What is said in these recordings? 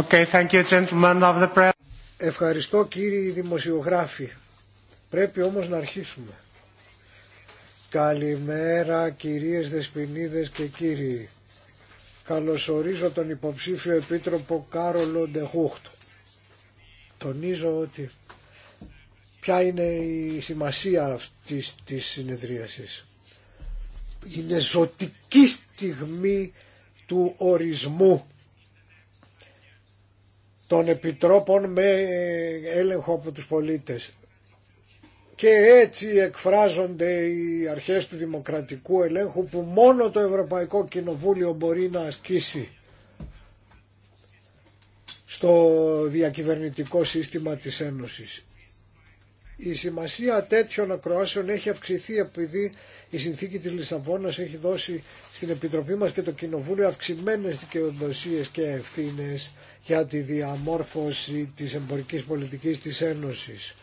Okay, thank you, gentlemen of the press. Ευχαριστώ κύριοι δημοσιογράφοι. Πρέπει όμως να αρχίσουμε. Καλημέρα κυρίες Δεσποινίδες και κύριοι. Καλωσορίζω τον υποψήφιο επίτροπο Κάρολο Ντεχούχτ. Τονίζω ότι ποια είναι η σημασία αυτής της συνεδρίασης. Είναι ζωτική στιγμή του ορισμού των επιτρόπων με έλεγχο από τους πολίτες. Και έτσι εκφράζονται οι αρχές του δημοκρατικού ελέγχου που μόνο το Ευρωπαϊκό Κοινοβούλιο μπορεί να ασκήσει στο διακυβερνητικό σύστημα της Ένωσης. Η σημασία τέτοιων ακροάσεων έχει αυξηθεί επειδή η συνθήκη της Λισαβόνας έχει δώσει στην Επιτροπή μας και το Κοινοβούλιο αυξημένες δικαιοδοσίες και ευθύνες για τη διαμόρφωση της εμπορικής πολιτικής της Ένωσης.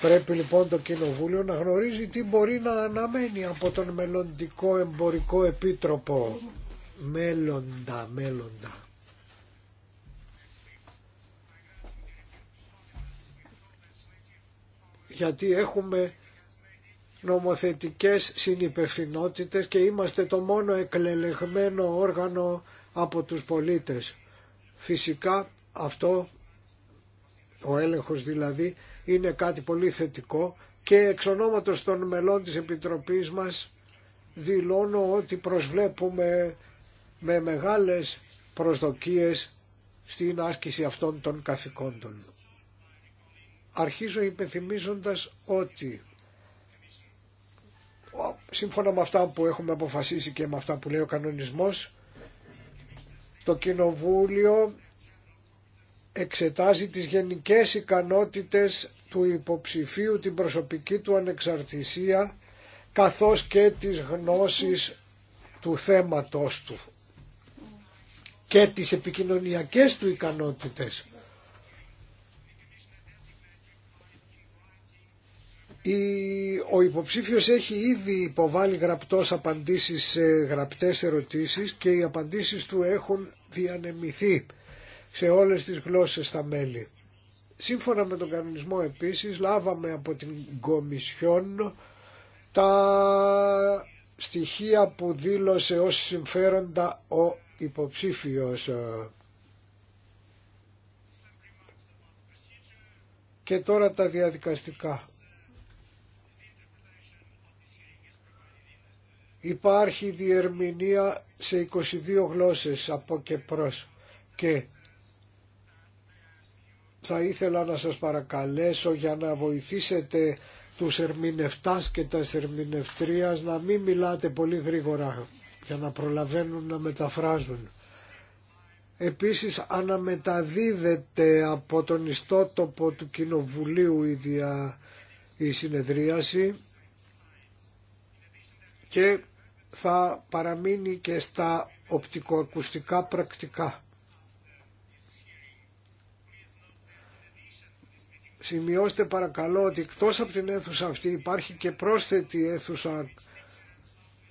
Πρέπει λοιπόν το Κοινοβούλιο να γνωρίζει τι μπορεί να αναμένει από τον μελλοντικό εμπορικό επίτροπο. Μέλλοντα, μέλλοντα. Γιατί έχουμε νομοθετικές συνυπευθυνότητες και είμαστε το μόνο εκλελεγμένο όργανο από τους πολίτες. Φυσικά αυτό, ο έλεγχος δηλαδή, είναι κάτι πολύ θετικό και εξ ονόματος των μελών της Επιτροπής μας δηλώνω ότι προσβλέπουμε με μεγάλες προσδοκίες στην άσκηση αυτών των καθηκόντων. Αρχίζω υπενθυμίζοντας ότι σύμφωνα με αυτά που έχουμε αποφασίσει και με αυτά που λέει ο κανονισμός το Κοινοβούλιο εξετάζει τις γενικές ικανότητες του υποψηφίου, την προσωπική του ανεξαρτησία, καθώς και τις γνώσεις του θέματος του και τις επικοινωνιακές του ικανότητες ο υποψήφιος έχει ήδη υποβάλει γραπτός απαντήσεις σε γραπτές ερωτήσεις και οι απαντήσεις του έχουν διανεμηθεί σε όλες τις γλώσσες στα μέλη. Σύμφωνα με τον κανονισμό επίσης λάβαμε από την Κομισιόν τα στοιχεία που δήλωσε ως συμφέροντα ο υποψήφιος. Και τώρα τα διαδικαστικά. Υπάρχει διερμηνία σε 22 γλώσσες από και προς και θα ήθελα να σας παρακαλέσω για να βοηθήσετε τους ερμηνευτάς και τα ερμηνευτρίας να μην μιλάτε πολύ γρήγορα για να προλαβαίνουν να μεταφράζουν. Επίσης αναμεταδίδεται από τον ιστότοπο του Κοινοβουλίου η, δια... η συνεδρίαση και θα παραμείνει και στα οπτικοακουστικά πρακτικά. Σημειώστε παρακαλώ ότι εκτός από την αίθουσα αυτή υπάρχει και πρόσθετη αίθουσα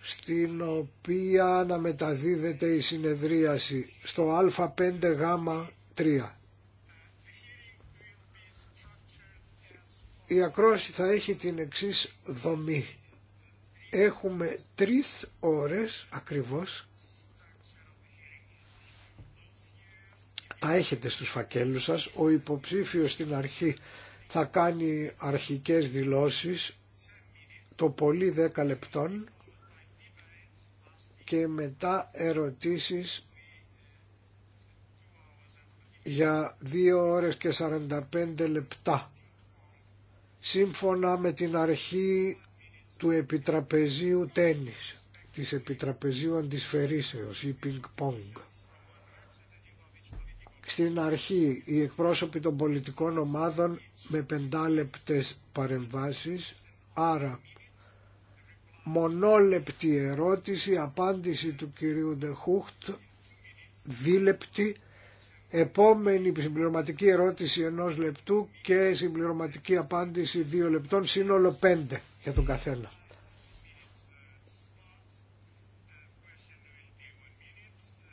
στην οποία να μεταδίδεται η συνεδρίαση στο α5γ3. Η ακρόαση θα έχει την εξής δομή. Έχουμε τρεις ώρες ακριβώς. Τα έχετε στους φακέλους σας. Ο υποψήφιος στην αρχή θα κάνει αρχικές δηλώσεις το πολύ 10 λεπτών και μετά ερωτήσεις για 2 ώρες και 45 λεπτά σύμφωνα με την αρχή του επιτραπεζίου τένις, της επιτραπεζίου αντισφαιρίσεως ή πινκ-πονγκ. Στην αρχή οι εκπρόσωποι των πολιτικών ομάδων με πεντάλεπτες παρεμβάσεις, άρα μονόλεπτη ερώτηση, απάντηση του κυρίου Ντεχούχτ, δίλεπτη, επόμενη συμπληρωματική ερώτηση ενός λεπτού και συμπληρωματική απάντηση δύο λεπτών, σύνολο πέντε για τον καθένα.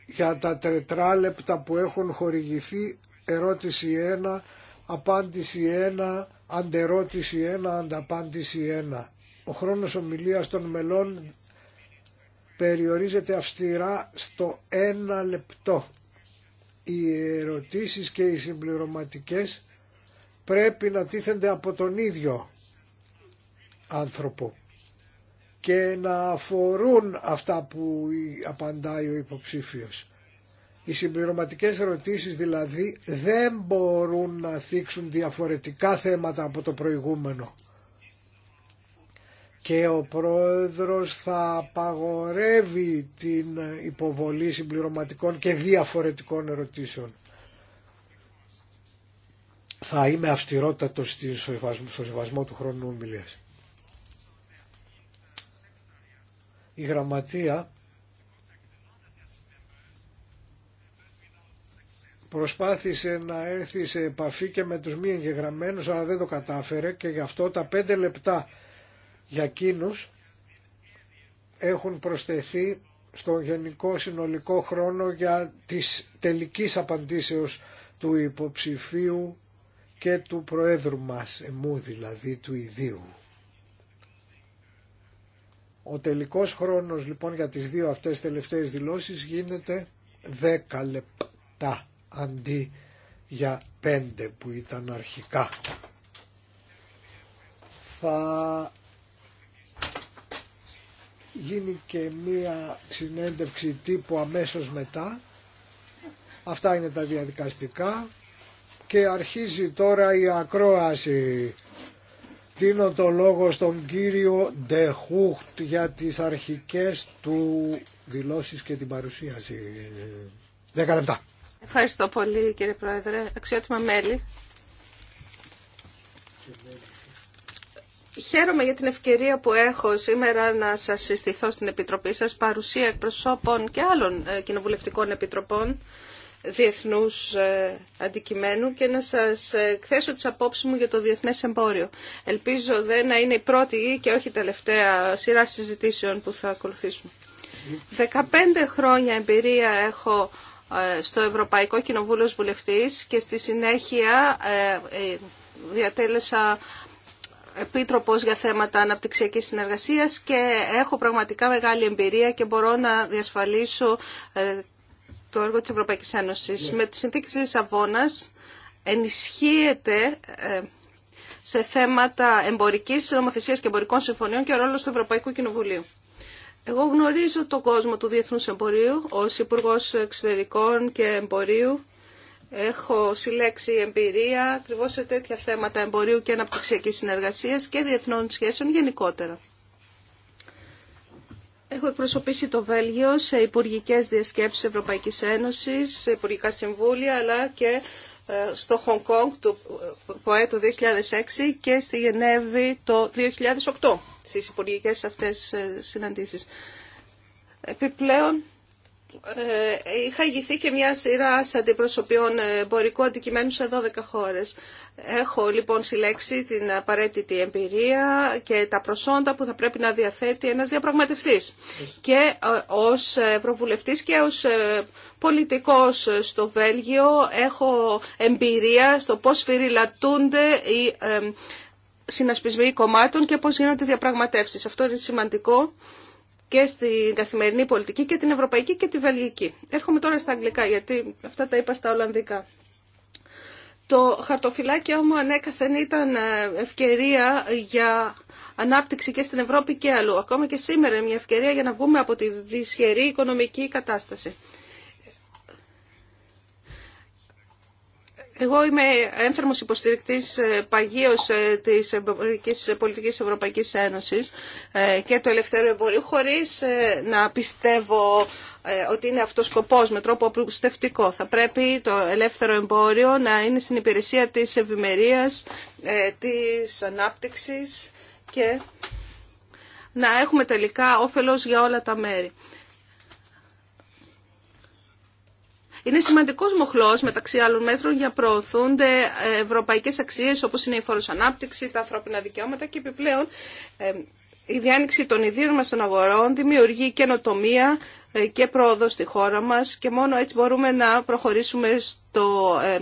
Για τα τετράλεπτα που έχουν χορηγηθεί, ερώτηση 1, απάντηση 1, αντερώτηση 1, ανταπάντηση 1. Ο χρόνος ομιλίας των μελών περιορίζεται αυστηρά στο 1 λεπτό. Οι ερωτήσεις και οι συμπληρωματικές πρέπει να τίθενται από τον ίδιο άνθρωπο και να αφορούν αυτά που απαντάει ο υποψήφιος. Οι συμπληρωματικές ερωτήσεις δηλαδή δεν μπορούν να θίξουν διαφορετικά θέματα από το προηγούμενο. Και ο πρόεδρος θα απαγορεύει την υποβολή συμπληρωματικών και διαφορετικών ερωτήσεων. Θα είμαι αυστηρότατος στο σεβασμό του χρόνου ομιλίας. η γραμματεία προσπάθησε να έρθει σε επαφή και με τους μη εγγεγραμμένους αλλά δεν το κατάφερε και γι' αυτό τα πέντε λεπτά για εκείνους έχουν προσθεθεί στον γενικό συνολικό χρόνο για τις τελικής απαντήσεως του υποψηφίου και του Προέδρου μας, εμού δηλαδή του ιδίου. Ο τελικός χρόνος λοιπόν για τις δύο αυτές τελευταίες δηλώσεις γίνεται 10 λεπτά αντί για 5 που ήταν αρχικά. Θα γίνει και μία συνέντευξη τύπου αμέσως μετά. Αυτά είναι τα διαδικαστικά και αρχίζει τώρα η ακρόαση. Δίνω το λόγο στον κύριο Ντεχούχτ για τις αρχικές του δηλώσεις και την παρουσίαση. Δέκα λεπτά. Ευχαριστώ πολύ κύριε Πρόεδρε. Αξιότιμα μέλη. Χαίρομαι για την ευκαιρία που έχω σήμερα να σας συστηθώ στην Επιτροπή σας παρουσία εκπροσώπων και άλλων ε, κοινοβουλευτικών επιτροπών διεθνούς ε, αντικειμένου και να σας ε, εκθέσω τις απόψεις μου για το διεθνές εμπόριο. Ελπίζω δε να είναι η πρώτη και όχι η τελευταία σειρά συζητήσεων που θα ακολουθήσουμε. 15 χρόνια εμπειρία έχω ε, στο Ευρωπαϊκό Κοινοβούλιο βουλευτής και στη συνέχεια διατέλεσα επίτροπος για θέματα αναπτυξιακής συνεργασίας και έχω πραγματικά μεγάλη εμπειρία και μπορώ να διασφαλίσω το έργο της Ευρωπαϊκής Ένωσης. Ναι. Με τη συνθήκη της Λισαβόνας ενισχύεται ε, σε θέματα εμπορικής νομοθεσίας και εμπορικών συμφωνιών και ο ρόλος του Ευρωπαϊκού Κοινοβουλίου. Εγώ γνωρίζω τον κόσμο του Διεθνούς Εμπορίου ως υπουργό Εξωτερικών και Εμπορίου. Έχω συλλέξει εμπειρία ακριβώ σε τέτοια θέματα εμπορίου και αναπτυξιακή συνεργασία και διεθνών σχέσεων γενικότερα. Έχω εκπροσωπήσει το Βέλγιο σε υπουργικέ διασκέψεις Ευρωπαϊκής Ένωσης, σε υπουργικά συμβούλια, αλλά και ε, στο Χονγκ Κόνγκ του ΠΟΕ το 2006 ε, και στη Γενέβη το 2008 στις υπουργικές αυτές ε, συναντήσεις. Επιπλέον ε, είχα ηγηθεί και μια σειρά αντιπροσωπιών ε, εμπορικού αντικειμένου σε 12 χώρες. Έχω λοιπόν συλλέξει την απαραίτητη εμπειρία και τα προσόντα που θα πρέπει να διαθέτει ένας διαπραγματευτής. Και ε, ως προβουλευτής και ως πολιτικός στο Βέλγιο έχω εμπειρία στο πώς φυριλατούνται οι συνασπισμοί κομμάτων και πώς γίνονται διαπραγματεύσεις. Αυτό είναι σημαντικό και στην καθημερινή πολιτική και την ευρωπαϊκή και τη βελγική. Έρχομαι τώρα στα αγγλικά γιατί αυτά τα είπα στα ολλανδικά. Το χαρτοφυλάκι όμως ανέκαθεν ήταν ε, ευκαιρία για ανάπτυξη και στην Ευρώπη και αλλού. Ακόμα και σήμερα είναι μια ευκαιρία για να βγούμε από τη δυσχερή οικονομική κατάσταση. Εγώ είμαι ένθερμος υποστηρικτής ε, παγίως ε, της εμπορικής πολιτικής Ευρωπαϊκής Ένωσης ε, και του ελευθερού εμπορίου χωρίς να πιστεύω ότι είναι αυτός σκοπός με τρόπο απλουστευτικό. Θα πρέπει το ελεύθερο εμπόριο να είναι στην υπηρεσία της ευημερία, της ανάπτυξης και να έχουμε τελικά όφελος για όλα τα μέρη. Είναι σημαντικός μοχλός μεταξύ άλλων μέτρων για προωθούνται ευρωπαϊκές αξίες όπως είναι η φοροσανάπτυξη, ανάπτυξη, τα ανθρώπινα δικαιώματα και επιπλέον ε, η διάνοιξη των ιδίων μας των αγορών δημιουργεί καινοτομία ε, και πρόοδο στη χώρα μας και μόνο έτσι μπορούμε να προχωρήσουμε στο ε,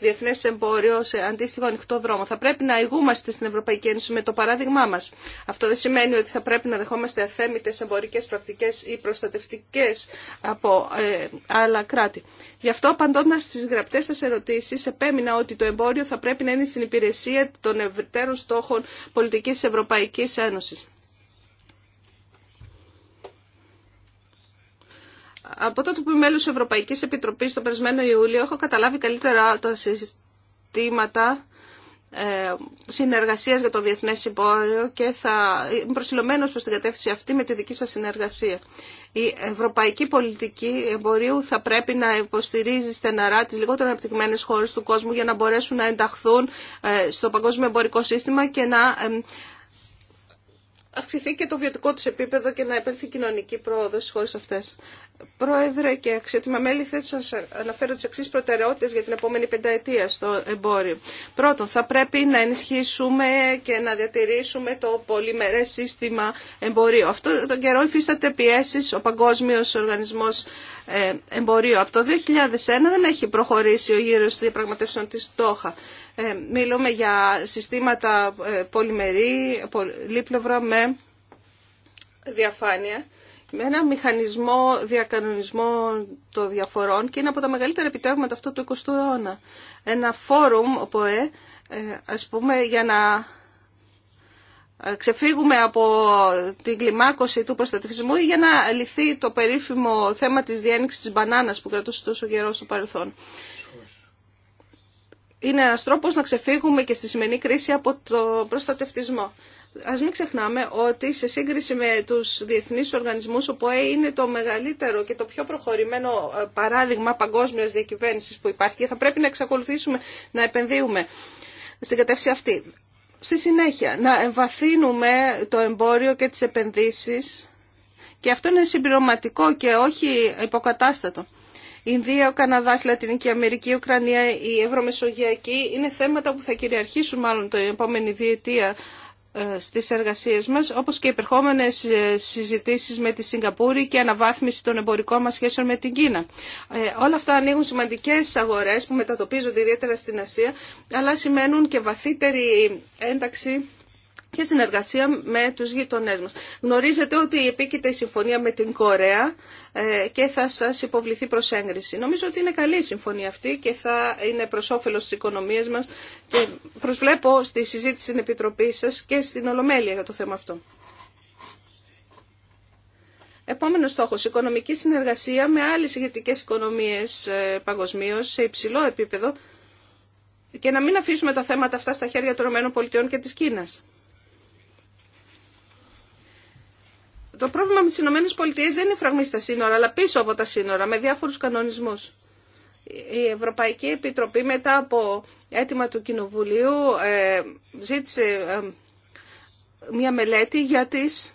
διεθνέ εμπόριο σε αντίστοιχο ανοιχτό δρόμο. Θα πρέπει να ηγούμαστε στην Ευρωπαϊκή Ένωση με το παράδειγμά μα. Αυτό δεν σημαίνει ότι θα πρέπει να δεχόμαστε αθέμητε εμπορικέ πρακτικέ ή προστατευτικέ από ε, άλλα κράτη. Γι' αυτό, απαντώντα στι γραπτέ σα ερωτήσει, επέμεινα ότι το εμπόριο θα πρέπει να είναι στην υπηρεσία των ευρυτέρων στόχων πολιτική Ευρωπαϊκή Ένωση. Από τότε που είμαι μέλο Ευρωπαϊκή Ευρωπαϊκής Επιτροπής τον περασμένο Ιούλιο έχω καταλάβει καλύτερα τα συστήματα ε, για το διεθνές συμπόριο και θα είμαι προσιλωμένο προ την κατεύθυνση αυτή με τη δική σα συνεργασία. Η ευρωπαϊκή πολιτική εμπορίου θα πρέπει να υποστηρίζει στεναρά τι λιγότερο αναπτυγμένε χώρε του κόσμου για να μπορέσουν να ενταχθούν ε, στο παγκόσμιο εμπορικό σύστημα και να ε, αυξηθεί και το βιωτικό τους επίπεδο και να επέλθει κοινωνική πρόοδο στις χώρες αυτές. Πρόεδρε και αξιότιμα μέλη, να σα αναφέρω τι εξή προτεραιότητε για την επόμενη πενταετία στο εμπόριο. Πρώτον, θα πρέπει να ενισχύσουμε και να διατηρήσουμε το πολυμερές σύστημα εμπορίου. Αυτό τον καιρό υφίσταται πιέσει ο Παγκόσμιος Οργανισμός ε, Εμπορίου. Από το 2001 δεν έχει προχωρήσει ο γύρος διαπραγματεύσεων τη Τόχα. Ε, μιλούμε για συστήματα ε, πολυμερή, πολύπλευρα με διαφάνεια με ένα μηχανισμό διακανονισμό των διαφορών και είναι από τα μεγαλύτερα επιτεύγματα αυτού του 20ου αιώνα. Ένα φόρουμ, ο ΠΟΕ, ε, ας πούμε, για να ε, ξεφύγουμε από την κλιμάκωση του προστατευτισμού για να λυθεί το περίφημο θέμα της διένυξης της μπανάνας που κρατούσε τόσο γερό στο παρελθόν. Είναι ένας τρόπος να ξεφύγουμε και στη σημερινή κρίση από το προστατευτισμό. Α μην ξεχνάμε ότι σε σύγκριση με του διεθνεί οργανισμού, όπου είναι το μεγαλύτερο και το πιο προχωρημένο ε, παράδειγμα παγκόσμια διακυβέρνηση που υπάρχει θα πρέπει να εξακολουθήσουμε να επενδύουμε στην κατεύθυνση αυτή. Στη συνέχεια, να εμβαθύνουμε το εμπόριο και τις επενδύσεις και αυτό είναι συμπληρωματικό και όχι υποκατάστατο. Η Ινδία, ο Καναδά, η Λατινική Αμερική, η Ουκρανία, η Ευρωμεσογειακή είναι θέματα που θα κυριαρχήσουν μάλλον το επόμενη διετία ε, στις εργασίες μας, όπως και οι υπερχόμενες ε, συζητήσεις με τη Σιγκαπούρη και αναβάθμιση των εμπορικών μας σχέσεων με την Κίνα. Ε, όλα αυτά ανοίγουν σημαντικές αγορές που μετατοπίζονται ιδιαίτερα στην Ασία, αλλά σημαίνουν και βαθύτερη ένταξη και συνεργασία με τους γειτονές μας. Γνωρίζετε ότι επίκειται η συμφωνία με την Κορέα ε, και θα σας υποβληθεί προς έγκριση. Νομίζω ότι είναι καλή η συμφωνία αυτή και θα είναι προς όφελος της οικονομίας μας και προσβλέπω στη συζήτηση στην Επιτροπή σας και στην Ολομέλεια για το θέμα αυτό. Επόμενο στόχο, οικονομική συνεργασία με άλλε ηγετικέ οικονομίε παγκοσμίω σε υψηλό επίπεδο και να μην αφήσουμε τα θέματα αυτά στα χέρια των ΗΠΑ και τη Κίνα. Το πρόβλημα με τις ΗΠΑ δεν είναι φραγμή στα σύνορα, αλλά πίσω από τα σύνορα, με διάφορους κανονισμούς. Η Ευρωπαϊκή Επιτροπή μετά από αίτημα του Κοινοβουλίου ε, ζήτησε ε, μια μελέτη για τις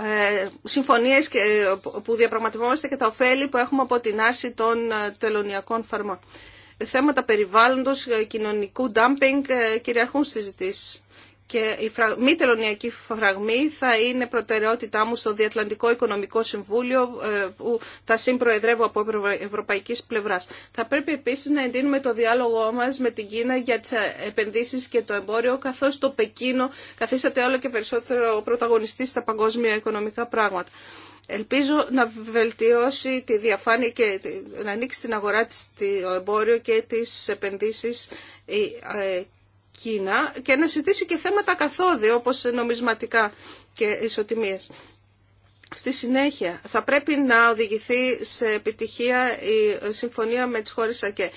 ε, συμφωνίες που διαπραγματευόμαστε και τα ωφέλη που έχουμε από την άρση των τελωνιακών φαρμακών. Θέματα περιβάλλοντος, κοινωνικού ντάμπινγκ κυριαρχούν ζητήσεις και η μη τελωνιακή φραγμή θα είναι προτεραιότητά μου στο Διατλαντικό Οικονομικό Συμβούλιο ε, που θα συμπροεδρεύω από ευρωπαϊκής πλευράς. Θα πρέπει επίσης να εντείνουμε το διάλογό μας με την Κίνα για τις ε, επενδύσεις και το εμπόριο καθώς το Πεκίνο καθίσατε όλο και περισσότερο πρωταγωνιστή στα παγκόσμια οικονομικά πράγματα. Ελπίζω να βελτιώσει τη διαφάνεια και να ανοίξει την αγορά της το εμπόριο και τις επενδύσεις ε, Κίνα και να συζητήσει και θέματα καθόδη όπως νομισματικά και ισοτιμίες. Στη συνέχεια θα πρέπει να οδηγηθεί σε επιτυχία η συμφωνία με τις χώρες ΑΚΕ.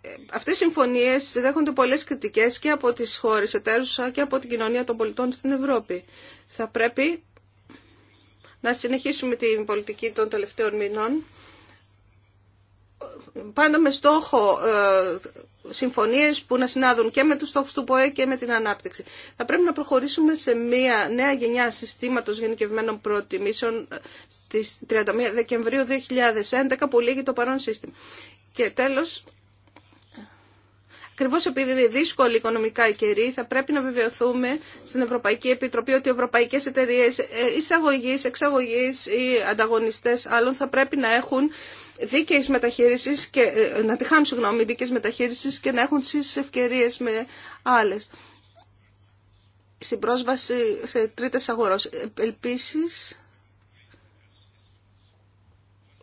Ε, αυτές οι συμφωνίες δέχονται πολλές κριτικές και από τις χώρες εταίρους και από την κοινωνία των πολιτών στην Ευρώπη. Θα πρέπει να συνεχίσουμε την πολιτική των τελευταίων μηνών πάντα με στόχο ε, συμφωνίες που να συνάδουν και με του στόχου του ΠΟΕ και με την ανάπτυξη. Θα πρέπει να προχωρήσουμε σε μια νέα γενιά συστήματο γενικευμένων προτιμήσεων στι 31 Δεκεμβρίου 2011 που λύγει το παρόν σύστημα. Και τέλο. Ακριβώ επειδή είναι δύσκολη οικονομικά η καιρή, θα πρέπει να βεβαιωθούμε στην Ευρωπαϊκή Επιτροπή ότι οι ευρωπαϊκέ εταιρείε ε, εισαγωγή, εξαγωγή ή ανταγωνιστέ άλλων θα πρέπει να έχουν δίκαιης μεταχείρισης και ε, να τη χάνουν συγγνώμη και να έχουν τις ευκαιρίες με άλλες. Στην πρόσβαση σε τρίτες αγορές. Επίσης,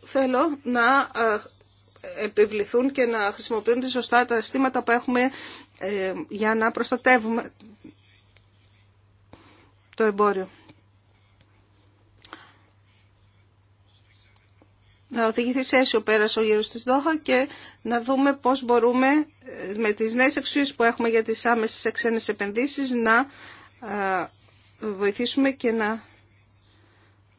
θέλω να ε, επιβληθούν και να χρησιμοποιούνται σωστά τα αισθήματα που έχουμε ε, για να προστατεύουμε το εμπόριο. να οδηγηθεί σε αίσιο πέρας ο γύρος της Δόχα και να δούμε πώς μπορούμε ε, με τις νέες αξίες που έχουμε για τις άμεσες εξένες επενδύσεις να ε, βοηθήσουμε και να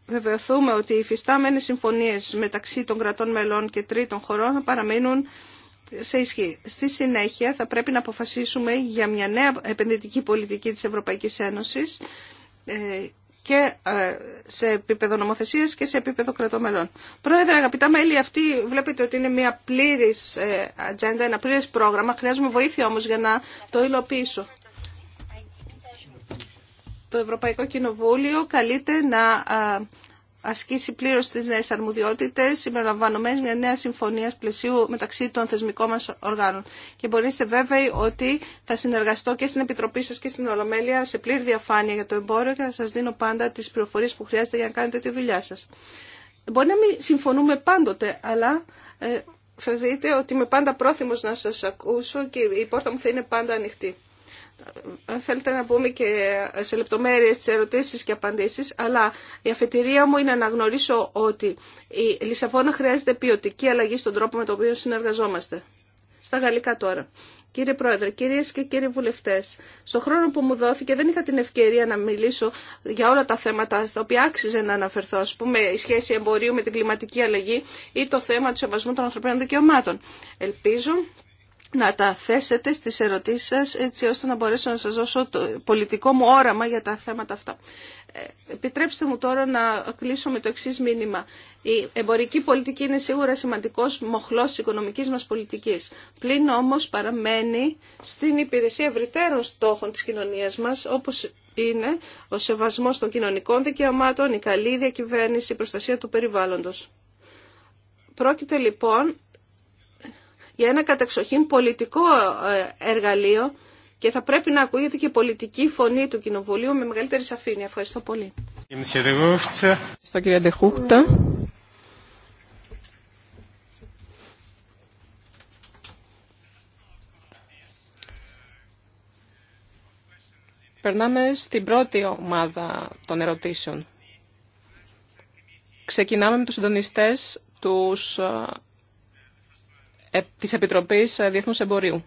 βεβαιωθούμε ότι οι φυστάμενες συμφωνίες μεταξύ των κρατών μελών και τρίτων χωρών θα παραμείνουν σε ισχύ. Στη συνέχεια θα πρέπει να αποφασίσουμε για μια νέα επενδυτική πολιτική της Ευρωπαϊκής Ένωσης ε, και ε, σε επίπεδο νομοθεσίας και σε επίπεδο κρατομελών. Πρόεδρε, αγαπητά μέλη, αυτή βλέπετε ότι είναι μια πλήρης ε, ατζέντα, ένα πλήρης πρόγραμμα. Χρειάζομαι βοήθεια όμως για να το υλοποιήσω. Το Ευρωπαϊκό Κοινοβούλιο καλείται να ε, ασκήσει πλήρω τι νέε αρμοδιότητε, συμπεριλαμβανομένε μια νέα συμφωνία πλαισίου μεταξύ των θεσμικών μα οργάνων. Και μπορείτε είστε βέβαιοι ότι θα συνεργαστώ και στην Επιτροπή σα και στην Ολομέλεια σε πλήρη διαφάνεια για το εμπόριο και θα σα δίνω πάντα τι πληροφορίε που χρειάζεται για να κάνετε τη δουλειά σα. Μπορεί να μην συμφωνούμε πάντοτε, αλλά ε, θα δείτε ότι είμαι πάντα πρόθυμος να σας ακούσω και η πόρτα μου θα είναι πάντα ανοιχτή αν θέλετε να πούμε και σε λεπτομέρειες τις ερωτήσεις και απαντήσεις, αλλά η αφετηρία μου είναι να γνωρίσω ότι η Λισαβόνα χρειάζεται ποιοτική αλλαγή στον τρόπο με τον οποίο συνεργαζόμαστε. Στα γαλλικά τώρα. Κύριε Πρόεδρε, κυρίε και κύριοι βουλευτέ, στον χρόνο που μου δόθηκε δεν είχα την ευκαιρία να μιλήσω για όλα τα θέματα στα οποία άξιζε να αναφερθώ, α πούμε, η σχέση εμπορίου με την κλιματική αλλαγή ή το θέμα του σεβασμού των ανθρωπίνων δικαιωμάτων. Ελπίζω να τα θέσετε στις ερωτήσεις σας έτσι ώστε να μπορέσω να σας δώσω το πολιτικό μου όραμα για τα θέματα αυτά. Ε, επιτρέψτε μου τώρα να κλείσω με το εξή μήνυμα. Η εμπορική πολιτική είναι σίγουρα σημαντικός μοχλός της οικονομικής μας πολιτικής. Πλην όμως παραμένει στην υπηρεσία ευρυτέρων στόχων της κοινωνίας μας όπως είναι ο σεβασμός των κοινωνικών δικαιωμάτων, η καλή διακυβέρνηση, η προστασία του περιβάλλοντο Πρόκειται λοιπόν για ένα κατεξοχήν πολιτικό ε, εργαλείο και θα πρέπει να ακούγεται και η πολιτική φωνή του Κοινοβουλίου με μεγαλύτερη σαφήνεια. Ευχαριστώ πολύ. Ευχαριστώ κύριε Ντεχούχτα. Περνάμε στην πρώτη ομάδα των ερωτήσεων. Ξεκινάμε με τους συντονιστές τους ε, ε, της Επιτροπής ε, Διεθνούς Εμπορίου.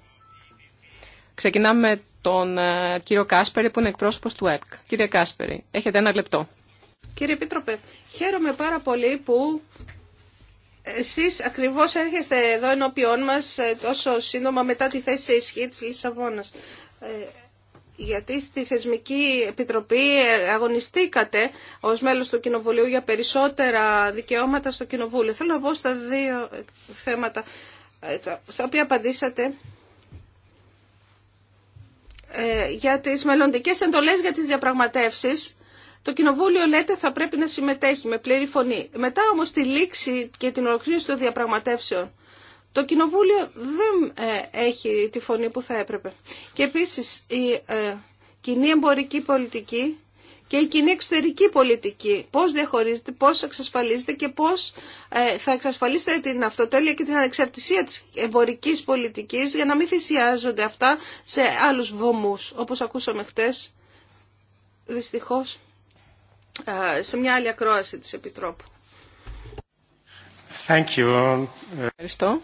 Ξεκινάμε τον ε, κύριο Κάσπερη που είναι εκπρόσωπος του ΕΚ. Κύριε Κάσπερη, έχετε ένα λεπτό. Κύριε Επίτροπε, χαίρομαι πάρα πολύ που εσείς ακριβώς έρχεστε εδώ ενώπιόν μας τόσο σύντομα μετά τη θέση ισχύ της Λισαβόνας. Γιατί στη Θεσμική Επιτροπή αγωνιστήκατε ως μέλος του Κοινοβουλίου για περισσότερα δικαιώματα στο Κοινοβούλιο. Θέλω να πω στα δύο θέματα. Ε, στα οποία απαντήσατε ε, για τις μελλοντικές εντολές για τις διαπραγματεύσεις. Το Κοινοβούλιο, λέτε, θα πρέπει να συμμετέχει με πλήρη φωνή. Μετά όμως τη λήξη και την ολοκλήρωση των διαπραγματεύσεων, το Κοινοβούλιο δεν ε, έχει τη φωνή που θα έπρεπε. Και επίσης η κοινή εμπορική πολιτική και η κοινή εξωτερική πολιτική. Πώς διαχωρίζεται, πώς εξασφαλίζεται και πώς ε, θα εξασφαλίσετε την αυτοτέλεια και την ανεξαρτησία της εμπορικής πολιτικής για να μην θυσιάζονται αυτά σε άλλους βομούς, όπως ακούσαμε χτες, δυστυχώς, ε, σε μια άλλη ακρόαση της Επιτρόπου. Thank you. Ευχαριστώ.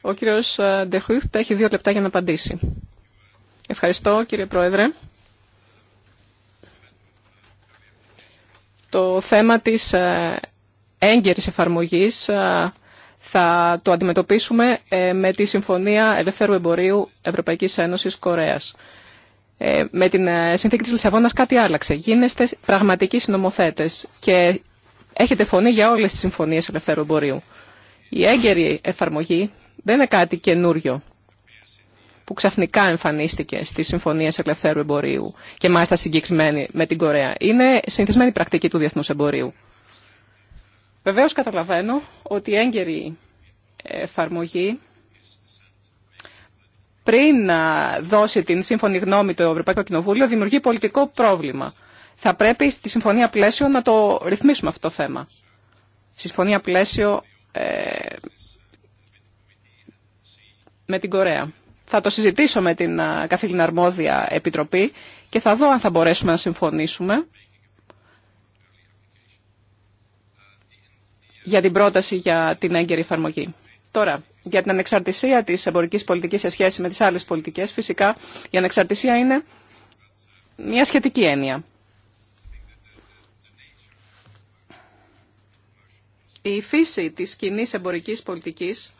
Ο κύριος ε, Ντεχούιχτ έχει δύο λεπτά για να απαντήσει. Ευχαριστώ κύριε Πρόεδρε. το θέμα της ε, έγκαιρης εφαρμογής ε, θα το αντιμετωπίσουμε ε, με τη Συμφωνία Ελευθέρου Εμπορίου Ευρωπαϊκής Ένωσης Κορέας. Με την συνθήκη της Λισαβόνας κάτι άλλαξε. Γίνεστε πραγματικοί συνομοθέτες και έχετε φωνή για όλες τις συμφωνίες ελευθέρου εμπορίου. Η έγκαιρη εφαρμογή δεν είναι κάτι καινούριο που ξαφνικά εμφανίστηκε στι συμφωνίε ελευθέρου εμπορίου και μάλιστα συγκεκριμένη με την Κορέα. Είναι συνηθισμένη πρακτική του διεθνού εμπορίου. Βεβαίω καταλαβαίνω ότι η έγκαιρη εφαρμογή πριν δώσει την σύμφωνη γνώμη το Ευρωπαϊκό Κοινοβούλιο δημιουργεί πολιτικό πρόβλημα. Θα πρέπει στη συμφωνία πλαίσιο να το ρυθμίσουμε αυτό το θέμα. Στη συμφωνία πλαίσιο ε, με την Κορέα. Θα το συζητήσω με την καθήλυνα αρμόδια επιτροπή και θα δω αν θα μπορέσουμε να συμφωνήσουμε για την πρόταση για την έγκαιρη εφαρμογή. Τώρα, για την ανεξαρτησία της εμπορικής πολιτικής σε σχέση με τις άλλες πολιτικές, φυσικά η ανεξαρτησία είναι μια σχετική έννοια. Η φύση της κοινή εμπορικής πολιτικής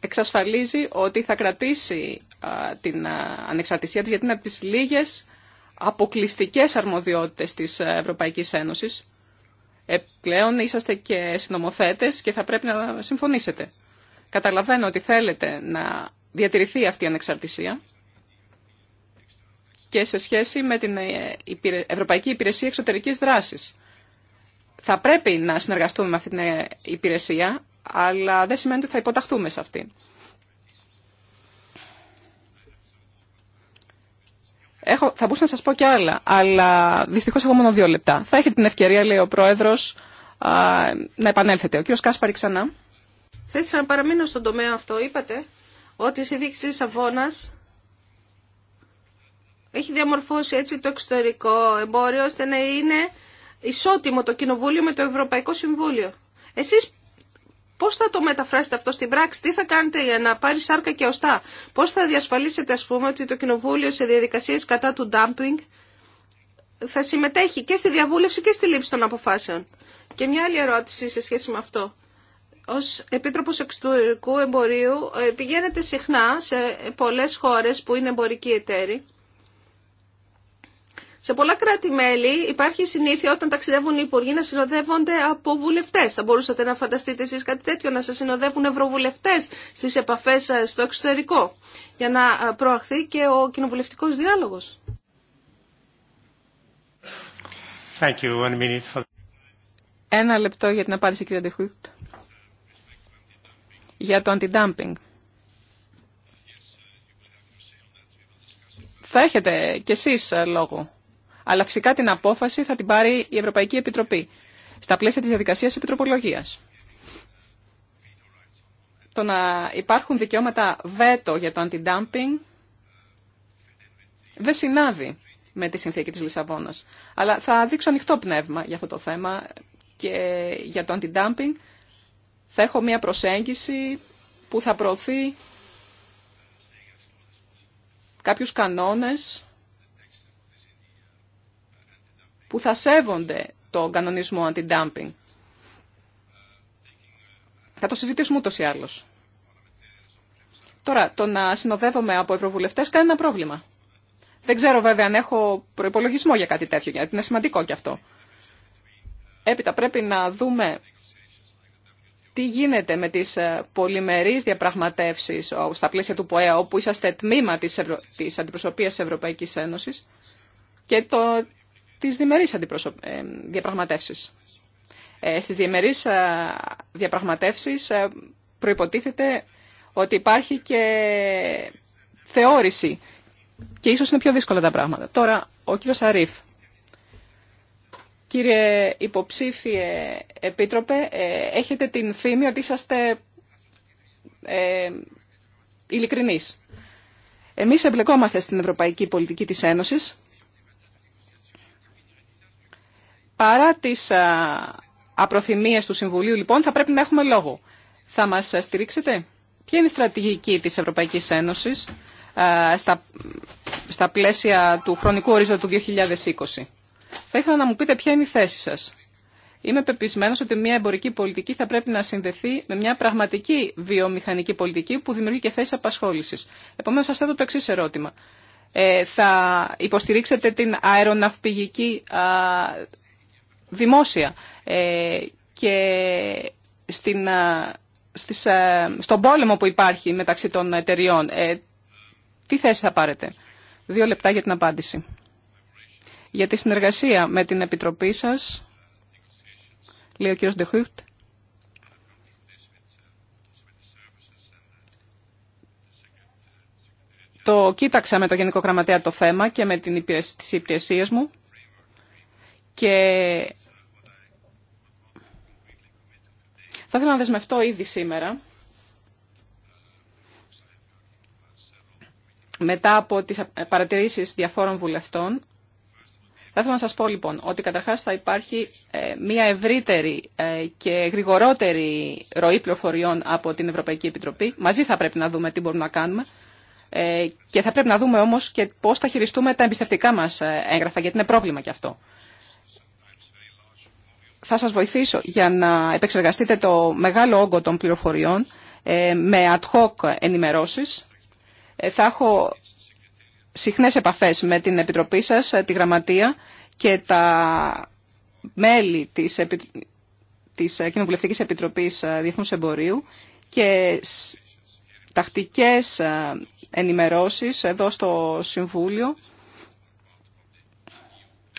εξασφαλίζει ότι θα κρατήσει την ανεξαρτησία της, γιατί είναι από τις λίγες αποκλειστικές αρμοδιότητες της Ευρωπαϊκής Ένωσης. Επιπλέον είσαστε και συνομοθέτες και θα πρέπει να συμφωνήσετε. Καταλαβαίνω ότι θέλετε να διατηρηθεί αυτή η ανεξαρτησία και σε σχέση με την ε, Ευρωπαϊκή Υπηρεσία Εξωτερικής Δράσης. Θα πρέπει να συνεργαστούμε με αυτή την ε, υπηρεσία, αλλά δεν σημαίνει ότι θα υποταχθούμε σε αυτήν. Έχω, θα μπορούσα να σας πω και άλλα, αλλά δυστυχώς έχω μόνο δύο λεπτά. Θα έχετε την ευκαιρία, λέει ο Πρόεδρος, α, να επανέλθετε. Ο κύριος Κάσπαρη ξανά. Θα ήθελα να παραμείνω στον τομέα αυτό. Είπατε ότι η συνδίκηση της Αβώνας έχει διαμορφώσει έτσι το εξωτερικό εμπόριο, ώστε να είναι ισότιμο το Κοινοβούλιο με το Ευρωπαϊκό Συμβούλιο. Εσείς Πώς θα το μεταφράσετε αυτό στην πράξη, τι θα κάνετε για να πάρει σάρκα και οστά. Πώς θα διασφαλίσετε α πούμε ότι το Κοινοβούλιο σε διαδικασίες κατά του ντάμπινγκ θα συμμετέχει και στη διαβούλευση και στη λήψη των αποφάσεων. Και μια άλλη ερώτηση σε σχέση με αυτό. Ω Επίτροπος Εξωτερικού Εμπορίου ε, πηγαίνετε συχνά σε πολλέ χώρε που είναι εμπορικοί εταίροι σε πολλά κράτη-μέλη υπάρχει συνήθεια όταν ταξιδεύουν οι υπουργοί να συνοδεύονται από βουλευτέ. Θα μπορούσατε να φανταστείτε εσεί κάτι τέτοιο, να σα συνοδεύουν ευρωβουλευτέ στι επαφέ σα ε, στο εξωτερικό, για να ε, προαχθεί και ο κοινοβουλευτικό διάλογο. Ένα λεπτό για την απάντηση, κύριε Ντεχούιτ. Για το αντι-dumping. Θα έχετε κι εσείς ε, λόγο αλλά φυσικά την απόφαση θα την πάρει η Ευρωπαϊκή Επιτροπή στα πλαίσια της διαδικασίας επιτροπολογίας. Το να υπάρχουν δικαιώματα βέτο για το αντι-dumping δεν συνάδει με τη συνθήκη της Λισαβόνας. Αλλά θα δείξω ανοιχτό πνεύμα για αυτό το θέμα και για το αντι-dumping θα έχω μια προσέγγιση που θα προωθεί κάποιους κανόνες που θα σέβονται τον κανονισμό αντι-dumping. Θα το συζητήσουμε ούτως ή άλλως. Τώρα, το να συνοδεύομαι από ευρωβουλευτές κάνει ένα πρόβλημα. Δεν ξέρω βέβαια αν έχω προϋπολογισμό για κάτι τέτοιο, γιατί είναι σημαντικό και αυτό. Έπειτα πρέπει να δούμε τι γίνεται με τις ε, πολυμερείς διαπραγματεύσεις στα πλαίσια του ΠΟΕΑ, όπου είσαστε τμήμα της, Ευρω... της αντιπροσωπείας της Ευρωπαϊκής Ένωσης και το τις διμερείς αντιπροσω... Ε, διαπραγματεύσεις. Ε, στις διμερείς ε, διαπραγματεύσεις προϋποτίθεται ότι υπάρχει και θεώρηση και ίσως είναι πιο δύσκολα τα πράγματα. Τώρα, ο κύριος Αρίφ. Κύριε υποψήφιε επίτροπε, έχετε την φήμη ότι είσαστε ε, ειλικρινείς. Εμείς εμπλεκόμαστε στην ευρωπαϊκή πολιτική της Ένωσης Παρά τις απροθυμίες του Συμβουλίου, λοιπόν, θα πρέπει να έχουμε λόγο. Θα μας στηρίξετε. Ποια είναι η στρατηγική της Ευρωπαϊκής Ένωσης στα, στα πλαίσια του χρονικού ορίζοντα του 2020. Θα ήθελα να μου πείτε ποια είναι η θέση σας. Είμαι πεπισμένο ότι μια εμπορική πολιτική θα πρέπει να συνδεθεί με μια πραγματική βιομηχανική πολιτική που δημιουργεί και θέσει απασχόληση. Επομένω, σα θέτω το εξή ερώτημα. Ε, θα υποστηρίξετε την αεροναυπηγική α, δημόσια ε, και στην, ε, στις, ε, στον πόλεμο που υπάρχει μεταξύ των εταιριών. τι θέση θα πάρετε. Δύο λεπτά για την απάντηση. Για τη συνεργασία με την Επιτροπή σας, λέει ο κύριος Ντεχούχτ, το κοίταξα με το Γενικό Γραμματέα το θέμα και με την υπηρεσία, τις υπηρεσίες μου. Και θα ήθελα να δεσμευτώ ήδη σήμερα, μετά από τις παρατηρήσεις διαφόρων βουλευτών, θα ήθελα να σας πω λοιπόν ότι καταρχάς θα υπάρχει ε, μια ευρύτερη ε, και γρηγορότερη ροή πληροφοριών από την Ευρωπαϊκή Επιτροπή. Μαζί θα πρέπει να δούμε τι μπορούμε να κάνουμε ε, και θα πρέπει να δούμε όμως και πώς θα χειριστούμε τα εμπιστευτικά μας έγγραφα γιατί είναι πρόβλημα και αυτό θα σας βοηθήσω για να επεξεργαστείτε το μεγάλο όγκο των πληροφοριών ε, με ad hoc ενημερώσεις. Ε, θα έχω συχνές επαφές με την Επιτροπή σας, ε, τη Γραμματεία και τα μέλη της, Επι... της Κοινοβουλευτικής Επιτροπής Διεθνούς Εμπορίου και τακτικές ενημερώσεις εδώ στο Συμβούλιο,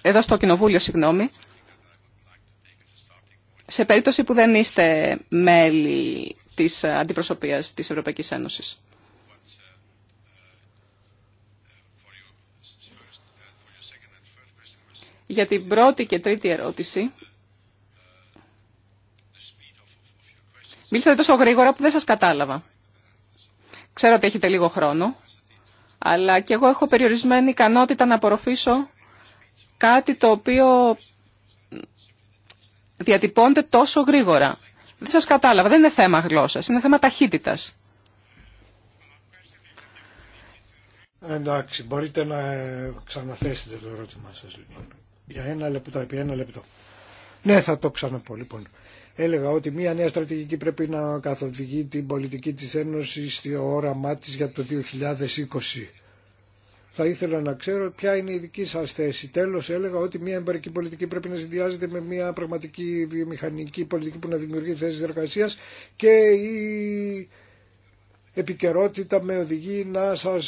εδώ στο Κοινοβούλιο, συγγνώμη, σε περίπτωση που δεν είστε μέλη της αντιπροσωπείας της Ευρωπαϊκής Ένωσης. Για την πρώτη και τρίτη ερώτηση, μίλησατε τόσο γρήγορα που δεν σας κατάλαβα. Ξέρω ότι έχετε λίγο χρόνο, αλλά και εγώ έχω περιορισμένη ικανότητα να απορροφήσω κάτι το οποίο διατυπώνεται τόσο γρήγορα. Δεν σας κατάλαβα, δεν είναι θέμα γλώσσας, είναι θέμα ταχύτητας. Εντάξει, μπορείτε να ε, ξαναθέσετε το ερώτημά σας λοιπόν. Για ένα λεπτό, επί ένα λεπτό. Ναι, θα το ξαναπώ λοιπόν. Έλεγα ότι μια νέα στρατηγική πρέπει να καθοδηγεί την πολιτική της Ένωσης στη όραμά της για το 2020. Θα ήθελα να ξέρω ποια είναι η δική σα θέση. Τέλο, έλεγα ότι μια εμπορική πολιτική πρέπει να συνδυάζεται με μια πραγματική βιομηχανική πολιτική που να δημιουργεί θέσει εργασία και η επικαιρότητα με οδηγεί να σας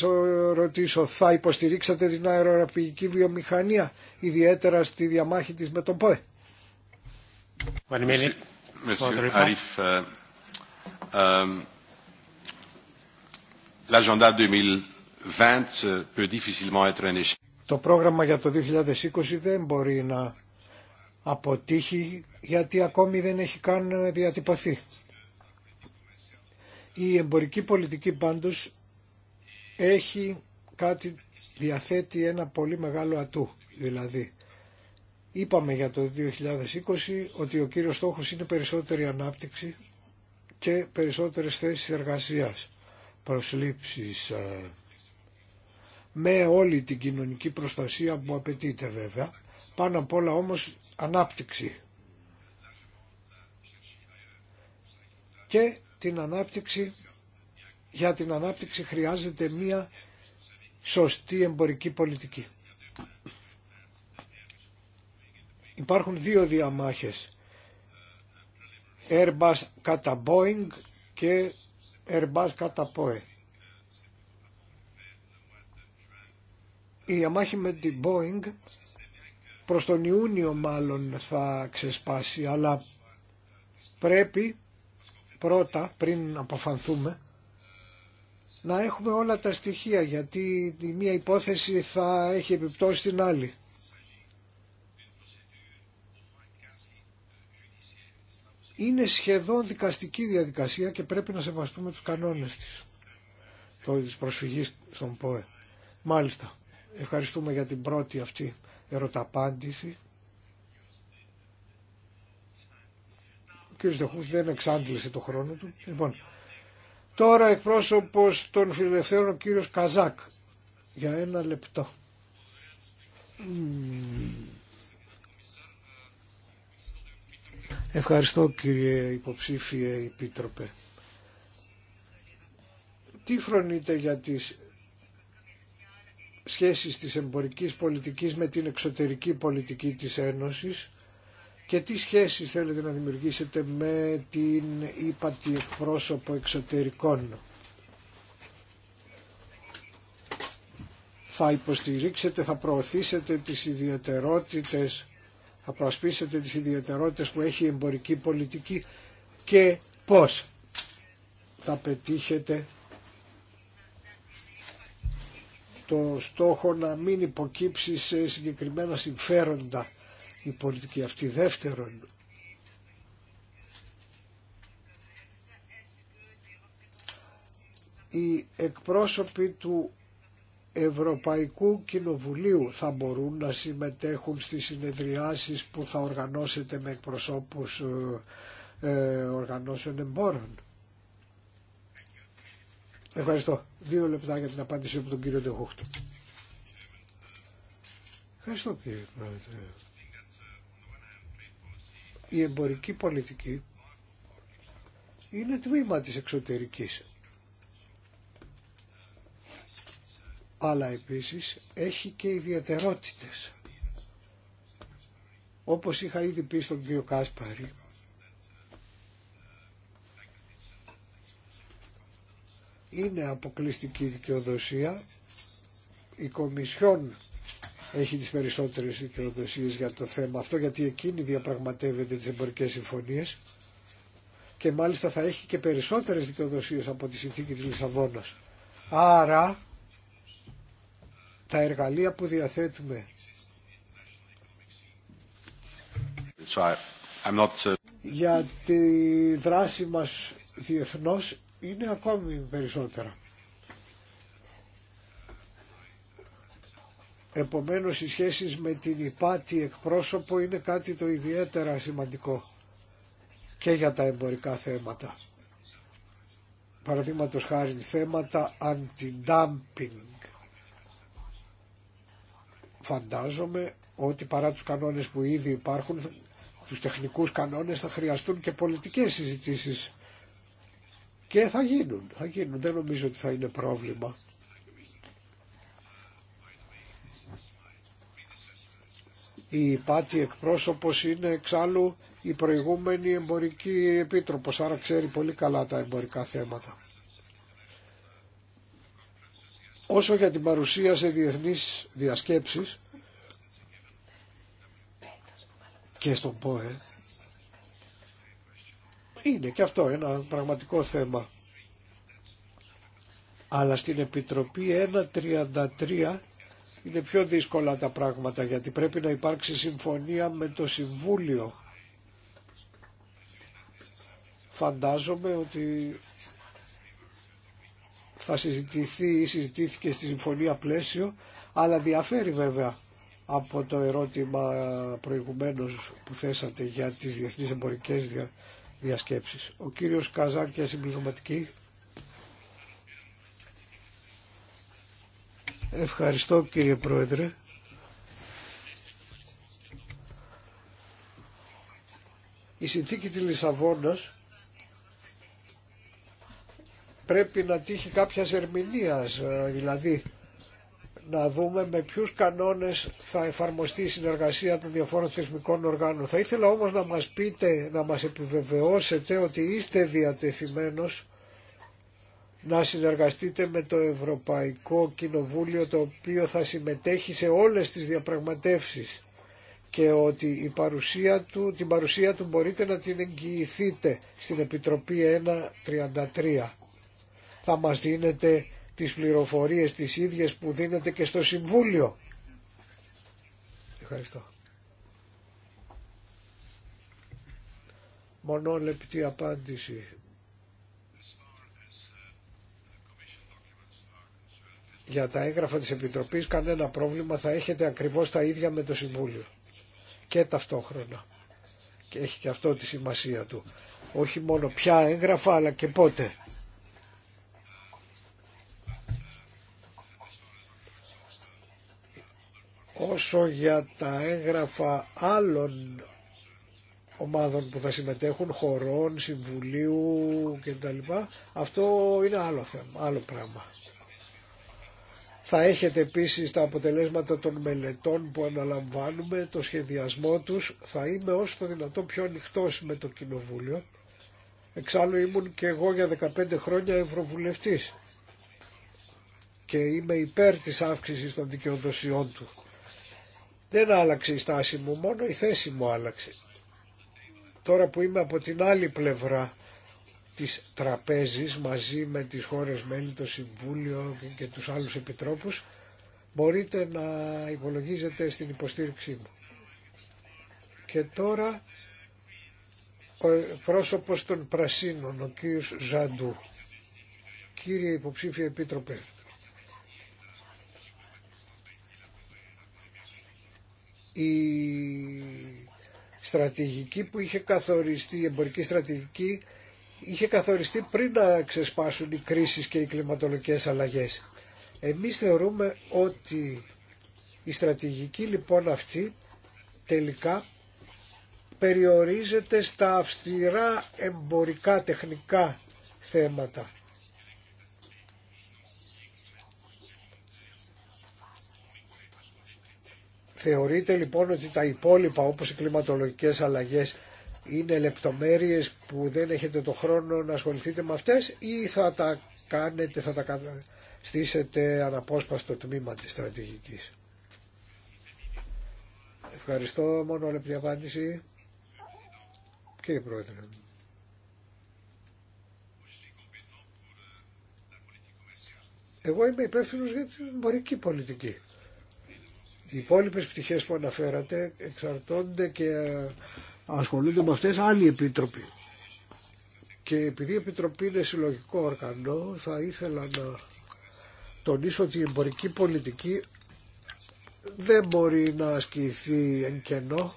ρωτήσω, θα υποστηρίξατε την αερογραφική βιομηχανία, ιδιαίτερα στη διαμάχη της με τον ΠΟΕ. Uh, um, l'agenda Euh, το πρόγραμμα για το 2020 δεν μπορεί να αποτύχει γιατί ακόμη δεν έχει καν ε, διατυπωθεί. Η εμπορική πολιτική πάντως έχει κάτι, διαθέτει ένα πολύ μεγάλο ατού. Δηλαδή, είπαμε για το 2020 ότι ο κύριος στόχος είναι περισσότερη ανάπτυξη και περισσότερες θέσεις εργασίας, προσλήψεις, ε, με όλη την κοινωνική προστασία που απαιτείται βέβαια. Πάνω απ' όλα όμως ανάπτυξη. Και την ανάπτυξη, για την ανάπτυξη χρειάζεται μία σωστή εμπορική πολιτική. Υπάρχουν δύο διαμάχες. Airbus κατά Boeing και Airbus κατά Poe. η αμάχη με την Boeing προς τον Ιούνιο μάλλον θα ξεσπάσει αλλά πρέπει πρώτα πριν αποφανθούμε να έχουμε όλα τα στοιχεία γιατί η μία υπόθεση θα έχει επιπτώσει την άλλη. Είναι σχεδόν δικαστική διαδικασία και πρέπει να σεβαστούμε τους κανόνες της, το της προσφυγής στον ΠΟΕ. Μάλιστα. Ευχαριστούμε για την πρώτη αυτή ερωταπάντηση. Ο κ. Δεχούς δεν εξάντλησε το χρόνο του. Λοιπόν, τώρα εκπρόσωπος των φιλελευθέρων ο κ. Καζάκ για ένα λεπτό. Ευχαριστώ κύριε υποψήφιε επίτροπε. Τι φρονείτε για τις σχέσεις της εμπορικής πολιτικής με την εξωτερική πολιτική της Ένωσης και τι σχέσεις θέλετε να δημιουργήσετε με την ύπατη εκπρόσωπο εξωτερικών. Θα υποστηρίξετε, θα προωθήσετε τις ιδιαιτερότητες, θα προασπίσετε τις ιδιαιτερότητες που έχει η εμπορική πολιτική και πώς θα πετύχετε το στόχο να μην υποκύψει σε συγκεκριμένα συμφέροντα η πολιτική αυτή. Δεύτερον, οι εκπρόσωποι του Ευρωπαϊκού Κοινοβουλίου θα μπορούν να συμμετέχουν στις συνεδριάσεις που θα οργανώσετε με εκπροσώπους ε, ε, οργανώσεων εμπόρων. Ευχαριστώ. Δύο λεπτά για την απάντηση από τον κύριο Ντεχούχτ. Ευχαριστώ κύριε Πρόεδρε. Η εμπορική πολιτική είναι τμήμα της εξωτερικής. Αλλά επίσης έχει και ιδιαιτερότητες. Όπως είχα ήδη πει στον κύριο Κάσπαρη, είναι αποκλειστική δικαιοδοσία. Η Κομισιόν έχει τις περισσότερες δικαιοδοσίες για το θέμα αυτό γιατί εκείνη διαπραγματεύεται τις εμπορικές συμφωνίες και μάλιστα θα έχει και περισσότερες δικαιοδοσίες από τη συνθήκη της Λισαβόνας. Άρα τα εργαλεία που διαθέτουμε uh, για τη δράση μας διεθνώς είναι ακόμη περισσότερα. Επομένως οι σχέσεις με την υπάτη εκπρόσωπο είναι κάτι το ιδιαίτερα σημαντικό και για τα εμπορικά θέματα. Παραδείγματο χάρη θέματα αντι-dumping. Φαντάζομαι ότι παρά τους κανόνες που ήδη υπάρχουν, τους τεχνικούς κανόνες θα χρειαστούν και πολιτικές συζητήσεις και θα γίνουν, θα γίνουν. Δεν νομίζω ότι θα είναι πρόβλημα. Η πάτη εκπρόσωπος είναι εξάλλου η προηγούμενη εμπορική επίτροπος, άρα ξέρει πολύ καλά τα εμπορικά θέματα. Όσο για την παρουσία σε διεθνείς διασκέψεις και στον ΠΟΕ, είναι και αυτό ένα πραγματικό θέμα. Αλλά στην Επιτροπή 1.33 είναι πιο δύσκολα τα πράγματα γιατί πρέπει να υπάρξει συμφωνία με το Συμβούλιο. Φαντάζομαι ότι θα συζητηθεί ή συζητήθηκε στη Συμφωνία Πλαίσιο αλλά διαφέρει βέβαια από το ερώτημα προηγουμένως που θέσατε για τις διεθνείς εμπορικές διασκέψεις. Ο κύριος Καζάρ συμπληρωματική. Ευχαριστώ κύριε Πρόεδρε. Η συνθήκη της Λισαβόνας πρέπει να τύχει κάποια ερμηνεία, ε, δηλαδή να δούμε με ποιου κανόνες θα εφαρμοστεί η συνεργασία των διαφόρων θεσμικών οργάνων. Θα ήθελα όμως να μα πείτε, να μας επιβεβαιώσετε ότι είστε διατεθειμένος να συνεργαστείτε με το Ευρωπαϊκό Κοινοβούλιο το οποίο θα συμμετέχει σε όλες τις διαπραγματεύσεις και ότι η παρουσία του, την παρουσία του μπορείτε να την εγγυηθείτε στην Επιτροπή 1.33. Θα μας δίνετε τις πληροφορίες τις ίδιες που δίνεται και στο Συμβούλιο. Ευχαριστώ. Μονόλεπτη απάντηση. Για τα έγγραφα της Επιτροπής κανένα πρόβλημα θα έχετε ακριβώς τα ίδια με το Συμβούλιο και ταυτόχρονα. Και έχει και αυτό τη σημασία του. Όχι μόνο ποια έγγραφα αλλά και πότε. Όσο για τα έγγραφα άλλων ομάδων που θα συμμετέχουν, χωρών, συμβουλίου κτλ. Αυτό είναι άλλο θέμα, άλλο πράγμα. Θα έχετε επίσης τα αποτελέσματα των μελετών που αναλαμβάνουμε, το σχεδιασμό τους. Θα είμαι όσο το δυνατό πιο ανοιχτό με το Κοινοβούλιο. Εξάλλου ήμουν και εγώ για 15 χρόνια Ευρωβουλευτής και είμαι υπέρ της αύξησης των δικαιοδοσιών του. Δεν άλλαξε η στάση μου, μόνο η θέση μου άλλαξε. Τώρα που είμαι από την άλλη πλευρά της τραπέζης μαζί με τις χώρες μέλη, το Συμβούλιο και τους άλλους επιτρόπους, μπορείτε να υπολογίζετε στην υποστήριξή μου. Και τώρα ο πρόσωπος των Πρασίνων, ο κύριος Ζαντού. Κύριε Υποψήφια Επίτροπε, η στρατηγική που είχε καθοριστεί, η εμπορική στρατηγική, είχε καθοριστεί πριν να ξεσπάσουν οι κρίσεις και οι κλιματολογικές αλλαγές. Εμείς θεωρούμε ότι η στρατηγική λοιπόν αυτή τελικά περιορίζεται στα αυστηρά εμπορικά τεχνικά θέματα Θεωρείτε λοιπόν ότι τα υπόλοιπα όπως οι κλιματολογικές αλλαγές είναι λεπτομέρειες που δεν έχετε το χρόνο να ασχοληθείτε με αυτές ή θα τα κάνετε, θα τα στήσετε αναπόσπαστο τμήμα της στρατηγικής. Ευχαριστώ. Μόνο λεπτή απάντηση. Κύριε Πρόεδρε. Εγώ είμαι υπεύθυνο για την εμπορική πολιτική. Οι υπόλοιπες πτυχές που αναφέρατε εξαρτώνται και ε, ασχολούνται με αυτές άλλοι επίτροποι. Και επειδή η Επιτροπή είναι συλλογικό όργανο, θα ήθελα να τονίσω ότι η εμπορική πολιτική δεν μπορεί να ασκηθεί εν κενό.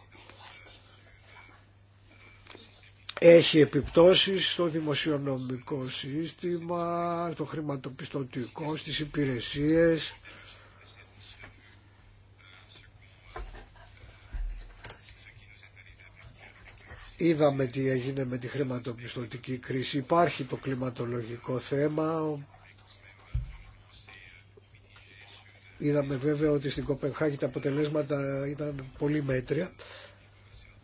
Έχει επιπτώσεις στο δημοσιονομικό σύστημα, στο χρηματοπιστωτικό, στις υπηρεσίες, Είδαμε τι έγινε με τη χρηματοπιστωτική κρίση. Υπάρχει το κλιματολογικό θέμα. Είδαμε βέβαια ότι στην Κοπενχάγη τα αποτελέσματα ήταν πολύ μέτρια.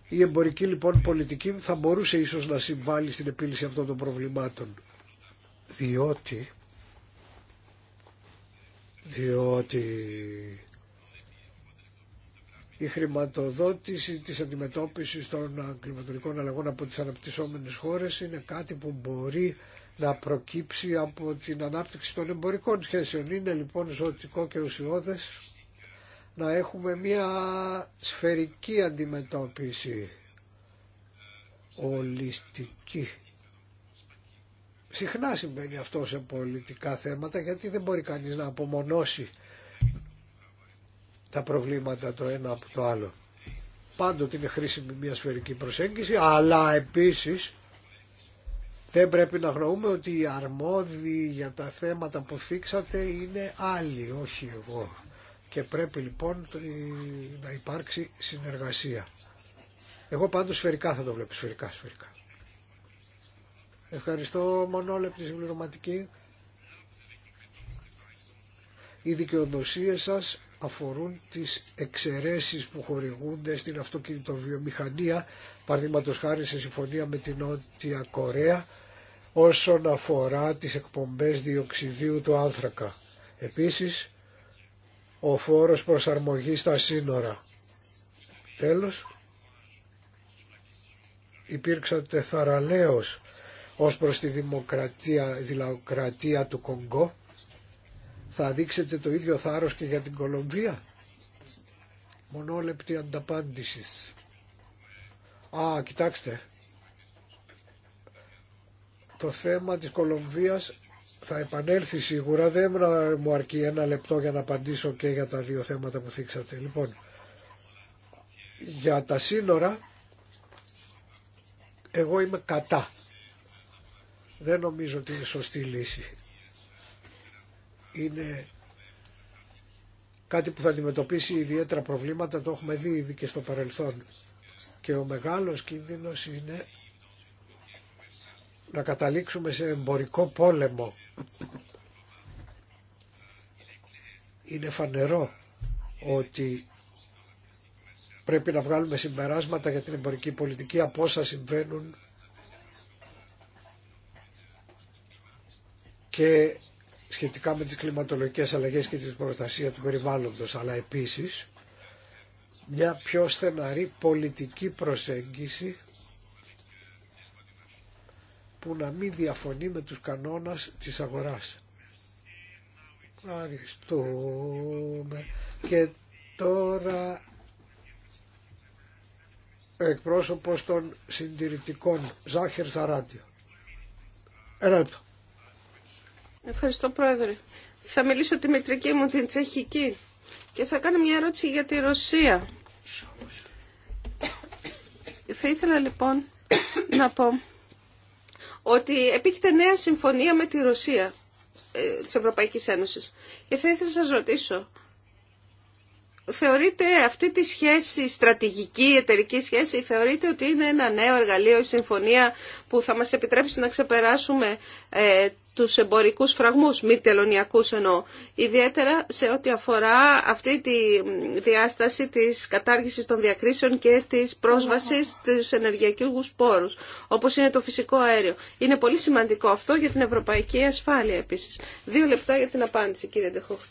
Η εμπορική λοιπόν πολιτική θα μπορούσε ίσως να συμβάλλει στην επίλυση αυτών των προβλημάτων. Διότι, διότι η χρηματοδότηση της αντιμετώπισης των κλιματικών αλλαγών από τις αναπτυσσόμενες χώρες είναι κάτι που μπορεί να προκύψει από την ανάπτυξη των εμπορικών σχέσεων. Είναι λοιπόν ζωτικό και ουσιώδες να έχουμε μια σφαιρική αντιμετώπιση, ολιστική. Συχνά συμβαίνει αυτό σε πολιτικά θέματα γιατί δεν μπορεί κανείς να απομονώσει τα προβλήματα το ένα από το άλλο. Πάντοτε είναι χρήσιμη μια σφαιρική προσέγγιση, αλλά επίσης δεν πρέπει να γνωρούμε ότι οι αρμόδιοι για τα θέματα που θίξατε είναι άλλοι, όχι εγώ. Και πρέπει λοιπόν να υπάρξει συνεργασία. Εγώ πάντως σφαιρικά θα το βλέπω, σφαιρικά, σφαιρικά. Ευχαριστώ μονόλεπτη συμπληρωματική. Οι δικαιοδοσίε σας αφορούν τις εξαιρέσεις που χορηγούνται στην αυτοκινητοβιομηχανία, παραδείγματος χάρη σε συμφωνία με την Νότια Κορέα, όσον αφορά τις εκπομπές διοξιδίου του άνθρακα. Επίσης, ο φόρος προσαρμογής στα σύνορα. Τέλος, υπήρξαν τεθαραλέως, ως προς τη δημοκρατία, δημοκρατία δηλαδή του Κονγκό θα δείξετε το ίδιο θάρρος και για την Κολομβία. Μονόλεπτη ανταπάντηση. Α, κοιτάξτε. Το θέμα της Κολομβίας θα επανέλθει σίγουρα. Δεν μου αρκεί ένα λεπτό για να απαντήσω και για τα δύο θέματα που θίξατε. Λοιπόν, για τα σύνορα, εγώ είμαι κατά. Δεν νομίζω ότι είναι σωστή λύση είναι κάτι που θα αντιμετωπίσει ιδιαίτερα προβλήματα, το έχουμε δει ήδη και στο παρελθόν. Και ο μεγάλος κίνδυνος είναι να καταλήξουμε σε εμπορικό πόλεμο. Είναι φανερό ότι πρέπει να βγάλουμε συμπεράσματα για την εμπορική πολιτική από όσα συμβαίνουν και σχετικά με τις κλιματολογικές αλλαγές και την προστασία του περιβάλλοντος, αλλά επίσης μια πιο στεναρή πολιτική προσέγγιση που να μην διαφωνεί με τους κανόνες της αγοράς. Ευχαριστούμε. Και τώρα εκπρόσωπος των συντηρητικών, Ζάχερ Σαράντιο. εδώ. Ευχαριστώ, Πρόεδρε. Θα μιλήσω τη μητρική μου, την τσεχική. Και θα κάνω μια ερώτηση για τη Ρωσία. Θα ήθελα λοιπόν να πω ότι επίκειται νέα συμφωνία με τη Ρωσία ε, της Ευρωπαϊκής Ένωσης. Και θα ήθελα να σας ρωτήσω, θεωρείτε αυτή τη σχέση, στρατηγική εταιρική σχέση, θεωρείτε ότι είναι ένα νέο εργαλείο, η συμφωνία που θα μας επιτρέψει να ξεπεράσουμε ε, τους εμπορικούς φραγμούς, μη τελωνιακούς εννοώ, ιδιαίτερα σε ό,τι αφορά αυτή τη διάσταση της κατάργησης των διακρίσεων και της πρόσβασης στους ενεργειακούς πόρους, όπως είναι το φυσικό αέριο. Είναι πολύ σημαντικό αυτό για την ευρωπαϊκή ασφάλεια επίσης. Δύο λεπτά για την απάντηση, κύριε Ντεχόχτ.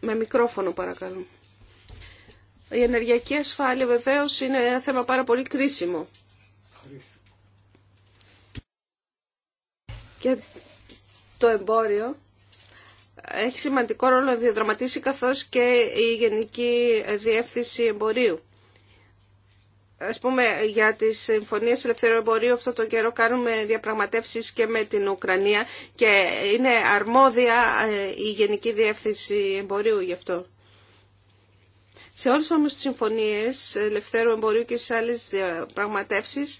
Με μικρόφωνο παρακαλώ. Η ενεργειακή ασφάλεια βεβαίως είναι ένα θέμα πάρα πολύ κρίσιμο και το εμπόριο έχει σημαντικό ρόλο να διαδραματίσει καθώς και η Γενική Διεύθυνση Εμπορίου. Ας πούμε για τις συμφωνίες ελευθέρω εμπορίου αυτό το καιρό κάνουμε διαπραγματεύσεις και με την Ουκρανία και είναι αρμόδια ε, η Γενική Διεύθυνση Εμπορίου γι' αυτό. Σε όλες όμως τις συμφωνίες ελευθέρου εμπορίου και σε άλλες διαπραγματεύσεις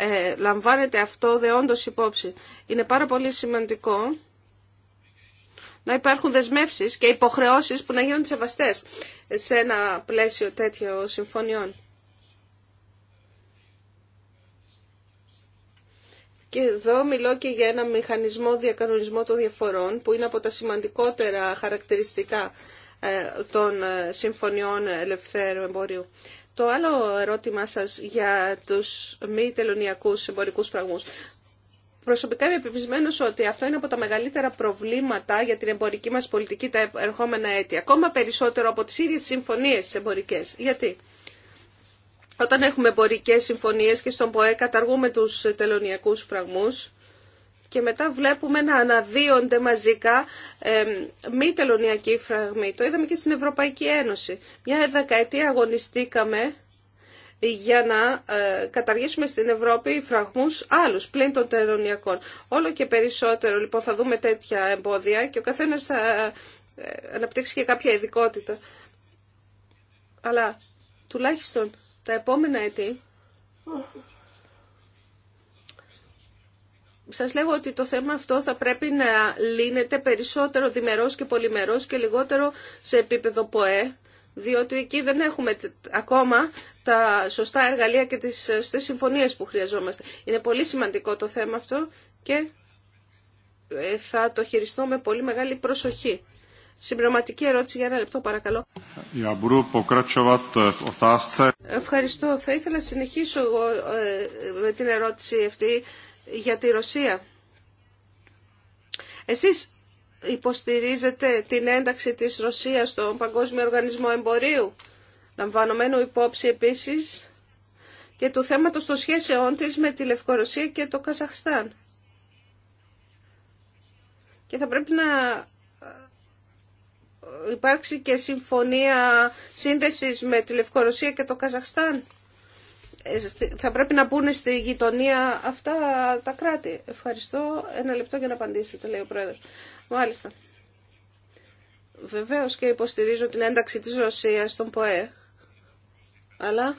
ε, λαμβάνεται αυτό δεόντως υπόψη. Είναι πάρα πολύ σημαντικό να υπάρχουν δεσμεύσεις και υποχρεώσεις που να γίνονται σεβαστές σε ένα πλαίσιο τέτοιο συμφωνιών. Και εδώ μιλώ και για ένα μηχανισμό διακανονισμού των διαφορών που είναι από τα σημαντικότερα χαρακτηριστικά ε, των ε, συμφωνιών ελευθέρου εμπορίου. Το άλλο ερώτημά σας για τους μη τελωνιακούς εμπορικούς φραγμούς. Προσωπικά είμαι επιπισμένο ότι αυτό είναι από τα μεγαλύτερα προβλήματα για την εμπορική μα πολιτική τα ερχόμενα έτη. Ακόμα περισσότερο από τι ίδιε συμφωνίε εμπορικέ. Γιατί όταν έχουμε εμπορικέ συμφωνίε και στον ΠΟΕ καταργούμε του τελωνιακού φραγμού, και μετά βλέπουμε να αναδύονται μαζικά ε, μη τελωνιακοί φραγμοί. Το είδαμε και στην Ευρωπαϊκή Ένωση. Μια δεκαετία αγωνιστήκαμε για να ε, καταργήσουμε στην Ευρώπη φραγμούς άλλους πλην των τελωνιακών. Όλο και περισσότερο λοιπόν θα δούμε τέτοια εμπόδια και ο καθένας θα ε, αναπτύξει και κάποια ειδικότητα. Αλλά τουλάχιστον τα επόμενα έτη σας λέγω ότι το θέμα αυτό θα πρέπει να λύνεται περισσότερο διμερός και πολυμερός και λιγότερο σε επίπεδο ΠΟΕ, διότι εκεί δεν έχουμε ακόμα τα σωστά εργαλεία και τις σωστές συμφωνίες που χρειαζόμαστε. Είναι πολύ σημαντικό το θέμα αυτό και ε, θα το χειριστώ με πολύ μεγάλη προσοχή. Συμπληρωματική ερώτηση για ένα λεπτό παρακαλώ. Ε, Ευχαριστώ. Θα ήθελα να συνεχίσω εγώ ε, με την ερώτηση αυτή για τη Ρωσία. Εσείς υποστηρίζετε την ένταξη της Ρωσίας στον Παγκόσμιο Οργανισμό Εμπορίου, λαμβανωμένου υπόψη επίσης και του θέματος των σχέσεών της με τη Λευκορωσία και το Καζαχστάν. Και θα πρέπει να υπάρξει και συμφωνία σύνδεσης με τη Λευκορωσία και το Καζαχστάν θα πρέπει να μπουν στη γειτονία αυτά τα κράτη. Ευχαριστώ. Ένα λεπτό για να απαντήσετε, λέει ο Πρόεδρος. Μάλιστα. Βεβαίως και υποστηρίζω την ένταξη της Ρωσίας στον ΠΟΕ. Αλλά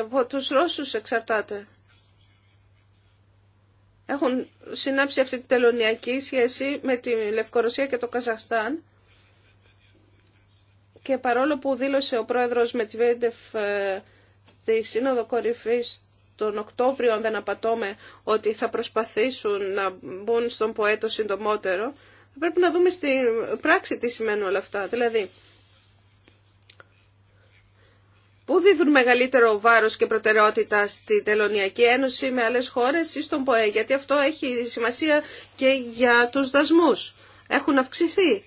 από τους Ρώσους εξαρτάται. Έχουν συνάψει αυτή τη τελωνιακή σχέση με τη Λευκορωσία και το Καζαχστάν και παρόλο που δήλωσε ο πρόεδρος Μετβέντεφ ε, στη Σύνοδο Κορυφής τον Οκτώβριο, αν δεν απατώμε, ότι θα προσπαθήσουν να μπουν στον ΠΟΕ συντομότερο, πρέπει να δούμε στην πράξη τι σημαίνουν όλα αυτά. Δηλαδή, Πού δίδουν μεγαλύτερο βάρος και προτεραιότητα στη Τελωνιακή Ένωση με άλλες χώρες ή στον ΠΟΕ, γιατί αυτό έχει σημασία και για τους δασμούς. Έχουν αυξηθεί.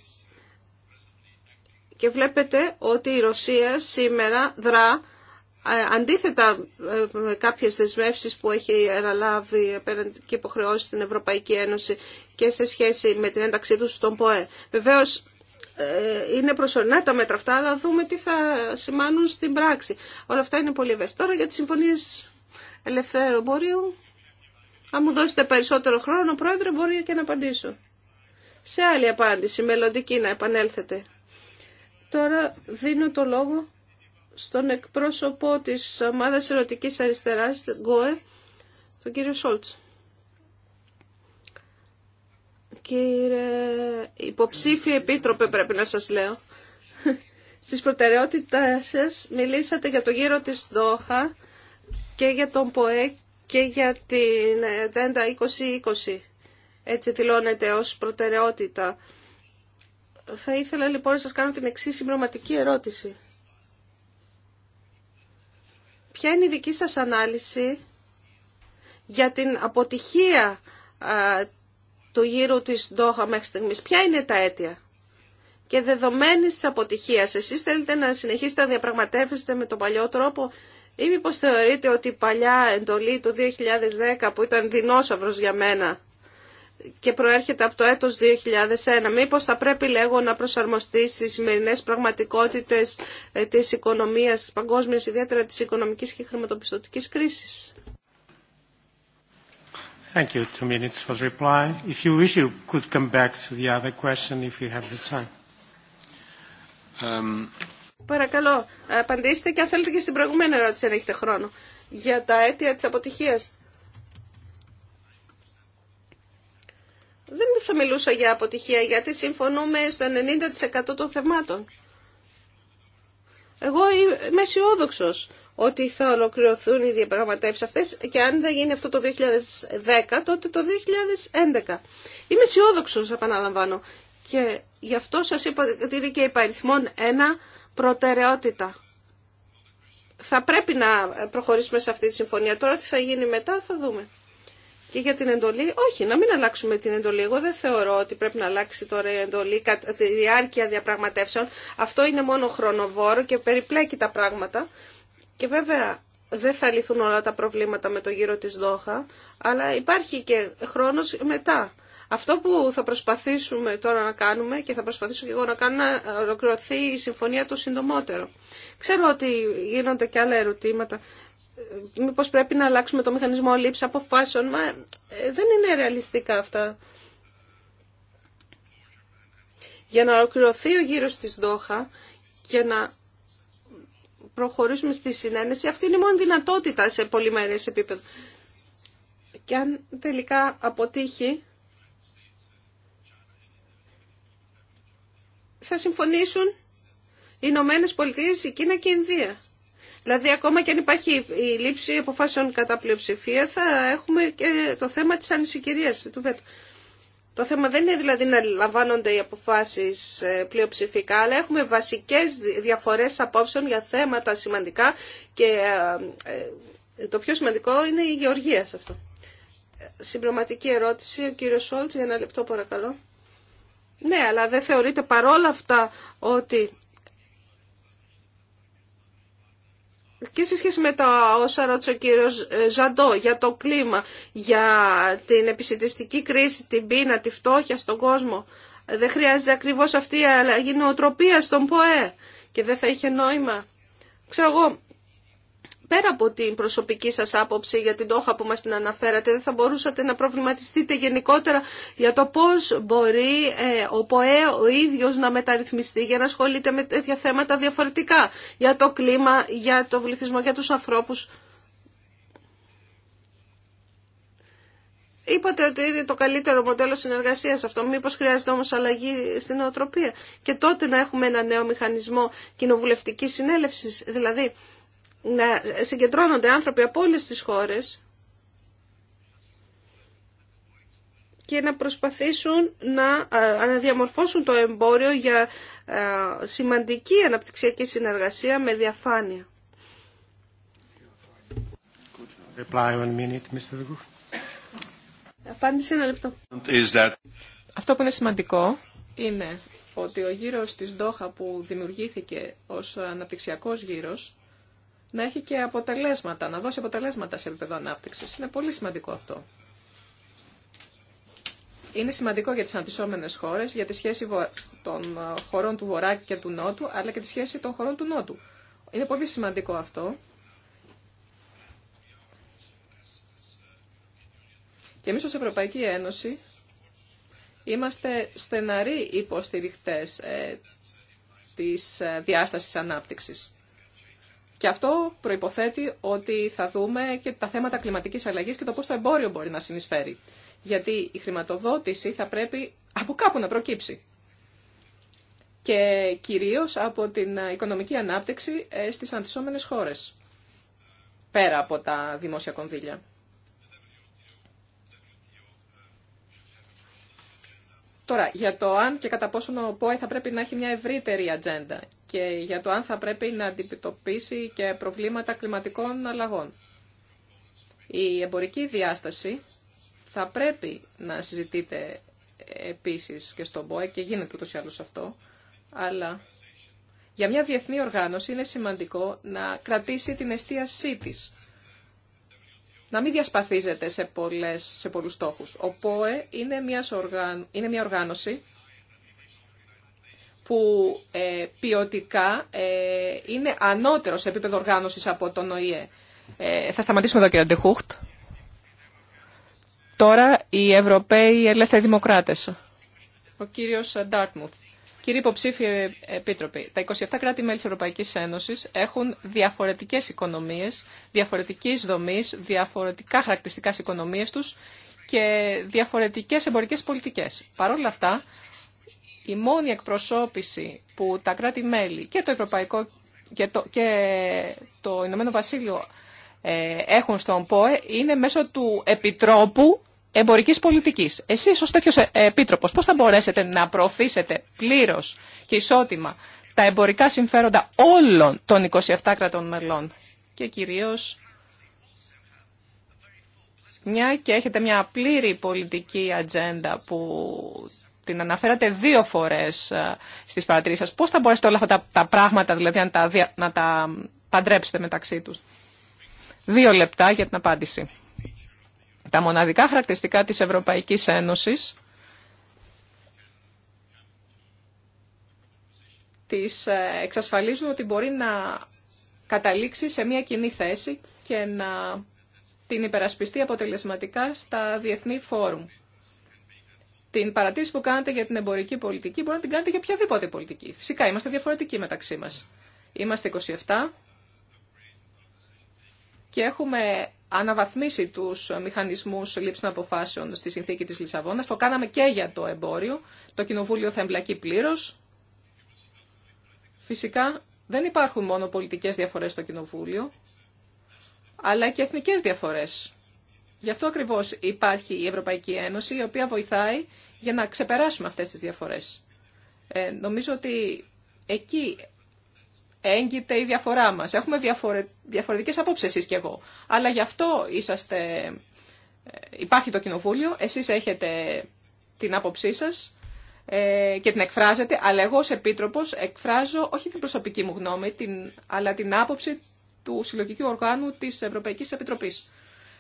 Και βλέπετε ότι η Ρωσία σήμερα δρά αντίθετα ε, με κάποιες δεσμεύσεις που έχει αναλάβει και υποχρεώσει στην Ευρωπαϊκή Ένωση και σε σχέση με την ένταξή του στον ΠΟΕ. Βεβαίως ε, είναι προσωρινά τα μέτρα αυτά, αλλά δούμε τι θα σημάνουν στην πράξη. Όλα αυτά είναι πολύ ευαίσθητα. Τώρα για τις συμφωνίες ελευθέρω αν μου δώσετε περισσότερο χρόνο, Πρόεδρε, μπορεί και να απαντήσω. Σε άλλη απάντηση, μελλοντική να επανέλθετε. Τώρα δίνω το λόγο στον εκπρόσωπο της ομάδας ερωτικής αριστεράς, γοέ, τον κύριο Σόλτς. Κύριε Υποψήφιο επίτροπε πρέπει να σας λέω. Στις προτεραιότητες σας μιλήσατε για το γύρο της Δόχα και για τον ΠΟΕ και για την Ατζέντα 2020. Έτσι δηλώνεται ως προτεραιότητα. Θα ήθελα λοιπόν να σας κάνω την εξής συμπληρωματική ερώτηση. Ποια είναι η δική σας ανάλυση για την αποτυχία του γύρου της Ντόχα μέχρι στιγμής. Ποια είναι τα αίτια. Και δεδομένη της αποτυχίας, εσείς θέλετε να συνεχίσετε να διαπραγματεύεστε με τον παλιό τρόπο ή μήπως θεωρείτε ότι η παλιά εντολή του 2010 που ήταν δεινόσαυρος για μένα και προέρχεται από το έτος 2001. Μήπως θα πρέπει λέγω να προσαρμοστεί στις σημερινές πραγματικότητες ε, της οικονομίας της παγκόσμιας, ιδιαίτερα της οικονομικής και χρηματοπιστωτικής κρίσης. Thank you. minutes for reply. If you wish, you could come back to the other question if you have the time. Um, Παρακαλώ, απαντήστε και αν θέλετε και στην προηγούμενη ερώτηση αν έχετε χρόνο. Για τα αίτια της αποτυχίας δεν θα μιλούσα για αποτυχία γιατί συμφωνούμε στο 90% των θεμάτων. Εγώ είμαι αισιόδοξο ότι θα ολοκληρωθούν οι διαπραγματεύσει αυτές και αν δεν γίνει αυτό το 2010 τότε το 2011. Είμαι αισιόδοξο, επαναλαμβάνω. Και γι' αυτό σας είπα ότι είναι και υπαριθμόν ένα προτεραιότητα. Θα πρέπει να προχωρήσουμε σε αυτή τη συμφωνία. Τώρα τι θα γίνει μετά θα δούμε. Και για την εντολή, όχι, να μην αλλάξουμε την εντολή. Εγώ δεν θεωρώ ότι πρέπει να αλλάξει τώρα η εντολή κατά τη διάρκεια διαπραγματεύσεων. Αυτό είναι μόνο χρονοβόρο και περιπλέκει τα πράγματα. Και βέβαια δεν θα λυθούν όλα τα προβλήματα με το γύρο της Δόχα, αλλά υπάρχει και χρόνος μετά. Αυτό που θα προσπαθήσουμε τώρα να κάνουμε και θα προσπαθήσω και εγώ να κάνω να ολοκληρωθεί η συμφωνία το συντομότερο. Ξέρω ότι γίνονται και άλλα ερωτήματα μήπως πρέπει να αλλάξουμε το μηχανισμό λήψη αποφάσεων, μα ε, δεν είναι ρεαλιστικά αυτά. Για να ολοκληρωθεί ο γύρος της Δόχα και να προχωρήσουμε στη συνένεση, αυτή είναι η μόνη δυνατότητα σε πολυμερές επίπεδο. Και αν τελικά αποτύχει, θα συμφωνήσουν οι Ηνωμένε Πολιτείε, η Κίνα και η Ινδία. Δηλαδή ακόμα και αν υπάρχει η λήψη αποφάσεων κατά πλειοψηφία θα έχουμε και το θέμα της ανησυχηρίας του ΒΕΤΟ. Το θέμα δεν είναι δηλαδή να λαμβάνονται οι αποφάσεις ε, πλειοψηφικά, αλλά έχουμε βασικές διαφορές απόψεων για θέματα σημαντικά και ε, ε, το πιο σημαντικό είναι η γεωργία σε αυτό. Συμπληρωματική ερώτηση, ο κύριος Σόλτς, για ένα λεπτό παρακαλώ. Ναι, αλλά δεν θεωρείτε παρόλα αυτά ότι και σε σχέση με τα όσα ρώτησε ο κύριο ε, Ζαντό για το κλίμα, για την επισητιστική κρίση, την πείνα, τη φτώχεια στον κόσμο, δεν χρειάζεται ακριβώς αυτή η αλλαγή νοοτροπία στον ΠΟΕ και δεν θα είχε νόημα. Ξέρω εγώ, πέρα από την προσωπική σας άποψη για την τόχα που μας την αναφέρατε, δεν θα μπορούσατε να προβληματιστείτε γενικότερα για το πώς μπορεί ε, ο ΠΟΕ ο ίδιος να μεταρρυθμιστεί για να ασχολείται με τέτοια θέματα διαφορετικά, για το κλίμα, για το βληθισμό, για τους ανθρώπους. Είπατε ότι είναι το καλύτερο μοντέλο συνεργασία αυτό. Μήπω χρειάζεται όμω αλλαγή στην νοοτροπία Και τότε να έχουμε ένα νέο μηχανισμό κοινοβουλευτική συνέλευση. Δηλαδή, να συγκεντρώνονται άνθρωποι από όλες τις χώρες και να προσπαθήσουν να ε, αναδιαμορφώσουν το εμπόριο για ε, σημαντική αναπτυξιακή συνεργασία με διαφάνεια. ένα λεπτό. Αυτό που είναι σημαντικό είναι ότι ο γύρος της Ντόχα που δημιουργήθηκε ως αναπτυξιακός γύρος να έχει και αποτελέσματα, να δώσει αποτελέσματα σε επίπεδο ανάπτυξη. Είναι πολύ σημαντικό αυτό. Είναι σημαντικό για τις αντισώμενες χώρες, για τη σχέση των ε, χωρών του Βορρά και του Νότου, αλλά και τη σχέση των χωρών του Νότου. Είναι πολύ σημαντικό αυτό. Και εμείς ως Ευρωπαϊκή Ένωση είμαστε στεναροί υποστηριχτές ε, της ε, διάστασης ανάπτυξης. Και αυτό προϋποθέτει ότι θα δούμε και τα θέματα κλιματικής αλλαγής και το πώς το εμπόριο μπορεί να συνεισφέρει. Γιατί η χρηματοδότηση θα πρέπει από κάπου να προκύψει. Και κυρίως από την οικονομική ανάπτυξη ε, στις αντισόμενες χώρες. Πέρα από τα δημόσια κονδύλια. Τώρα, για το αν και κατά πόσο ο ΠΟΕ θα πρέπει να έχει μια ευρύτερη ατζέντα και για το αν θα πρέπει να αντιμετωπίσει και προβλήματα κλιματικών αλλαγών. Η εμπορική διάσταση θα πρέπει να συζητείται επίσης και στον ΠΟΕ και γίνεται ούτως ή άλλως αυτό, αλλά για μια διεθνή οργάνωση είναι σημαντικό να κρατήσει την εστίασή της να μην διασπαθίζεται σε, πολλές, σε πολλούς στόχους. Ο ΠΟΕ είναι, μια, είναι μια οργάνωση που ε, ποιοτικά ε, είναι ανώτερο σε επίπεδο οργάνωσης από τον ΟΗΕ. Ε, θα σταματήσουμε εδώ κύριε Ντεχούχτ. Τώρα οι Ευρωπαίοι Ελεύθεροι Δημοκράτες. Ο κύριος Ντάρτμουθ. Κύριε υποψήφιε επιτροπή. τα 27 κράτη-μέλη της Ευρωπαϊκής Ένωσης έχουν διαφορετικές οικονομίες, διαφορετικής δομής, διαφορετικά χαρακτηριστικά στις οικονομίες τους και διαφορετικές εμπορικές πολιτικές. Παρ' όλα αυτά, η μόνη εκπροσώπηση που τα κράτη-μέλη και το Ευρωπαϊκό και το, και το Ηνωμένο Βασίλειο ε, έχουν στον ΠΟΕ είναι μέσω του Επιτρόπου εμπορικής πολιτικής. Εσείς ως τέτοιος ε, επίτροπος πώς θα μπορέσετε να προωθήσετε πλήρω και ισότιμα τα εμπορικά συμφέροντα όλων των 27 κρατών μελών και κυρίως μια και έχετε μια πλήρη πολιτική ατζέντα που την αναφέρατε δύο φορές ε, στις παρατηρήσεις σας. Πώς θα μπορέσετε όλα αυτά τα, πράγματα δηλαδή να τα, παντρέψετε μεταξύ τους. Δύο λεπτά για την απάντηση τα μοναδικά χαρακτηριστικά της Ευρωπαϊκής Ένωσης της ε, εξασφαλίζουν ότι μπορεί να καταλήξει σε μια κοινή θέση και να την υπερασπιστεί αποτελεσματικά στα διεθνή φόρουμ. Την παρατήρηση που κάνετε για την εμπορική πολιτική μπορεί να την κάνετε για οποιαδήποτε πολιτική. Φυσικά είμαστε διαφορετικοί μεταξύ μας. Είμαστε 27 και έχουμε αναβαθμίσει τους μηχανισμούς λήψη αποφάσεων στη συνθήκη της Λισαβόνας. Το κάναμε και για το εμπόριο. Το Κοινοβούλιο θα εμπλακεί πλήρως. Φυσικά δεν υπάρχουν μόνο πολιτικές διαφορές στο Κοινοβούλιο, αλλά και εθνικές διαφορές. Γι' αυτό ακριβώς υπάρχει η Ευρωπαϊκή Ένωση, η οποία βοηθάει για να ξεπεράσουμε αυτές τις διαφορές. Ε, νομίζω ότι εκεί έγκυται η διαφορά μας. Έχουμε διαφορε... διαφορετικές απόψεις εσείς και εγώ. Αλλά γι' αυτό είσαστε... Ε, υπάρχει το κοινοβούλιο, εσείς έχετε την άποψή σας ε, και την εκφράζετε, αλλά εγώ ως Επίτροπος εκφράζω όχι την προσωπική μου γνώμη, την... αλλά την άποψη του συλλογικού οργάνου της Ευρωπαϊκής Επιτροπής.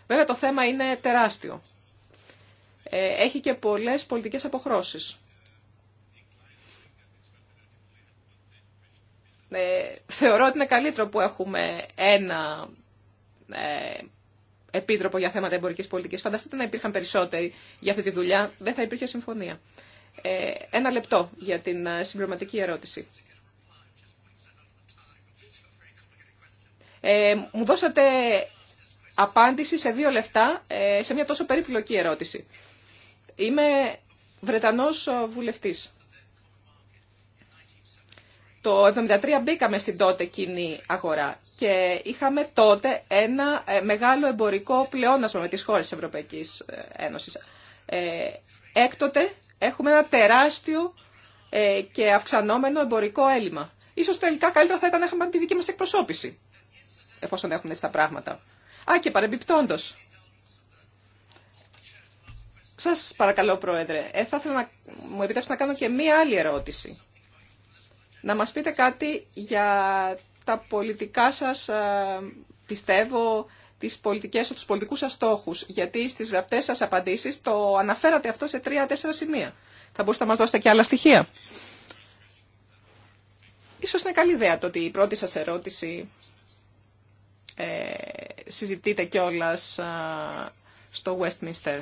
Βέβαια το θέμα είναι τεράστιο. Ε, έχει και πολλές πολιτικές αποχρώσεις. Ε, θεωρώ ότι είναι καλύτερο που έχουμε ένα ε, επίτροπο για θέματα εμπορικής πολιτικής. Φανταστείτε να υπήρχαν περισσότεροι για αυτή τη δουλειά, δεν θα υπήρχε συμφωνία. Ε, ένα λεπτό για την συμπληρωματική ερώτηση. Ε, μου δώσατε απάντηση σε δύο λεφτά σε μια τόσο περίπλοκη ερώτηση. Είμαι Βρετανός βουλευτής. Το 1973 μπήκαμε στην τότε κοινή αγορά και είχαμε τότε ένα ε, μεγάλο εμπορικό πλεόνασμα με τις χώρες της Ευρωπαϊκής ε, Ένωσης. Ε, έκτοτε έχουμε ένα τεράστιο και αυξανόμενο εμπορικό έλλειμμα. Ίσως τελικά καλύτερα θα ήταν να είχαμε τη δική μας εκπροσώπηση, εφόσον έχουμε έτσι τα πράγματα. Α, και παρεμπιπτόντος. Σας παρακαλώ, Πρόεδρε, θα ήθελα να μου επιτρέψετε να κάνω και μία άλλη ερώτηση να μας πείτε κάτι για τα πολιτικά σας, ε, πιστεύω, τις πολιτικές, τους πολιτικούς σας στόχους. Γιατί στις γραπτές σας απαντήσεις το αναφέρατε αυτό σε τρία-τέσσερα σημεία. Θα μπορούσατε να μας δώσετε και άλλα στοιχεία. Ίσως είναι καλή ιδέα το ότι η πρώτη σας ερώτηση ε, συζητείται κιόλας ε, στο Westminster,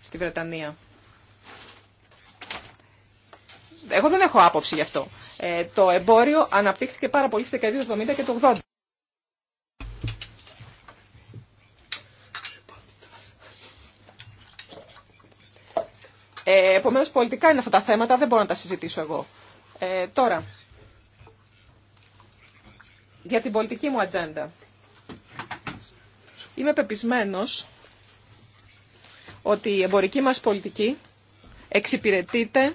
στη Βρετανία εγώ δεν έχω άποψη γι' αυτό. Ε, το εμπόριο αναπτύχθηκε πάρα πολύ στη δεκαετία του 70 και του 80. Ε, επομένως, πολιτικά είναι αυτά τα θέματα, δεν μπορώ να τα συζητήσω εγώ. Ε, τώρα, για την πολιτική μου ατζέντα. Είμαι πεπισμένος ότι η εμπορική μας πολιτική εξυπηρετείται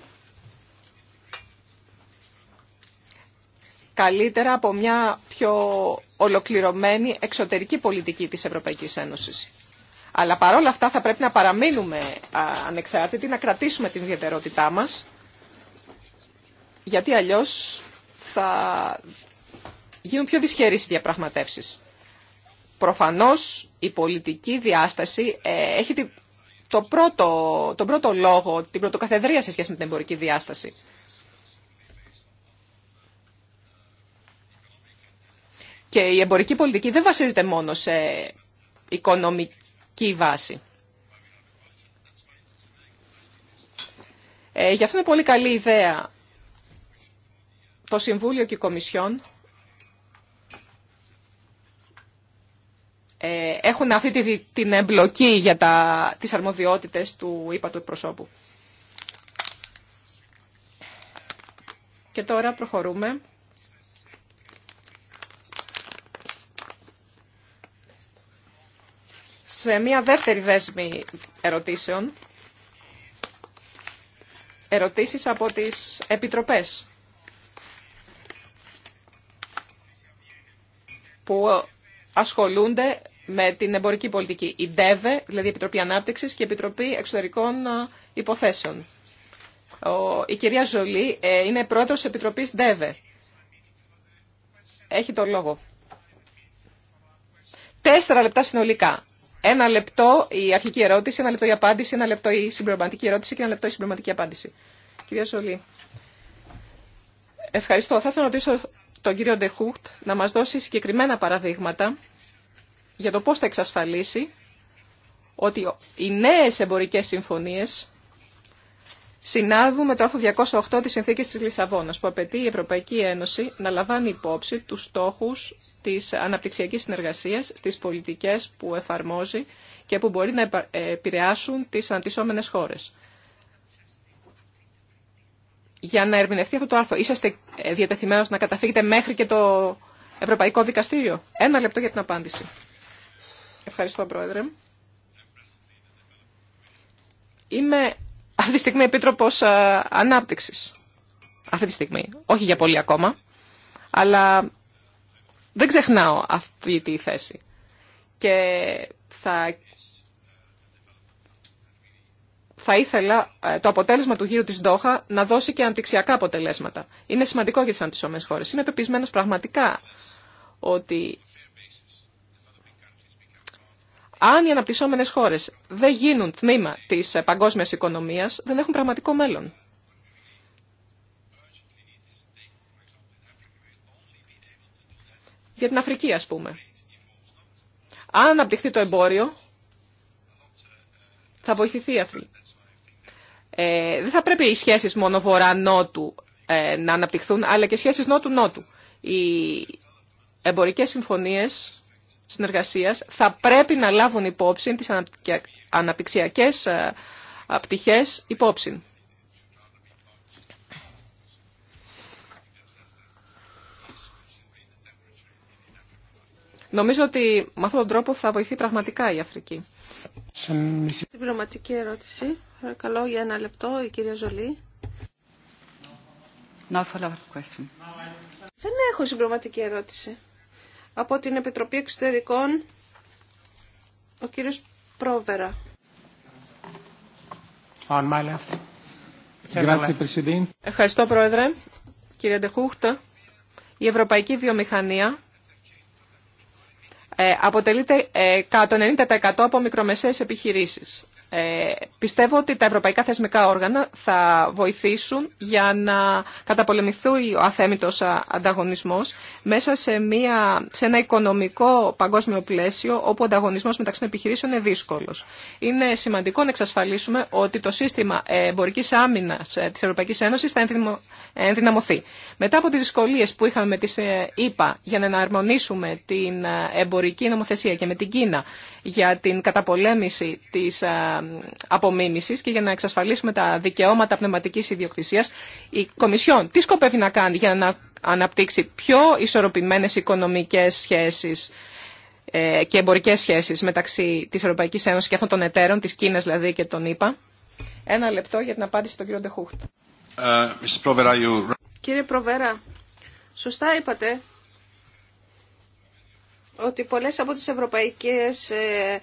καλύτερα από μια πιο ολοκληρωμένη εξωτερική πολιτική της Ευρωπαϊκής Ένωσης. Αλλά παρόλα αυτά θα πρέπει να παραμείνουμε ανεξάρτητοι, να κρατήσουμε την ιδιαιτερότητά μας, γιατί αλλιώς θα γίνουν πιο δυσχερείς οι διαπραγματεύσεις. Προφανώς η πολιτική διάσταση ε, έχει το πρώτο, τον πρώτο λόγο, την πρωτοκαθεδρία σε σχέση με την εμπορική διάσταση. Και η εμπορική πολιτική δεν βασίζεται μόνο σε οικονομική βάση. Ε, γι' αυτό είναι πολύ καλή ιδέα το Συμβούλιο και η Κομισιόν ε, έχουν αυτή την εμπλοκή για τα, τις αρμοδιότητες του είπα του εκπροσώπου. Και τώρα προχωρούμε σε μια δεύτερη δέσμη ερωτήσεων. Ερωτήσεις από τις επιτροπές που ασχολούνται με την εμπορική πολιτική. Η ΔΕΒΕ, δηλαδή η Επιτροπή Ανάπτυξης και η Επιτροπή Εξωτερικών Υποθέσεων. Η κυρία Ζολή ε, είναι πρόεδρος της Επιτροπής ΔΕΒΕ. Έχει το λόγο. Τέσσερα λεπτά συνολικά. Ένα λεπτό η αρχική ερώτηση, ένα λεπτό η απάντηση, ένα λεπτό η συμπληρωματική ερώτηση και ένα λεπτό η συμπληρωματική απάντηση. Κυρία Σολή. Ευχαριστώ. Θα ήθελα να ρωτήσω τον κύριο Ντεχούχτ να μας δώσει συγκεκριμένα παραδείγματα για το πώς θα εξασφαλίσει ότι οι νέες εμπορικές συμφωνίες συνάδου με το άρθρο 208 της Συνθήκης της Λισαβόνας, που απαιτεί η Ευρωπαϊκή Ένωση να λαμβάνει υπόψη τους στόχους της αναπτυξιακής συνεργασίας στις πολιτικές που εφαρμόζει και που μπορεί να επηρεάσουν τις αναπτυσσόμενες χώρες. Για να ερμηνευτεί αυτό το άρθρο, είσαστε ε, διατεθειμένος να καταφύγετε μέχρι και το Ευρωπαϊκό Δικαστήριο. Ένα λεπτό για την απάντηση. Ευχαριστώ, Πρόεδρε. Είμαι αυτή τη στιγμή επίτροπος ε, ανάπτυξης. Αυτή τη στιγμή. Όχι για πολύ ακόμα. Αλλά δεν ξεχνάω αυτή τη θέση. Και θα, ήθελα ε, το αποτέλεσμα του γύρου της Ντόχα να δώσει και αντιξιακά αποτελέσματα. Είναι σημαντικό για τις αντισώμενες χώρες. Είμαι πεπισμένος πραγματικά ότι αν οι αναπτυσσόμενες χώρες δεν γίνουν τμήμα της ε, παγκόσμιας οικονομίας, δεν έχουν πραγματικό μέλλον. Για την Αφρική, ας πούμε. Αν αναπτυχθεί το εμπόριο, θα βοηθηθεί η Αφρική. Ε, δεν θα πρέπει οι σχέσεις μόνο βορρά-νότου ε, να αναπτυχθούν, αλλά και σχέσεις νότου-νότου. Οι εμπορικές συμφωνίες συνεργασίας θα πρέπει να λάβουν υπόψη τις αναπτυξιακές ε, ε, πτυχές υπόψη. Νομίζω ότι με αυτόν τον τρόπο θα βοηθεί πραγματικά η Αφρική. Συμπληρωματική ερώτηση. Παρακαλώ για ένα λεπτό η κυρία Ζολή. Δεν έχω συμπληρωματική ερώτηση. Από την Επιτροπή Εξωτερικών, ο κύριος Πρόβερα. On my left. Ευχαριστώ, Πρόεδρε. Κύριε Ντεχούχτα, η ευρωπαϊκή βιομηχανία ε, αποτελείται ε, κατά το 90% από μικρομεσαίες επιχειρήσεις. Ε, πιστεύω ότι τα ευρωπαϊκά θεσμικά όργανα θα βοηθήσουν για να καταπολεμηθεί ο αθέμητος ανταγωνισμός μέσα σε, μια, σε ένα οικονομικό παγκόσμιο πλαίσιο όπου ο ανταγωνισμός μεταξύ των επιχειρήσεων είναι δύσκολος. Είναι σημαντικό να εξασφαλίσουμε ότι το σύστημα εμπορικής άμυνας ε, της Ευρωπαϊκής Ένωσης θα ενδυναμωθεί. Μετά από τις δυσκολίες που είχαμε με τις ΕΠΑ για να εναρμονίσουμε την ε, εμπορική νομοθεσία και με την Κίνα για την καταπολέμηση της ε, απομίμησης και για να εξασφαλίσουμε τα δικαιώματα πνευματική ιδιοκτησία, η Κομισιόν τι σκοπεύει να κάνει για να αναπτύξει πιο ισορροπημένες οικονομικές σχέσεις ε, και εμπορικές σχέσεις μεταξύ τη Ευρωπαϊκή Ένωση και αυτών των εταίρων, της Κίνας δηλαδή και των ΗΠΑ. Ένα λεπτό για την απάντηση του κ. Ντεχούχτ. Ε, Κύριε Προβέρα, σωστά είπατε ότι πολλές από τις ευρωπαϊκές ε,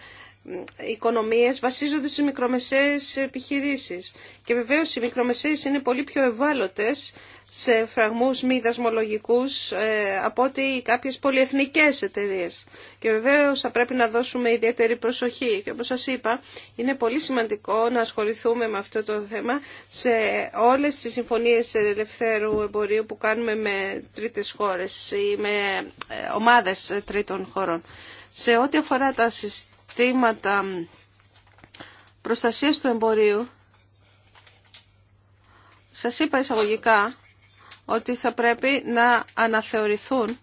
οικονομίες βασίζονται σε μικρομεσαίες επιχειρήσεις. Και βεβαίως οι μικρομεσαίες είναι πολύ πιο ευάλωτες σε φραγμούς μη δασμολογικούς ε, από ότι κάποιες πολυεθνικές εταιρείες. Και βεβαίως θα πρέπει να δώσουμε ιδιαίτερη προσοχή. Και όπως σας είπα, είναι πολύ σημαντικό να ασχοληθούμε με αυτό το θέμα σε όλες τις συμφωνίες ελευθέρου εμπορίου που κάνουμε με τρίτες χώρες ή με ε, ομάδες τρίτων χωρών. Σε ό,τι αφορά τα συστήματα, συστήματα προστασίας του εμπορίου, σας είπα εισαγωγικά ότι θα πρέπει να αναθεωρηθούν,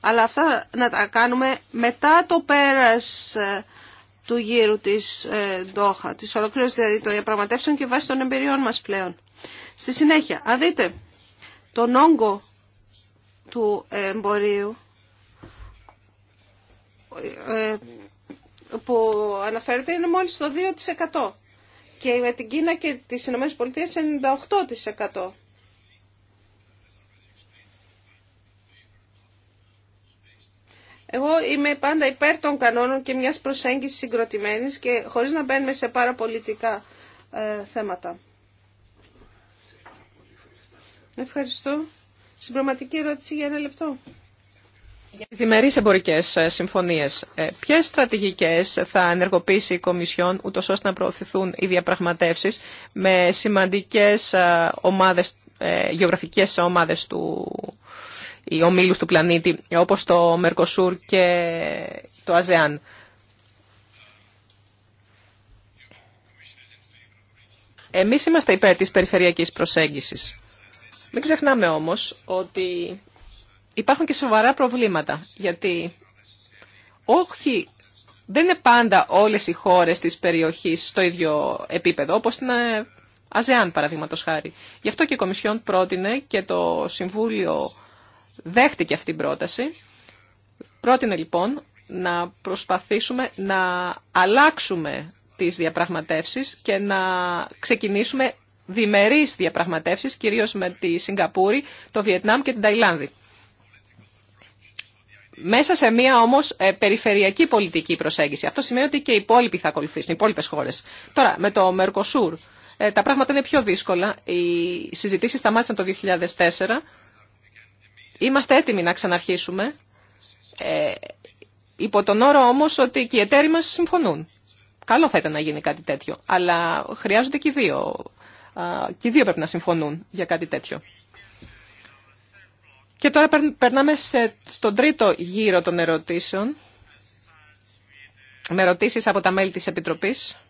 αλλά αυτά να τα κάνουμε μετά το πέρας ε, του γύρου της ε, Ντόχα, της ολοκλήρωσης δηλαδή των διαπραγματεύσεων και βάσει των εμπειριών μας πλέον. Στη συνέχεια, αν δείτε τον όγκο του εμπορίου, ε, που αναφέρεται είναι μόλις το 2% και με την Κίνα και τις Ηνωμένες Πολιτείες 98%. Εγώ είμαι πάντα υπέρ των κανόνων και μιας προσέγγισης συγκροτημένης και χωρίς να μπαίνουμε σε πάρα πολιτικά ε, θέματα. Ευχαριστώ. Συμπροματική ερώτηση για ένα λεπτό. Για τις διμερείς εμπορικές ε, συμφωνίες, ε, ποιες στρατηγικές θα ενεργοποιήσει η Κομισιόν ούτως ώστε να προωθηθούν οι διαπραγματεύσεις με σημαντικές ε, ομάδες, γεωγραφικές ομάδες του η ομίλους του πλανήτη, όπως το Μερκοσούρ και το ΑΖΕΑΝ. Εμείς είμαστε υπέρ της περιφερειακής προσέγγισης. Μην ξεχνάμε όμως ότι υπάρχουν και σοβαρά προβλήματα, γιατί όχι, δεν είναι πάντα όλες οι χώρες της περιοχής στο ίδιο επίπεδο, όπως την ε, ΑΖΕΑΝ παραδείγματος χάρη. Γι' αυτό και η Κομισιόν πρότεινε και το Συμβούλιο δέχτηκε αυτή την πρόταση. Πρότεινε λοιπόν να προσπαθήσουμε να αλλάξουμε τις διαπραγματεύσεις και να ξεκινήσουμε διμερείς διαπραγματεύσεις, κυρίως με τη Σιγκαπούρη, το Βιετνάμ και την Ταϊλάνδη μέσα σε μια όμω ε, περιφερειακή πολιτική προσέγγιση. Αυτό σημαίνει ότι και οι υπόλοιποι θα ακολουθήσουν, οι υπόλοιπε χώρε. Τώρα, με το Mercosur, ε, τα πράγματα είναι πιο δύσκολα. Οι συζητήσει σταμάτησαν το 2004. Είμαστε έτοιμοι να ξαναρχίσουμε. Ε, υπό τον όρο όμως ότι και οι εταίροι μας συμφωνούν. Καλό θα ήταν να γίνει κάτι τέτοιο. Αλλά χρειάζονται και οι δύο. Και οι δύο πρέπει να συμφωνούν για κάτι τέτοιο. Και τώρα περνάμε σε, στον τρίτο γύρο των ερωτήσεων. Με ερωτήσει από τα μέλη της Επιτροπής.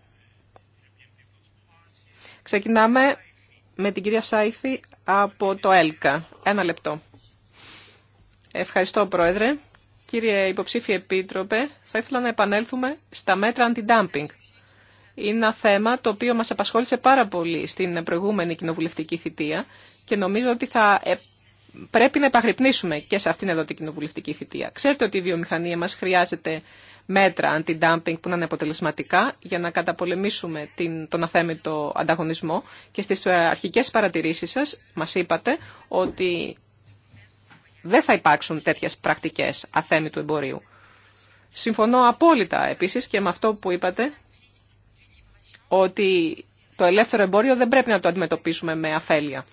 Ξεκινάμε με την κυρία Σάιφη από το ΕΛΚΑ. Ένα λεπτό. Ευχαριστώ, Πρόεδρε. Κύριε Υποψήφιε Επίτροπε, θα ήθελα να επανέλθουμε στα μέτρα αντι-dumping. Είναι ένα θέμα το οποίο μας απασχόλησε πάρα πολύ στην προηγούμενη κοινοβουλευτική θητεία και νομίζω ότι θα πρέπει να επαγρυπνήσουμε και σε αυτήν εδώ την κοινοβουλευτική θητεία. Ξέρετε ότι η βιομηχανία μας χρειάζεται μέτρα αντι-dumping που να είναι αποτελεσματικά για να καταπολεμήσουμε την, τον αθέμητο ανταγωνισμό και στις ε, αρχικές παρατηρήσεις σας μας είπατε ότι δεν θα υπάρξουν τέτοιες πρακτικές αθέμητου εμπορίου. Συμφωνώ απόλυτα επίσης και με αυτό που είπατε ότι το ελεύθερο εμπόριο δεν πρέπει να το αντιμετωπίσουμε με αφέλεια.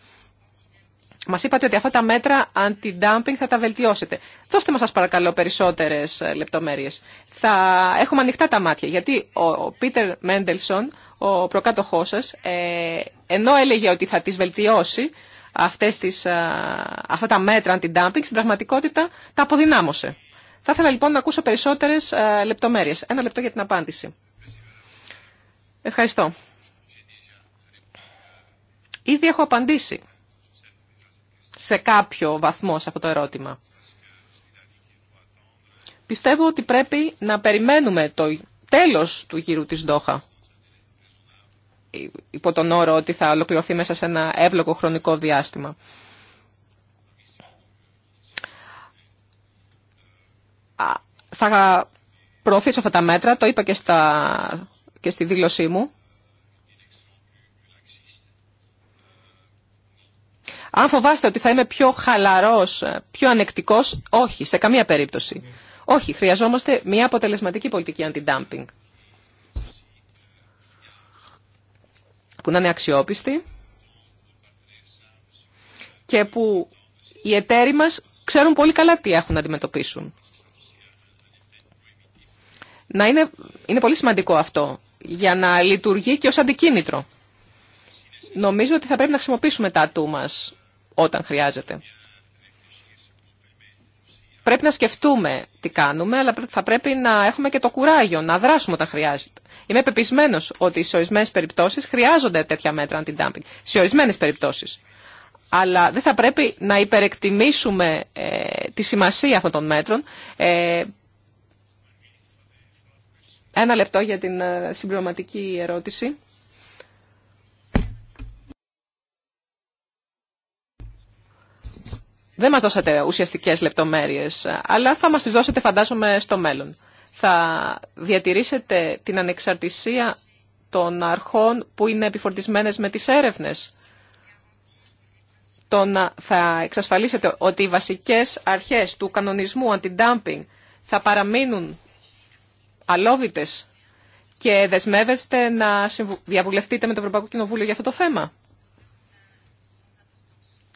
Μα είπατε ότι αυτά τα μέτρα αντι-dumping θα τα βελτιώσετε. Δώστε μα σας παρακαλώ περισσότερες ε, λεπτομέρειες. Θα έχουμε ανοιχτά τα μάτια, γιατί ο Πίτερ Μέντελσον, ο προκάτοχός σας, ε, ενώ έλεγε ότι θα τι βελτιώσει, αυτές τις, ε, αυτά τα μέτρα αντι-dumping, στην πραγματικότητα τα αποδυνάμωσε. Θα ήθελα λοιπόν να ακούσω περισσότερε λεπτομέρειε. Ένα λεπτό για την απάντηση. Ευχαριστώ. Ήδη έχω απαντήσει σε κάποιο βαθμό σε αυτό το ερώτημα. Πιστεύω ότι πρέπει να περιμένουμε το τέλος του γύρου της Ντόχα υπό τον όρο ότι θα ολοκληρωθεί μέσα σε ένα εύλογο χρονικό διάστημα. Θα προωθήσω αυτά τα μέτρα, το είπα και, στα, και στη δήλωσή μου. Αν φοβάστε ότι θα είμαι πιο χαλαρός, πιο ανεκτικός, όχι, σε καμία περίπτωση. Όχι, χρειαζόμαστε μια αποτελεσματική πολιτική αντι-dumping. Που να είναι αξιόπιστη και που οι εταίροι μας ξέρουν πολύ καλά τι έχουν να αντιμετωπίσουν. Να είναι, είναι πολύ σημαντικό αυτό για να λειτουργεί και ως αντικίνητρο. Νομίζω ότι θα πρέπει να χρησιμοποιήσουμε τα ατού μας όταν χρειάζεται. Πρέπει να σκεφτούμε τι κάνουμε, αλλά θα πρέπει να έχουμε και το κουράγιο να δράσουμε όταν χρειάζεται. Είμαι πεπισμένο ότι σε ορισμένε περιπτώσει χρειάζονται τέτοια μέτρα αντι-dumping. Σε ορισμένε περιπτώσει. Αλλά δεν θα πρέπει να υπερεκτιμήσουμε ε, τη σημασία αυτών των μέτρων. Ε, ένα λεπτό για την ε, συμπληρωματική ερώτηση. Δεν μας δώσατε ουσιαστικές λεπτομέρειες, αλλά θα μας τις δώσετε φαντάζομαι στο μέλλον. Θα διατηρήσετε την ανεξαρτησία των αρχών που είναι επιφορτισμένες με τις έρευνες. θα εξασφαλίσετε ότι οι βασικές αρχές του κανονισμού αντι-dumping θα παραμείνουν αλόβητες και δεσμεύεστε να διαβουλευτείτε με το Ευρωπαϊκό Κοινοβούλιο για αυτό το θέμα,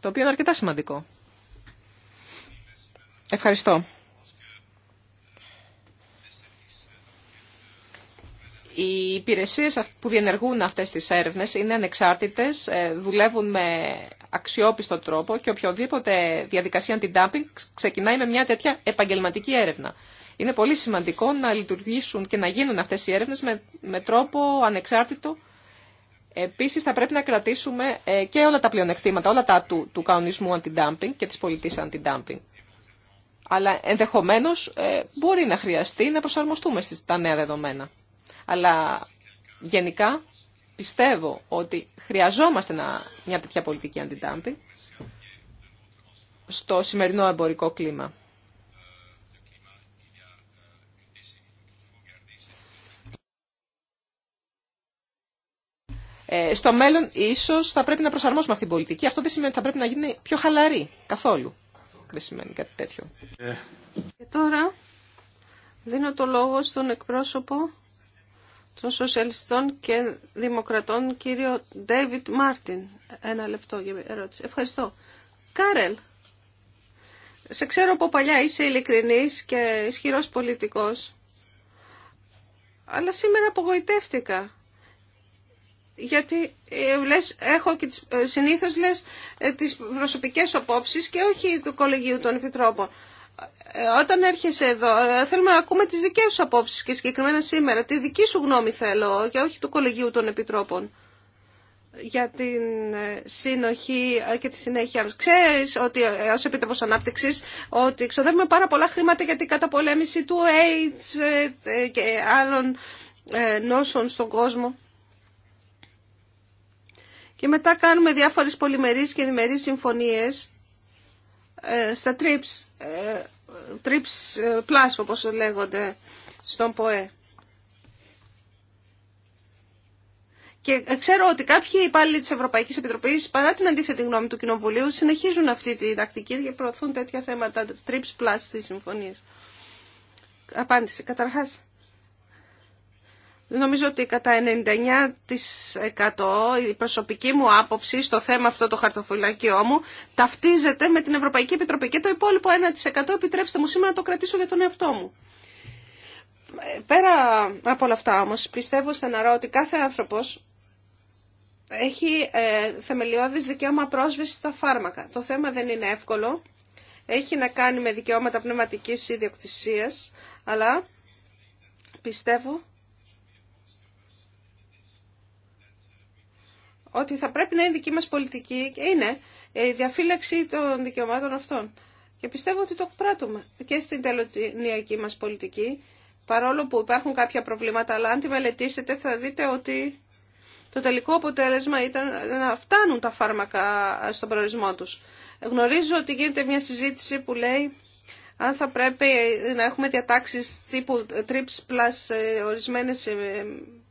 το οποίο είναι αρκετά σημαντικό. Ευχαριστώ. Οι υπηρεσίες που διενεργούν αυτές τις έρευνες είναι ανεξάρτητες, ε, δουλεύουν με αξιόπιστο τρόπο και οποιοδήποτε διαδικασία αντι-dumping ξεκινάει με μια τέτοια επαγγελματική έρευνα. Είναι πολύ σημαντικό να λειτουργήσουν και να γίνουν αυτές οι έρευνες με, με τρόπο ανεξάρτητο. Επίσης θα πρέπει να κρατήσουμε ε, και όλα τα πλεονεκτήματα, όλα τα του, του κανονισμού αντι-dumping και της πολιτής αντι-dumping αλλά ενδεχομένως ε, μπορεί να χρειαστεί να προσαρμοστούμε στα νέα δεδομένα. Αλλά γενικά πιστεύω ότι χρειαζόμαστε μια τέτοια πολιτική αντιτάμπη στο σημερινό εμπορικό κλίμα. Ε, στο μέλλον ίσως θα πρέπει να προσαρμόσουμε αυτή την πολιτική. Αυτό δεν σημαίνει ότι θα πρέπει να γίνει πιο χαλαρή καθόλου. Ε. Και τώρα δίνω το λόγο στον εκπρόσωπο των Σοσιαλιστών και Δημοκρατών, κύριο Ντέιβιτ Μάρτιν. Ένα λεπτό για ερώτηση. Ευχαριστώ. Κάρελ, σε ξέρω από παλιά είσαι ειλικρινής και ισχυρός πολιτικός, αλλά σήμερα απογοητεύτηκα γιατί ε, λες, έχω και τις, ε, συνήθως λες ε, τις προσωπικές απόψεις και όχι του κολεγίου των επιτρόπων. Όταν έρχεσαι εδώ, θέλουμε να ακούμε τις δικές σου απόψεις και συγκεκριμένα σήμερα. Τη δική σου γνώμη θέλω και όχι του κολεγίου των επιτρόπων για την συνοχή και τη συνέχεια. Ξέρεις ότι ως Επίτροπος Ανάπτυξης ότι ξοδεύουμε πάρα πολλά χρήματα για την καταπολέμηση του AIDS και άλλων νόσων στον κόσμο. Και μετά κάνουμε διάφορες πολυμερείς και διμερείς συμφωνίες ε, στα TRIPS, ε, TRIPS ε, Plus όπως λέγονται στον ΠΟΕ. Και ξέρω ότι κάποιοι υπάλληλοι της Ευρωπαϊκής Επιτροπής, παρά την αντίθετη γνώμη του Κοινοβουλίου, συνεχίζουν αυτή τη τακτική και προωθούν τέτοια θέματα TRIPS Plus στις συμφωνίες. Απάντηση. Καταρχάς, Νομίζω ότι κατά 99% η προσωπική μου άποψη στο θέμα αυτό το χαρτοφυλακείο μου ταυτίζεται με την Ευρωπαϊκή Επιτροπή και το υπόλοιπο 1% επιτρέψτε μου σήμερα να το κρατήσω για τον εαυτό μου. Πέρα από όλα αυτά όμως πιστεύω στεναρά ότι κάθε άνθρωπος έχει ε, θεμελιώδης δικαίωμα πρόσβηση στα φάρμακα. Το θέμα δεν είναι εύκολο. Έχει να κάνει με δικαιώματα πνευματικής ιδιοκτησίας, αλλά πιστεύω ότι θα πρέπει να είναι δική μας πολιτική και είναι η διαφύλαξη των δικαιωμάτων αυτών. Και πιστεύω ότι το πράττουμε και στην τελωνιακή μας πολιτική, παρόλο που υπάρχουν κάποια προβλήματα, αλλά αν τη μελετήσετε θα δείτε ότι το τελικό αποτέλεσμα ήταν να φτάνουν τα φάρμακα στον προορισμό τους. Γνωρίζω ότι γίνεται μια συζήτηση που λέει αν θα πρέπει να έχουμε διατάξεις τύπου TRIPS plus ε, ορισμένες ε,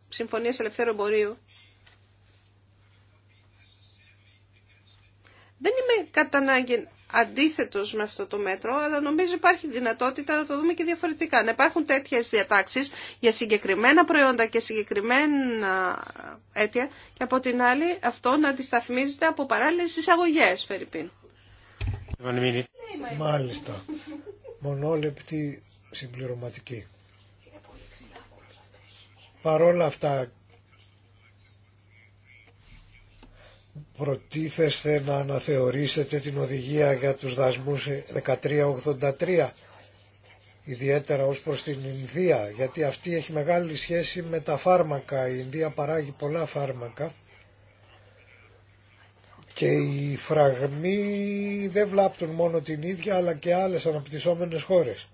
συμφωνίες ελευθέρου εμπορίου. Δεν είμαι κατά ανάγκη αντίθετος με αυτό το μέτρο, αλλά νομίζω υπάρχει δυνατότητα να το δούμε και διαφορετικά. Να υπάρχουν τέτοιε διατάξει για συγκεκριμένα προϊόντα και συγκεκριμένα αίτια και από την άλλη αυτό να αντισταθμίζεται από παράλληλες εισαγωγέ, Φερρυπίν. Μάλιστα. Μονόλεπτη συμπληρωματική. Παρόλα αυτά προτίθεστε να αναθεωρήσετε την οδηγία για τους δασμούς 1383 ιδιαίτερα ως προς την Ινδία γιατί αυτή έχει μεγάλη σχέση με τα φάρμακα η Ινδία παράγει πολλά φάρμακα και οι φραγμοί δεν βλάπτουν μόνο την ίδια αλλά και άλλες αναπτυσσόμενες χώρες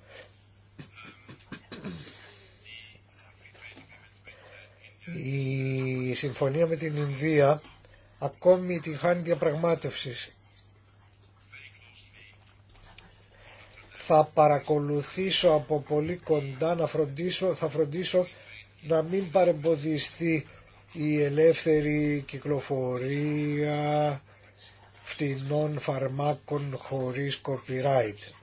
η συμφωνία με την Ινδία ακόμη την χάνει διαπραγμάτευσης. Θα παρακολουθήσω από πολύ κοντά να φροντίσω, θα φροντίσω να μην παρεμποδιστεί η ελεύθερη κυκλοφορία φτηνών φαρμάκων χωρίς copyright.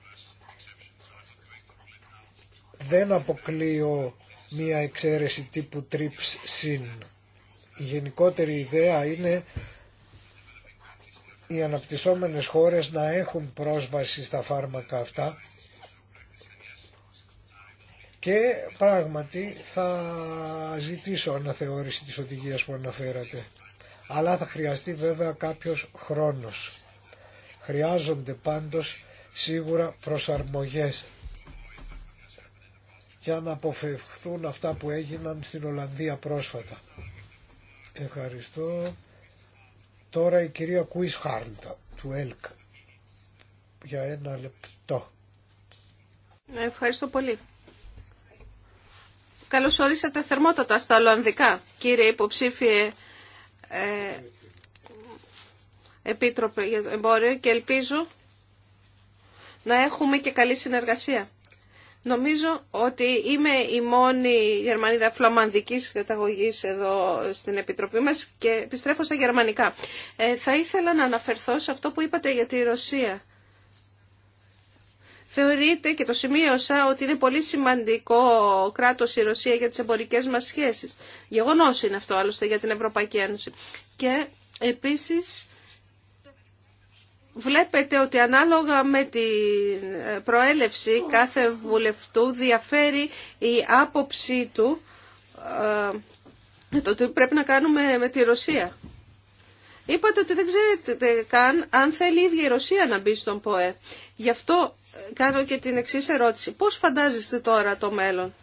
Δεν αποκλείω μία εξαίρεση τύπου TRIPS-SYN η γενικότερη ιδέα είναι οι αναπτυσσόμενες χώρες να έχουν πρόσβαση στα φάρμακα αυτά και πράγματι θα ζητήσω αναθεώρηση της οδηγίας που αναφέρατε. Αλλά θα χρειαστεί βέβαια κάποιος χρόνος. Χρειάζονται πάντως σίγουρα προσαρμογές για να αποφευχθούν αυτά που έγιναν στην Ολλανδία πρόσφατα. Ευχαριστώ. Τώρα η κυρία Κουίς Χάρντα του ΕΛΚ για ένα λεπτό. Ναι, ευχαριστώ πολύ. Καλώς ορίσατε θερμότατα στα Ολλανδικά, κύριε υποψήφιε ε, Επίτροπε για το Εμπόριο και ελπίζω να έχουμε και καλή συνεργασία. Νομίζω ότι είμαι η μόνη Γερμανίδα φλαμανδικής καταγωγής εδώ στην Επιτροπή μας και επιστρέφω στα γερμανικά. Ε, θα ήθελα να αναφερθώ σε αυτό που είπατε για τη Ρωσία. Θεωρείται και το σημείωσα ότι είναι πολύ σημαντικό κράτος η Ρωσία για τις εμπορικές μας σχέσεις. Γεγονός είναι αυτό άλλωστε για την Ευρωπαϊκή Ένωση. Και επίσης βλέπετε ότι ανάλογα με την προέλευση κάθε βουλευτού διαφέρει η άποψή του με το τι πρέπει να κάνουμε με τη Ρωσία. Είπατε ότι δεν ξέρετε καν αν θέλει η ίδια η Ρωσία να μπει στον ΠΟΕ. Γι' αυτό ε, κάνω και την εξής ερώτηση. Πώς φαντάζεστε τώρα το μέλλον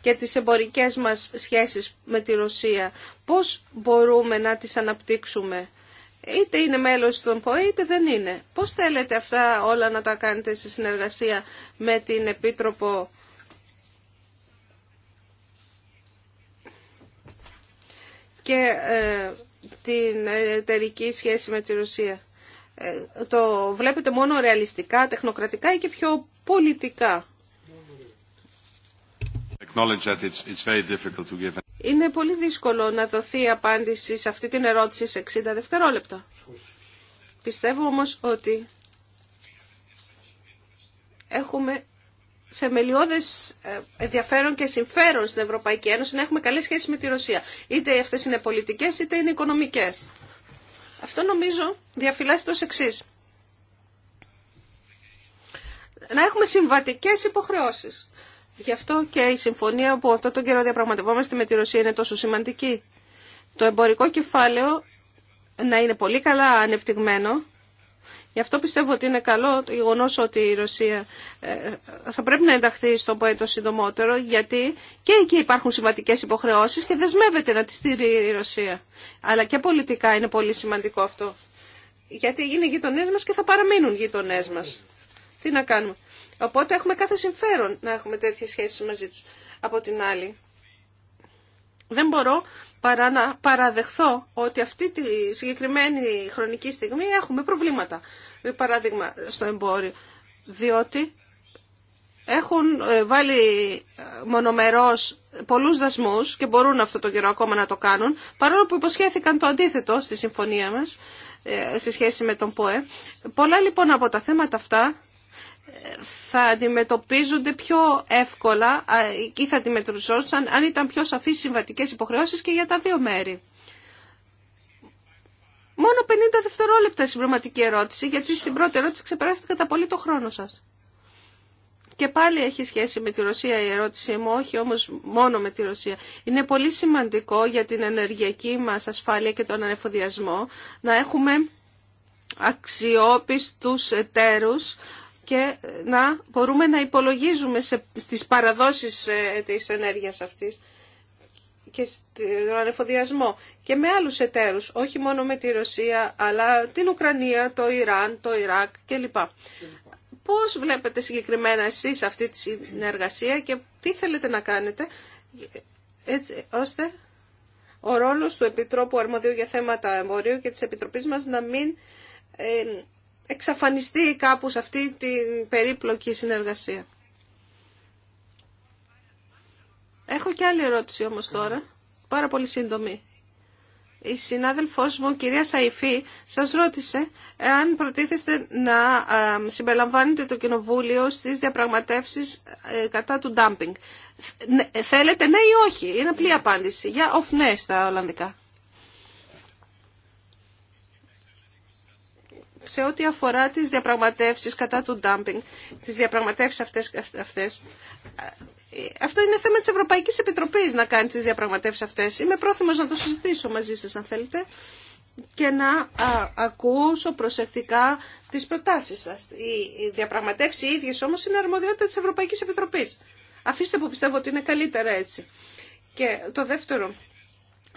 και τις εμπορικές μας σχέσεις με τη Ρωσία. Πώς μπορούμε να τις αναπτύξουμε είτε είναι μέλος των ΠΟΕ είτε δεν είναι. Πώς θέλετε αυτά όλα να τα κάνετε σε συνεργασία με την Επίτροπο και ε, την εταιρική σχέση με τη Ρωσία. Ε, το βλέπετε μόνο ρεαλιστικά, τεχνοκρατικά ή και πιο πολιτικά. Είναι πολύ δύσκολο να δοθεί απάντηση σε αυτή την ερώτηση σε 60 δευτερόλεπτα. Πιστεύω όμως ότι έχουμε θεμελιώδες ε, ενδιαφέρον και συμφέρον στην Ευρωπαϊκή Ένωση να έχουμε καλή σχέσεις με τη Ρωσία. Είτε αυτές είναι πολιτικές είτε είναι οικονομικές. Αυτό νομίζω διαφυλάσσεται ως εξή. Να έχουμε συμβατικές υποχρεώσεις. Γι' αυτό και η συμφωνία που αυτό τον καιρό διαπραγματευόμαστε με τη Ρωσία είναι τόσο σημαντική. Το εμπορικό κεφάλαιο να είναι πολύ καλά ανεπτυγμένο. Γι' αυτό πιστεύω ότι είναι καλό το γεγονό ότι η Ρωσία ε, θα πρέπει να ενταχθεί στον ΠΟΕ το συντομότερο, γιατί και εκεί υπάρχουν σημαντικέ υποχρεώσει και δεσμεύεται να τη στείλει η Ρωσία. Αλλά και πολιτικά είναι πολύ σημαντικό αυτό. Γιατί είναι γειτονέ μα και θα παραμείνουν γειτονέ μα. Τι να κάνουμε. Οπότε έχουμε κάθε συμφέρον να έχουμε τέτοιες σχέσει μαζί τους. Από την άλλη, δεν μπορώ παρά να παραδεχθώ ότι αυτή τη συγκεκριμένη χρονική στιγμή έχουμε προβλήματα. Παράδειγμα στο εμπόριο, διότι έχουν ε, βάλει ε, μονομερός πολλούς δασμούς και μπορούν αυτό το καιρό ακόμα να το κάνουν, παρόλο που υποσχέθηκαν το αντίθετο στη συμφωνία μας, ε, στη σχέση με τον ΠΟΕ. Πολλά λοιπόν από τα θέματα αυτά θα αντιμετωπίζονται πιο εύκολα ή θα αντιμετωπίζονταν αν ήταν πιο σαφείς συμβατικές υποχρεώσεις και για τα δύο μέρη. Μόνο 50 δευτερόλεπτα συμπληρωματική ερώτηση, γιατί στην πρώτη ερώτηση ξεπεράσετε κατά πολύ το χρόνο σας. Και πάλι έχει σχέση με τη Ρωσία η ερώτησή μου, όχι όμως μόνο με τη Ρωσία. Είναι πολύ σημαντικό για την ενεργειακή μας ασφάλεια και τον ανεφοδιασμό να έχουμε αξιόπιστους εταίρους και να μπορούμε να υπολογίζουμε σε, στις παραδόσεις ε, της ενέργειας αυτής και στον ανεφοδιασμό και με άλλους εταίρους, όχι μόνο με τη Ρωσία, αλλά την Ουκρανία, το Ιράν, το Ιράκ κλπ. Πώς βλέπετε συγκεκριμένα εσείς αυτή τη συνεργασία και τι θέλετε να κάνετε έτσι ώστε ο ρόλος του Επιτρόπου Αρμοδίου για θέματα εμπορίου και της Επιτροπής μας να μην ε, εξαφανιστεί κάπου σε αυτή την περίπλοκη συνεργασία. Έχω και άλλη ερώτηση όμως τώρα, πάρα πολύ σύντομη. Η συνάδελφός μου, κυρία Σαϊφή, σας ρώτησε αν προτίθεστε να ε, συμπεριλαμβάνετε το Κοινοβούλιο στις διαπραγματεύσεις ε, κατά του ντάμπινγκ. Ε, θέλετε ναι ή όχι, είναι απλή απάντηση. Για οφνές τα Ολλανδικά. σε ό,τι αφορά τις διαπραγματεύσεις κατά του ντάμπινγκ, τις διαπραγματεύσεις αυτές, αυτές. Αυτό είναι θέμα της Ευρωπαϊκής Επιτροπής να κάνει τις διαπραγματεύσεις αυτές. Είμαι πρόθυμος να το συζητήσω μαζί σας αν θέλετε και να ακούσω προσεκτικά τις προτάσεις σας. Οι διαπραγματεύσει οι ίδιες όμως είναι αρμοδιότητα της Ευρωπαϊκής Επιτροπής. Αφήστε που πιστεύω ότι είναι καλύτερα έτσι. Και το δεύτερο,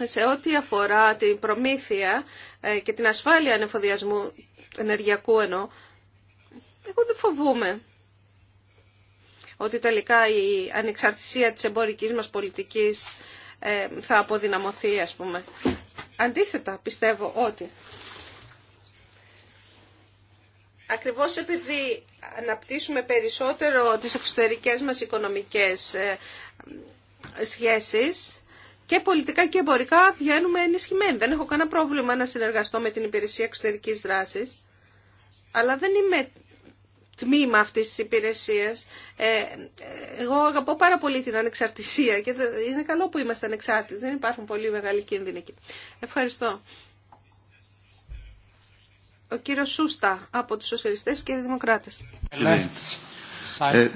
σε ό,τι αφορά την προμήθεια ε, και την ασφάλεια ανεφοδιασμού ενεργειακού εννοώ, εγώ δεν φοβούμαι ότι τελικά η ανεξαρτησία της εμπορικής μας πολιτικής ε, θα αποδυναμωθεί, ας πούμε. Αντίθετα, πιστεύω ότι ακριβώς επειδή αναπτύσσουμε περισσότερο τις εξωτερικές μας οικονομικές ε, σχέσεις και πολιτικά και εμπορικά βγαίνουμε ενισχυμένοι. Δεν έχω κανένα πρόβλημα να συνεργαστώ με την Υπηρεσία Εξωτερικής Δράσης αλλά δεν είμαι τμήμα αυτής της υπηρεσίας. Ε, ε, εγώ αγαπώ πάρα πολύ την ανεξαρτησία και είναι καλό που είμαστε ανεξάρτητοι. Δεν υπάρχουν πολύ μεγάλοι κίνδυνοι εκεί. Ευχαριστώ. Ο κύριος Σούστα από τους Σοσιαλιστές και Δημοκράτες. Ε,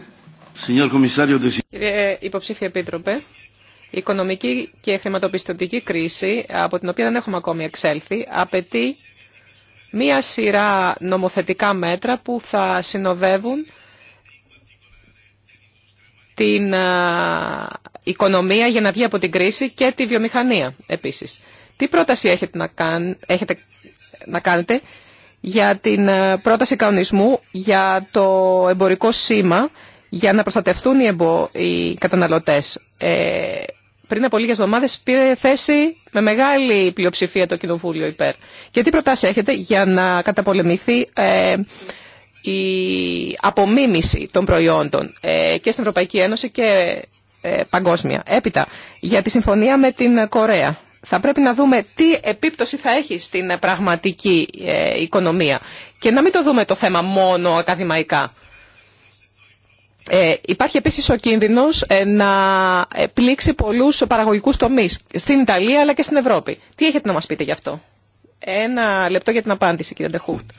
Κύριε Υποψήφια Επίτροπε, η οικονομική και χρηματοπιστωτική κρίση, από την οποία δεν έχουμε ακόμη εξέλθει, απαιτεί μία σειρά νομοθετικά μέτρα που θα συνοδεύουν την οικονομία για να βγει από την κρίση και τη βιομηχανία επίσης. Τι πρόταση έχετε να, κάνετε για την πρόταση κανονισμού για το εμπορικό σήμα για να προστατευτούν οι, εμπο, οι καταναλωτές. Ε, πριν από λίγε εβδομάδε πήρε θέση με μεγάλη πλειοψηφία το Κοινοβούλιο υπέρ. Και τι προτάσει έχετε για να καταπολεμηθεί ε, η απομίμηση των προϊόντων ε, και στην Ευρωπαϊκή Ένωση και ε, παγκόσμια. Έπειτα, για τη συμφωνία με την Κορέα. Θα πρέπει να δούμε τι επίπτωση θα έχει στην πραγματική οικονομία και να μην το δούμε το θέμα μόνο ακαδημαϊκά. Ε, υπάρχει επίσης ο κίνδυνος ε, να ε, πλήξει πολλούς παραγωγικούς τομείς στην Ιταλία αλλά και στην Ευρώπη. Τι έχετε να μας πείτε γι' αυτό. Ένα λεπτό για την απάντηση κύριε Ντεχούχτ.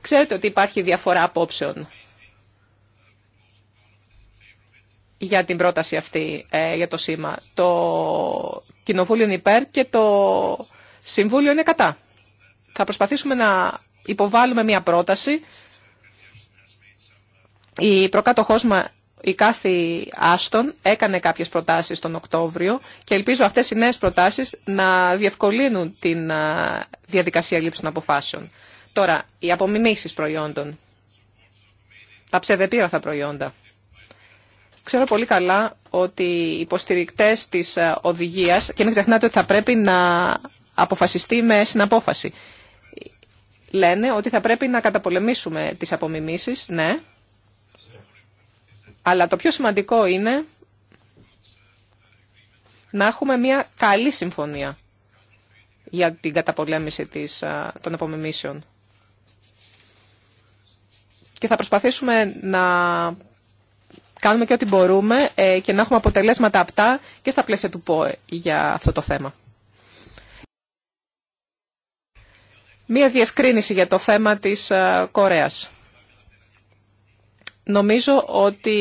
Ξέρετε ότι υπάρχει διαφορά απόψεων για την πρόταση αυτή ε, για το σήμα. Το Κοινοβούλιο είναι υπέρ και το Συμβούλιο είναι κατά. Θα προσπαθήσουμε να υποβάλουμε μια πρόταση η προκάτοχός μα, η κάθε Άστον, έκανε κάποιες προτάσεις τον Οκτώβριο και ελπίζω αυτές οι νέες προτάσεις να διευκολύνουν την διαδικασία λήψης των αποφάσεων. Τώρα, οι απομιμήσεις προϊόντων, τα ψευδεπίγραφα προϊόντα. Ξέρω πολύ καλά ότι οι υποστηρικτές της οδηγίας, και μην ξεχνάτε ότι θα πρέπει να αποφασιστεί με συναπόφαση, λένε ότι θα πρέπει να καταπολεμήσουμε τις απομιμήσεις, ναι, αλλά το πιο σημαντικό είναι να έχουμε μια καλή συμφωνία για την καταπολέμηση της, των απομιμήσεων. Και θα προσπαθήσουμε να κάνουμε και ό,τι μπορούμε ε, και να έχουμε αποτελέσματα απτά και στα πλαίσια του ΠΟΕ για αυτό το θέμα. Μία διευκρίνηση για το θέμα της Κορέας. Νομίζω ότι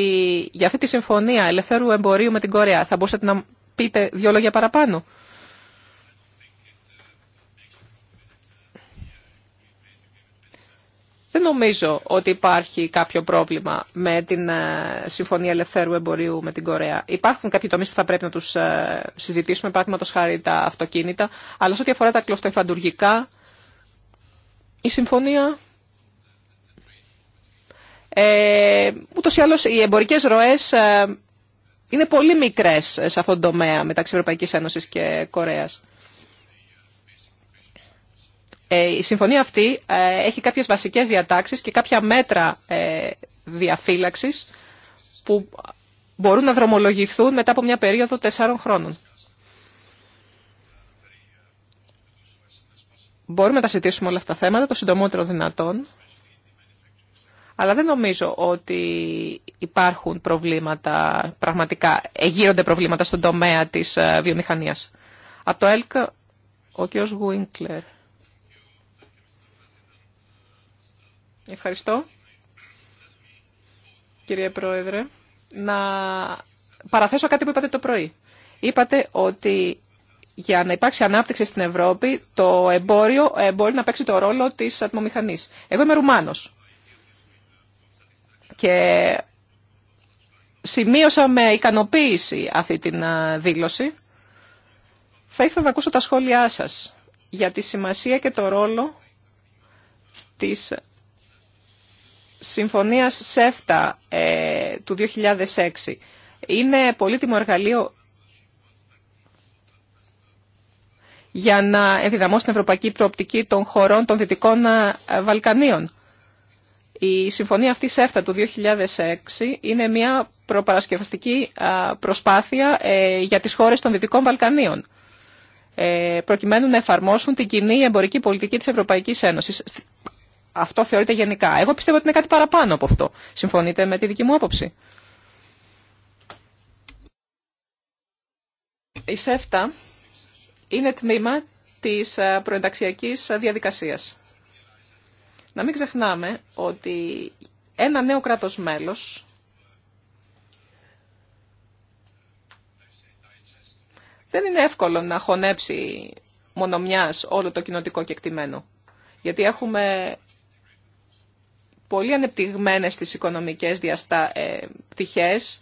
για αυτή τη συμφωνία ελευθέρου εμπορίου με την Κορέα θα μπορούσατε να πείτε δύο λόγια παραπάνω. Δεν νομίζω ότι υπάρχει κάποιο πρόβλημα με την ε, Συμφωνία Ελευθέρου Εμπορίου με την Κορέα. Υπάρχουν κάποιοι τομείς που θα πρέπει να τους ε, συζητήσουμε, παραδείγματο χάρη τα αυτοκίνητα, αλλά σε ό,τι αφορά τα κλωστοϊφαντουργικά, η Συμφωνία ε, ούτως ή άλλως οι εμπορικές ροές ε, είναι πολύ μικρές σε αυτόν τον τομέα μεταξύ Ευρωπαϊκής Ένωσης και Κορέας. Ε, η συμφωνία αυτή ε, έχει κάποιες βασικές διατάξεις και κάποια μέτρα διαφύλαξης που μπορούν να δρομολογηθούν μετά από μια περίοδο τεσσάρων χρόνων. Μπορούμε να τα συζητήσουμε όλα αυτά τα θέματα το συντομότερο δυνατόν αλλά δεν νομίζω ότι υπάρχουν προβλήματα, πραγματικά εγείρονται προβλήματα στον τομέα της ε, βιομηχανίας. Από το ΕΛΚ, ο κ. Γουίνκλερ. Ευχαριστώ, κύριε Πρόεδρε. Να παραθέσω κάτι που είπατε το πρωί. Είπατε ότι για να υπάρξει ανάπτυξη στην Ευρώπη, το εμπόριο ε, μπορεί να παίξει το ρόλο της ατμομηχανής. Εγώ είμαι Ρουμάνος και σημείωσα με ικανοποίηση αυτή την δήλωση. Θα ήθελα να ακούσω τα σχόλιά σας για τη σημασία και το ρόλο της Συμφωνίας ΣΕΦΤΑ ε, του 2006. Είναι πολύτιμο εργαλείο για να ενδυναμώσει την ευρωπαϊκή προοπτική των χωρών των Δυτικών ε, Βαλκανίων. Η συμφωνία αυτή ΣΕΦΤΑ του 2006 είναι μια προπαρασκευαστική προσπάθεια ε, για τις χώρες των Δυτικών Βαλκανίων ε, προκειμένου να εφαρμόσουν την κοινή εμπορική πολιτική της Ευρωπαϊκής Ένωσης. Αυτό θεωρείται γενικά. Εγώ πιστεύω ότι είναι κάτι παραπάνω από αυτό. Συμφωνείτε με τη δική μου άποψη. Η ΣΕΦΤΑ είναι τμήμα της προενταξιακής διαδικασίας. Να μην ξεχνάμε ότι ένα νέο κράτος μέλος δεν είναι εύκολο να χωνέψει μονομιάς όλο το κοινοτικό κεκτημένο. Γιατί έχουμε πολύ ανεπτυγμένες τις οικονομικές διαστά, ε, πτυχές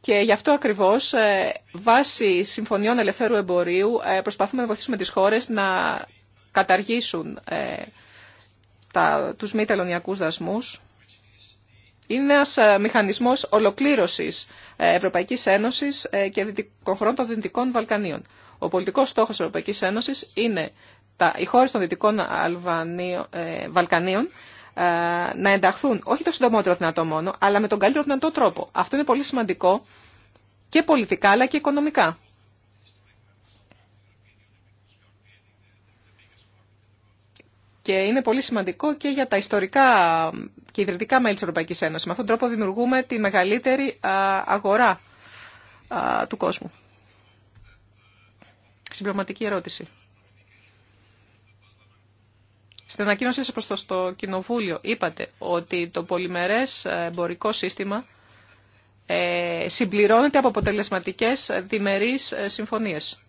και γι' αυτό ακριβώς ε, βάσει συμφωνιών ελευθέρου εμπορίου ε, προσπαθούμε να βοηθήσουμε τις χώρες να καταργήσουν ε, τα, τους μη τελωνιακούς δασμούς. Είναι ένας ε, μηχανισμός ολοκλήρωσης ε, Ευρωπαϊκής Ένωσης και δυτικών χωρών των Δυτικών Βαλκανίων. Ο πολιτικός στόχος της Ευρωπαϊκής Ένωσης είναι τα, οι χώρες των Δυτικών Βαλκανίων να ενταχθούν όχι το συντομότερο δυνατό μόνο, αλλά με τον καλύτερο δυνατό τρόπο. Αυτό είναι πολύ σημαντικό και πολιτικά αλλά και οικονομικά. και είναι πολύ σημαντικό και για τα ιστορικά και ιδρυτικά μέλη της Ευρωπαϊκής Ένωσης. Με αυτόν τον τρόπο δημιουργούμε τη μεγαλύτερη αγορά του κόσμου. Συμπληρωματική ερώτηση. Στην ανακοίνωσή σας προς το στο Κοινοβούλιο είπατε ότι το πολυμερές εμπορικό σύστημα ε, συμπληρώνεται από αποτελεσματικές διμερείς ε, συμφωνίες.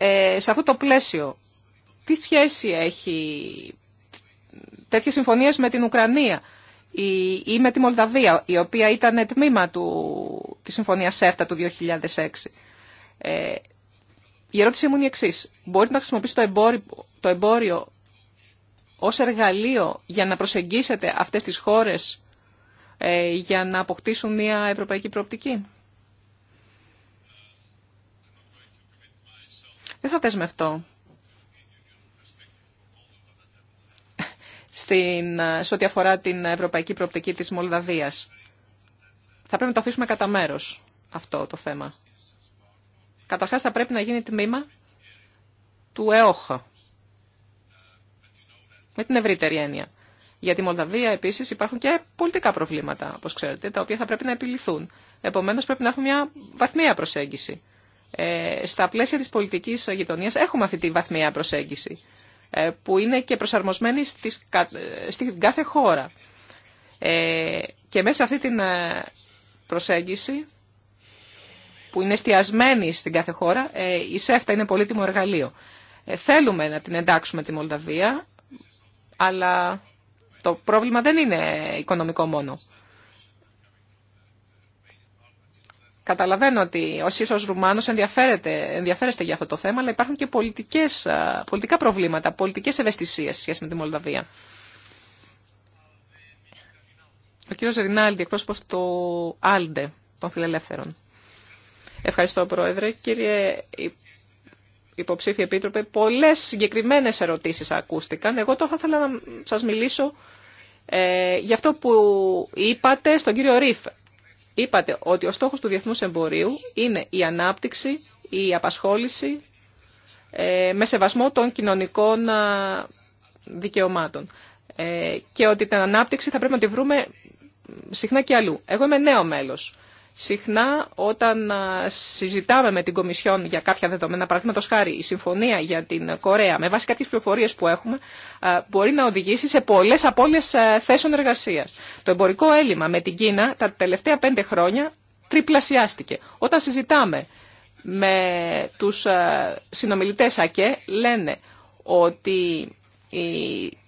Ε, σε αυτό το πλαίσιο, τι σχέση έχει τέτοιες συμφωνίες με την Ουκρανία ή, με τη Μολδαβία, η οποία ήταν τμήμα του, της συμφωνίας ΣΕΦΤΑ του 2006. Ε, η ερώτησή μου είναι η εξή. Μπορείτε να χρησιμοποιήσετε το εμπόριο, το εμπόριο ως εργαλείο για να προσεγγίσετε αυτές τις χώρες ε, για να αποκτήσουν μια ευρωπαϊκή προοπτική. Δεν θα δεσμευτώ στην, σε ό,τι αφορά την ευρωπαϊκή προοπτική της Μολδαβίας. Θα πρέπει να το αφήσουμε κατά μέρο αυτό το θέμα. Καταρχάς θα πρέπει να γίνει τμήμα του ΕΟΧΑ, Με την ευρύτερη έννοια. Για τη Μολδαβία επίσης υπάρχουν και πολιτικά προβλήματα, όπως ξέρετε, τα οποία θα πρέπει να επιληθούν. Επομένως πρέπει να έχουμε μια βαθμία προσέγγιση. Ε, στα πλαίσια της πολιτικής γειτονίας έχουμε αυτή τη βαθμία προσέγγιση ε, που είναι και προσαρμοσμένη στις, ε, στην κάθε χώρα. Και μέσα αυτή την προσέγγιση που είναι εστιασμένη στην κάθε χώρα, η ΣΕΦΤΑ είναι πολύτιμο εργαλείο. Θέλουμε να την εντάξουμε τη Μολδαβία, αλλά το πρόβλημα δεν είναι οικονομικό μόνο. Καταλαβαίνω ότι ο ίσως Ρουμάνος ενδιαφέρεστε για αυτό το θέμα, αλλά υπάρχουν και πολιτικές, πολιτικά προβλήματα, πολιτικές ευαισθησίες σε σχέση με τη Μολδαβία. Ο κύριος Ρινάλντι, εκπρόσωπος του Άλντε, των Φιλελεύθερων. Ευχαριστώ, Πρόεδρε. Κύριε Υποψήφιε Επίτροπε, πολλές συγκεκριμένες ερωτήσεις ακούστηκαν. Εγώ τώρα θα ήθελα να σας μιλήσω ε, για αυτό που είπατε στον κύριο Ρίφ Είπατε ότι ο στόχος του διεθνούς εμπορίου είναι η ανάπτυξη, η απασχόληση ε, με σεβασμό των κοινωνικών δικαιωμάτων. Ε, και ότι την ανάπτυξη θα πρέπει να τη βρούμε συχνά και αλλού. Εγώ είμαι νέο μέλος Συχνά όταν συζητάμε με την Κομισιόν για κάποια δεδομένα, παραδείγματο χάρη η συμφωνία για την Κορέα, με βάση κάποιε πληροφορίε που έχουμε, μπορεί να οδηγήσει σε πολλέ απώλειε ε, θέσεων εργασία. Το εμπορικό έλλειμμα με την Κίνα τα τελευταία πέντε χρόνια τριπλασιάστηκε. Όταν συζητάμε με του συνομιλητέ ΑΚΕ, λένε ότι η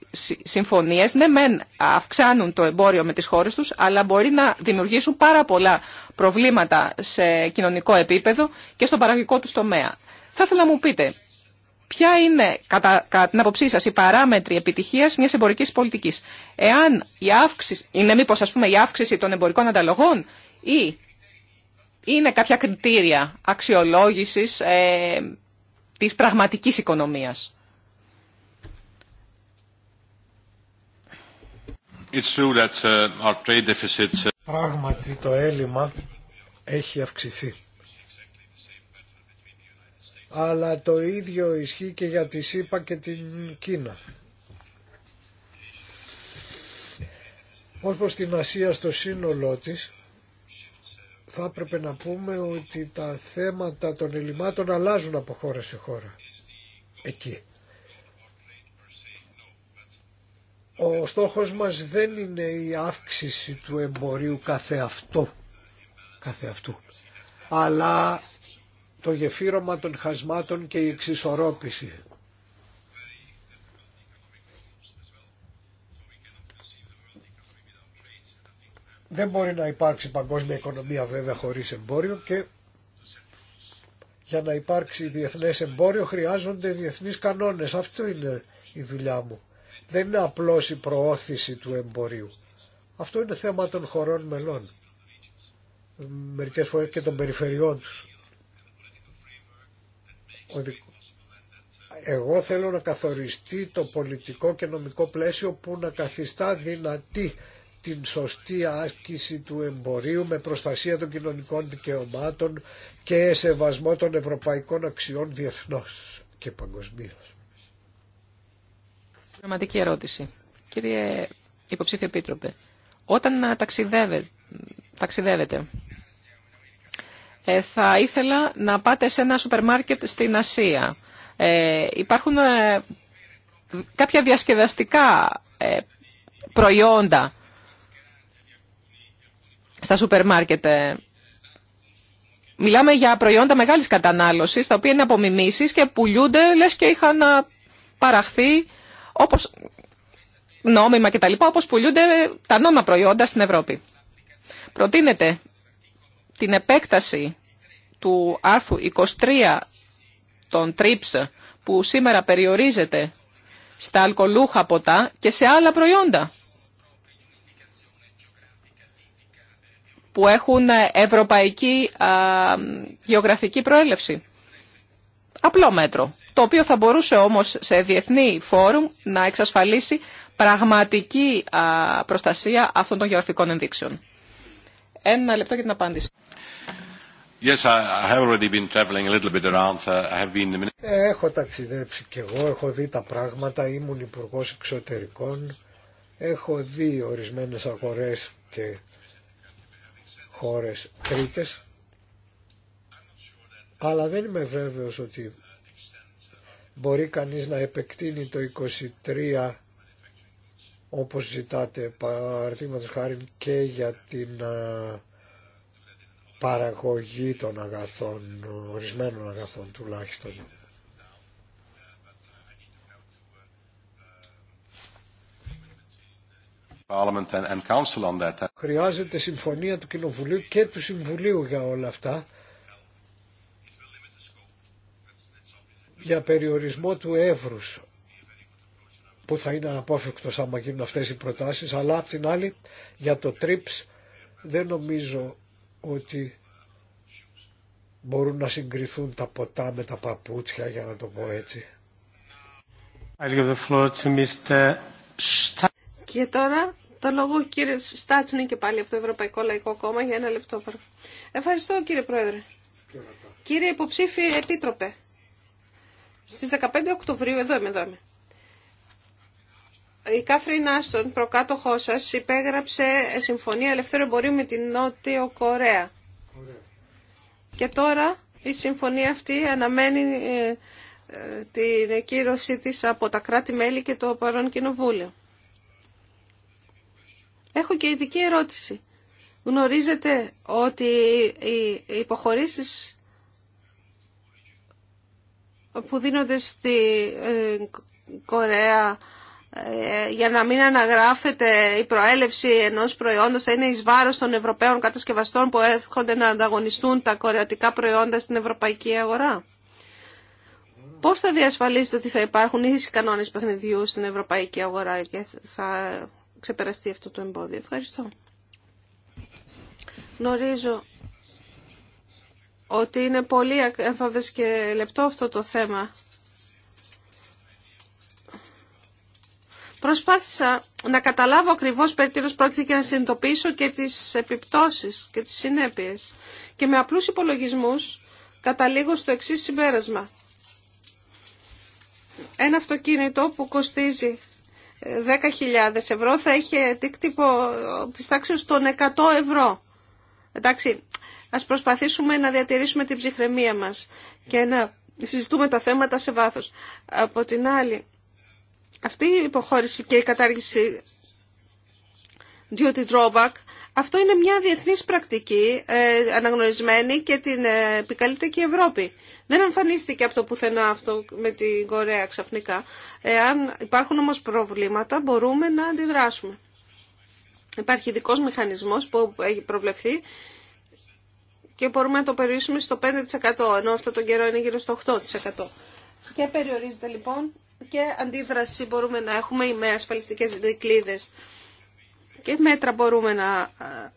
συμφωνίες, ναι μεν αυξάνουν το εμπόριο με τις χώρες τους, αλλά μπορεί να δημιουργήσουν πάρα πολλά προβλήματα σε κοινωνικό επίπεδο και στον παραγωγικό του τομέα. Θα ήθελα να μου πείτε, ποια είναι, κατά, κατά την αποψή σας, οι παράμετροι επιτυχίας μιας εμπορικής πολιτικής. Εάν η αύξηση, είναι μήπως ας πούμε η αύξηση των εμπορικών ανταλλαγών ή είναι κάποια κριτήρια αξιολόγησης ε, της πραγματικής οικονομίας. Uh, uh, Πράγματι το έλλειμμα έχει αυξηθεί. Αλλά το ίδιο ισχύει και για τη ΣΥΠΑ και την Κίνα. Όπως στην την Ασία στο σύνολό της, θα έπρεπε να πούμε ότι τα θέματα των ελλημάτων αλλάζουν από χώρα σε χώρα. Εκεί. Ο στόχος μας δεν είναι η αύξηση του εμπορίου κάθε αυτού, αλλά το γεφύρωμα των χασμάτων και η εξισορρόπηση. Δεν μπορεί να υπάρξει παγκόσμια οικονομία βέβαια χωρίς εμπόριο και για να υπάρξει διεθνές εμπόριο χρειάζονται διεθνείς κανόνες. Αυτό είναι η δουλειά μου. Δεν είναι απλώς η προώθηση του εμπορίου. Αυτό είναι θέμα των χωρών μελών. Μερικές φορές και των περιφερειών τους. Εγώ θέλω να καθοριστεί το πολιτικό και νομικό πλαίσιο που να καθιστά δυνατή την σωστή άσκηση του εμπορίου με προστασία των κοινωνικών δικαιωμάτων και σεβασμό των ευρωπαϊκών αξιών διεθνώς και παγκοσμίως. Πραγματική ερώτηση. Κύριε Υποψήφιο Επίτροπε, όταν ε, ταξιδεύετε, ε, θα ήθελα να πάτε σε ένα σούπερ μάρκετ στην Ασία. Ε, υπάρχουν κάποια διασκεδαστικά προϊόντα στα σούπερ μάρκετ. Μιλάμε για προϊόντα μεγάλης κατανάλωσης, τα οποία είναι απομιμήσεις και πουλούνται, λες και είχαν παραχθεί όπως νόμιμα λοιπά, όπως πουλούνται τα νόμιμα προϊόντα στην Ευρώπη. Προτείνεται την επέκταση του άρθρου 23 των TRIPS που σήμερα περιορίζεται στα αλκοολούχα ποτά και σε άλλα προϊόντα που έχουν ευρωπαϊκή γεωγραφική προέλευση απλό μέτρο, το οποίο θα μπορούσε όμως σε διεθνή φόρουμ να εξασφαλίσει πραγματική προστασία αυτών των γεωγραφικών ενδείξεων. Ένα λεπτό για την απάντηση. Έχω ταξιδέψει και εγώ, έχω δει τα πράγματα, ήμουν υπουργό εξωτερικών, έχω δει ορισμένες αγορές και χώρες τρίτες αλλά δεν είμαι βέβαιος ότι μπορεί κανείς να επεκτείνει το 23 όπως ζητάτε παραδείγματος χάρη και για την παραγωγή των αγαθών, ορισμένων αγαθών τουλάχιστον. Χρειάζεται συμφωνία του Κοινοβουλίου και του Συμβουλίου για όλα αυτά για περιορισμό του εύρους που θα είναι απόφευκτος άμα γίνουν αυτές οι προτάσεις αλλά απ' την άλλη για το TRIPS δεν νομίζω ότι μπορούν να συγκριθούν τα ποτά με τα παπούτσια για να το πω έτσι. Και τώρα το λόγο κύριε Στάτσνη και πάλι από το Ευρωπαϊκό Λαϊκό Κόμμα για ένα λεπτό. Ευχαριστώ κύριε Πρόεδρε. Κύριε Υποψήφιε Επίτροπε, στις 15 Οκτωβρίου, εδώ είμαι, εδώ είμαι. Η Κάθριν Νάστον, προκάτοχό σα, υπέγραψε συμφωνία ελευθέρω εμπορίου με την Νότιο Κορέα. Και τώρα η συμφωνία αυτή αναμένει ε, την εκύρωσή της από τα κράτη-μέλη και το παρόν κοινοβούλιο. Έχω και ειδική ερώτηση. Γνωρίζετε ότι οι υποχωρήσεις που δίνονται στη ε, Κορέα ε, για να μην αναγράφεται η προέλευση ενός προϊόντος θα είναι εις βάρος των Ευρωπαίων κατασκευαστών που έρχονται να ανταγωνιστούν τα κορεατικά προϊόντα στην ευρωπαϊκή αγορά. Πώς θα διασφαλίσετε ότι θα υπάρχουν ίσοι κανόνες παιχνιδιού στην ευρωπαϊκή αγορά και θα ξεπεραστεί αυτό το εμπόδιο. Ευχαριστώ. Γνωρίζω ότι είναι πολύ έμφαδες και λεπτό αυτό το θέμα. Προσπάθησα να καταλάβω ακριβώς περί τίνος πρόκειται και να συνειδητοποιήσω και τις επιπτώσεις και τις συνέπειες. Και με απλούς υπολογισμούς καταλήγω στο εξή συμπέρασμα. Ένα αυτοκίνητο που κοστίζει 10.000 ε, ευρώ θα έχει αντίκτυπο ε, της τάξης των 100 ευρώ. Εντάξει, Ας προσπαθήσουμε να διατηρήσουμε την ψυχραιμία μας και να συζητούμε τα θέματα σε βάθος. Από την άλλη, αυτή η υποχώρηση και η κατάργηση duty drawback, αυτό είναι μια διεθνής πρακτική ε, αναγνωρισμένη και την ε, επικαλείται και η Ευρώπη. Δεν εμφανίστηκε από το πουθενά αυτό με την Κορέα ξαφνικά. Εάν υπάρχουν όμως προβλήματα μπορούμε να αντιδράσουμε. Υπάρχει ειδικό μηχανισμός που έχει προβλεφθεί και μπορούμε να το περιορίσουμε στο 5% ενώ αυτό τον καιρό είναι γύρω στο 8%. Και περιορίζεται λοιπόν και αντίδραση μπορούμε να έχουμε με ασφαλιστικές δικλείδες και μέτρα μπορούμε να ε,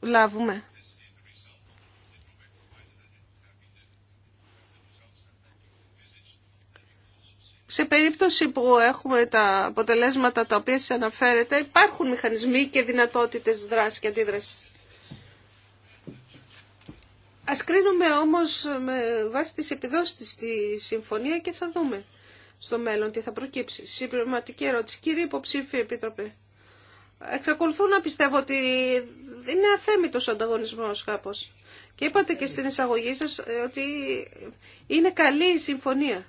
λάβουμε. Σε περίπτωση που έχουμε τα αποτελέσματα τα οποία σας αναφέρετε, υπάρχουν μηχανισμοί και δυνατότητες δράσης και αντίδρασης. Ας κρίνουμε όμως με βάση τις επιδόσεις στη συμφωνία και θα δούμε στο μέλλον τι θα προκύψει. Συμπληρωματική ερώτηση. Κύριε υποψήφιε επίτροπε, εξακολουθώ να πιστεύω ότι είναι αθέμητος ο ανταγωνισμός κάπως. Και είπατε και στην εισαγωγή σας ότι είναι καλή η συμφωνία.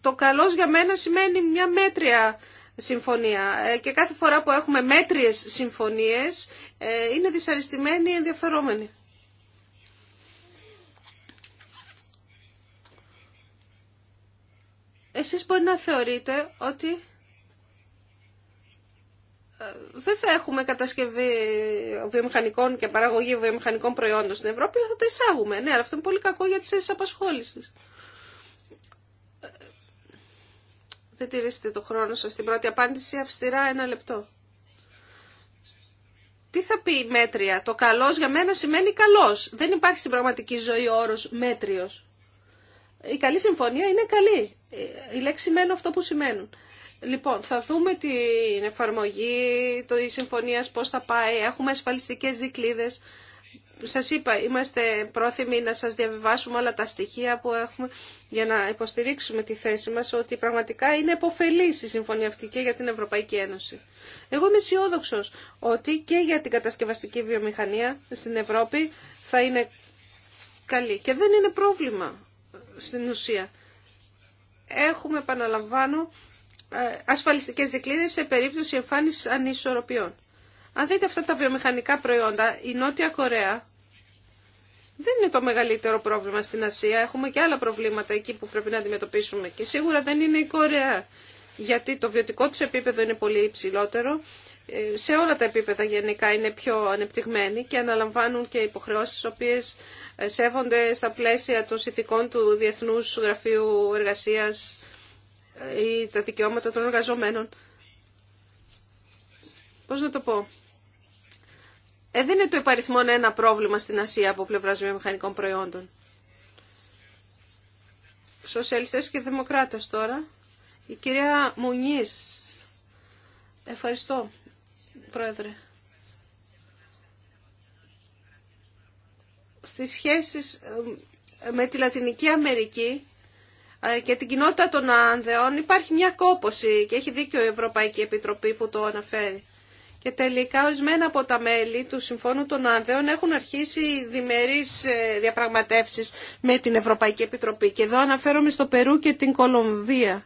Το καλός για μένα σημαίνει μια μέτρια συμφωνία. Ε, και κάθε φορά που έχουμε μέτριες συμφωνίες ε, είναι δυσαρεστημένοι οι ενδιαφερόμενοι. Εσείς μπορεί να θεωρείτε ότι ε, δεν θα έχουμε κατασκευή βιομηχανικών και παραγωγή βιομηχανικών προϊόντων στην Ευρώπη, αλλά θα τα εισάγουμε. Ναι, αλλά αυτό είναι πολύ κακό για τις θέσεις απασχόλησης. Δεν τηρήσετε το χρόνο σας στην πρώτη απάντηση, αυστηρά ένα λεπτό. Τι θα πει μέτρια. Το καλός για μένα σημαίνει καλός. Δεν υπάρχει στην πραγματική ζωή ο όρος μέτριος. Η καλή συμφωνία είναι καλή. Η λέξη σημαίνει αυτό που σημαίνουν. Λοιπόν, θα δούμε την εφαρμογή τη συμφωνίας, πώς θα πάει. Έχουμε ασφαλιστικές δικλίδες. Σας είπα, είμαστε πρόθυμοι να σας διαβιβάσουμε όλα τα στοιχεία που έχουμε για να υποστηρίξουμε τη θέση μας ότι πραγματικά είναι επωφελής η συμφωνία αυτή και για την Ευρωπαϊκή Ένωση. Εγώ είμαι αισιόδοξο ότι και για την κατασκευαστική βιομηχανία στην Ευρώπη θα είναι καλή. Και δεν είναι πρόβλημα στην ουσία. Έχουμε, επαναλαμβάνω, ε, ασφαλιστικές δικλείδες σε περίπτωση εμφάνισης ανισορροπιών. Αν δείτε αυτά τα βιομηχανικά προϊόντα, η Νότια Κορέα δεν είναι το μεγαλύτερο πρόβλημα στην Ασία. Έχουμε και άλλα προβλήματα εκεί που πρέπει να αντιμετωπίσουμε. Και σίγουρα δεν είναι η Κορέα, γιατί το βιωτικό του επίπεδο είναι πολύ υψηλότερο. Ε, σε όλα τα επίπεδα γενικά είναι πιο ανεπτυγμένοι και αναλαμβάνουν και υποχρεώσεις οποίες ε, σέβονται στα πλαίσια των συνθηκών του Διεθνούς Γραφείου Εργασίας ε, ή τα δικαιώματα των εργαζομένων. Πώς να το πω, ε, δεν είναι το υπαριθμό ένα πρόβλημα στην Ασία από πλευρά βιομηχανικών προϊόντων. Σοσιαλιστές και Δημοκράτες τώρα. Η κυρία Μουνή. Ευχαριστώ, Πρόεδρε. Στις σχέσεις ε, με τη Λατινική Αμερική ε, και την κοινότητα των Άνδεων υπάρχει μια κόπωση και έχει δίκιο η Ευρωπαϊκή Επιτροπή που το αναφέρει. Και τελικά ορισμένα από τα μέλη του Συμφώνου των Άνδεων έχουν αρχίσει διμερείς ε, διαπραγματεύσεις με την Ευρωπαϊκή Επιτροπή. Και εδώ αναφέρομαι στο Περού και την Κολομβία.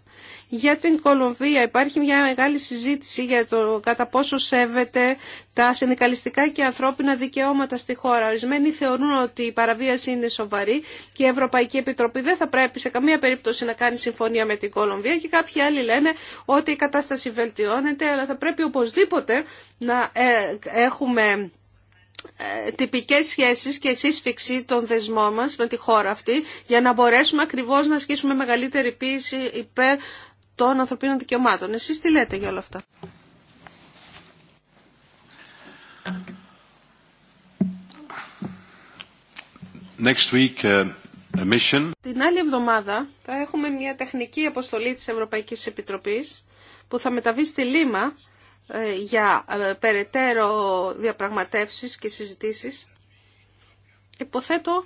Για την Κολομβία υπάρχει μια μεγάλη συζήτηση για το κατά πόσο σέβεται τα συνδικαλιστικά και ανθρώπινα δικαιώματα στη χώρα. Ορισμένοι θεωρούν ότι η παραβίαση είναι σοβαρή και η Ευρωπαϊκή Επιτροπή δεν θα πρέπει σε καμία περίπτωση να κάνει συμφωνία με την Κολομβία και κάποιοι άλλοι λένε ότι η κατάσταση βελτιώνεται αλλά θα πρέπει οπωσδήποτε να ε, έχουμε ε, τυπικές σχέσεις και σύσφυξη των δεσμών μας με τη χώρα αυτή για να μπορέσουμε ακριβώς να ασκήσουμε μεγαλύτερη πίεση υπέρ των ανθρωπίνων δικαιωμάτων. Εσείς τι λέτε για όλα αυτά. Uh, Την άλλη εβδομάδα θα έχουμε μια τεχνική αποστολή της Ευρωπαϊκής Επιτροπής που θα μεταβεί στη Λίμα ε, για ε, περαιτέρω διαπραγματεύσεις και συζητήσεις. Υποθέτω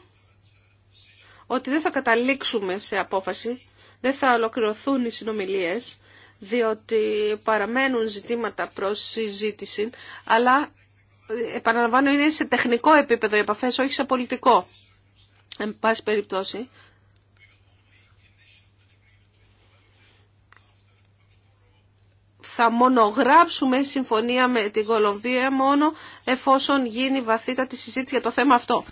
ότι δεν θα καταλήξουμε σε απόφαση δεν θα ολοκληρωθούν οι συνομιλίες, διότι παραμένουν ζητήματα προς συζήτηση, αλλά ε, επαναλαμβάνω είναι σε τεχνικό επίπεδο οι επαφές, όχι σε πολιτικό. Εν πάση περιπτώσει. Θα μονογράψουμε συμφωνία με την Κολομβία μόνο εφόσον γίνει βαθύτατη συζήτηση για το θέμα αυτό.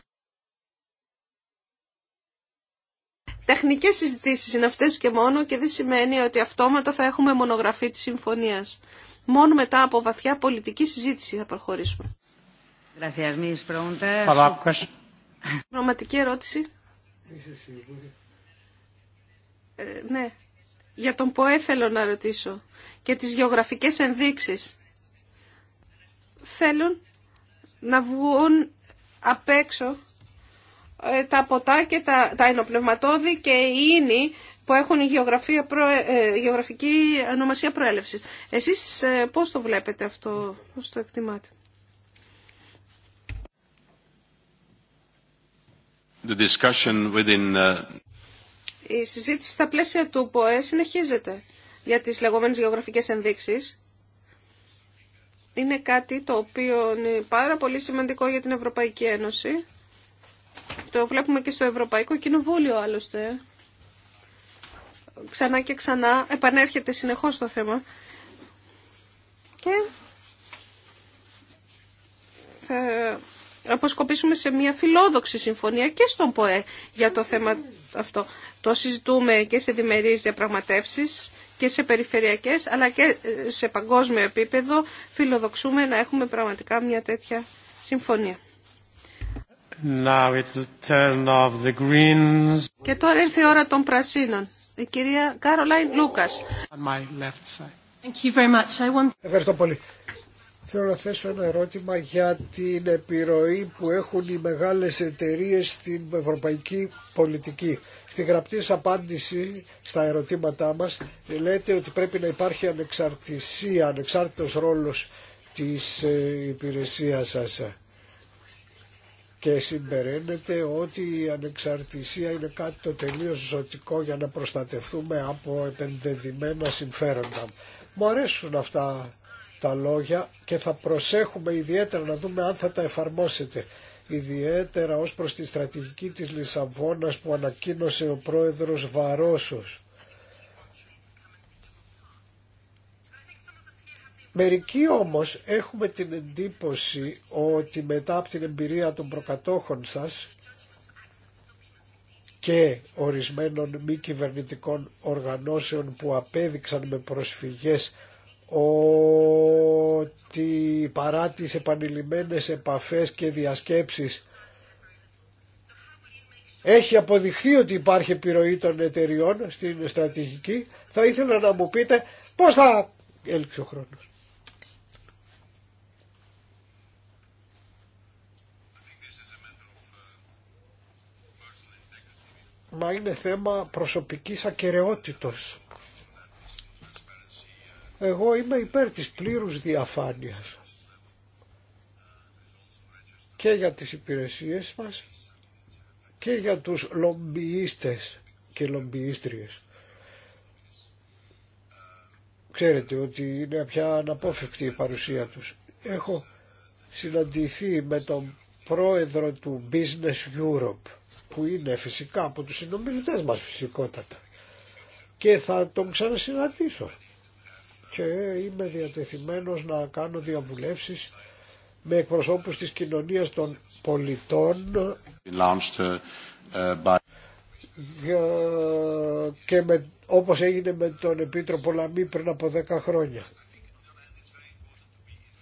τεχνικές συζητήσεις είναι αυτές και μόνο και δεν σημαίνει ότι αυτόματα θα έχουμε μονογραφή της συμφωνίας. Μόνο μετά από βαθιά πολιτική συζήτηση θα προχωρήσουμε. Πραγματική ερώτηση. Ε, ναι. Για τον ΠΟΕ θέλω να ρωτήσω και τις γεωγραφικές ενδείξεις. Θέλουν να βγουν απ' έξω ε, τα ποτά και τα, τα και οι ίνοι που έχουν ε, γεωγραφική ονομασία προέλευσης. Εσείς ε, πώς το βλέπετε αυτό, πώς το εκτιμάτε. discussion uh, Η συζήτηση στα πλαίσια του ΠΟΕ συνεχίζεται για τις λεγόμενες γεωγραφικές ενδείξεις. Είναι κάτι το οποίο είναι πάρα πολύ σημαντικό για την Ευρωπαϊκή Ένωση το βλέπουμε και στο Ευρωπαϊκό Κοινοβούλιο άλλωστε. Ξανά και ξανά επανέρχεται συνεχώς το θέμα. Και θα αποσκοπήσουμε σε μια φιλόδοξη συμφωνία και στον ΠΟΕ για το θέμα αυτό. Το συζητούμε και σε διμερείς διαπραγματεύσεις και σε περιφερειακές αλλά και σε παγκόσμιο επίπεδο φιλοδοξούμε να έχουμε πραγματικά μια τέτοια συμφωνία. Και τώρα ήρθε η ώρα των πρασίνων. Η κυρία Κάρολάιν Λούκας. Ευχαριστώ πολύ. Θέλω να θέσω ένα ερώτημα για την επιρροή που έχουν οι μεγάλες εταιρείε στην ευρωπαϊκή πολιτική. Στη γραπτή απάντηση στα ερωτήματά μας λέτε ότι πρέπει να υπάρχει ανεξαρτησία, ανεξάρτητο ρόλο τη ε, υπηρεσία σα και συμπεραίνεται ότι η ανεξαρτησία είναι κάτι το τελείως ζωτικό για να προστατευτούμε από επενδεδημένα συμφέροντα. Μου αρέσουν αυτά τα λόγια και θα προσέχουμε ιδιαίτερα να δούμε αν θα τα εφαρμόσετε. Ιδιαίτερα ως προς τη στρατηγική της Λισαβόνας που ανακοίνωσε ο πρόεδρος Βαρόσος Μερικοί όμως έχουμε την εντύπωση ότι μετά από την εμπειρία των προκατόχων σας και ορισμένων μη κυβερνητικών οργανώσεων που απέδειξαν με προσφυγές ότι παρά τις επανειλημμένες επαφές και διασκέψεις έχει αποδειχθεί ότι υπάρχει επιρροή των εταιριών στην στρατηγική, θα ήθελα να μου πείτε πώς θα έλξει ο χρόνος. μα είναι θέμα προσωπικής ακαιρεότητος. Εγώ είμαι υπέρ της πλήρους διαφάνειας και για τις υπηρεσίες μας και για τους λομπιίστες και λομπιίστριες. Ξέρετε ότι είναι πια αναπόφευκτη η παρουσία τους. Έχω συναντηθεί με τον πρόεδρο του Business Europe που είναι φυσικά από τους συνομιλητές μας φυσικότατα και θα τον ξανασυναντήσω και είμαι διατεθειμένος να κάνω διαβουλεύσεις με εκπροσώπους της κοινωνίας των πολιτών uh, και όπως έγινε με τον Επίτροπο Λαμή πριν από 10 χρόνια.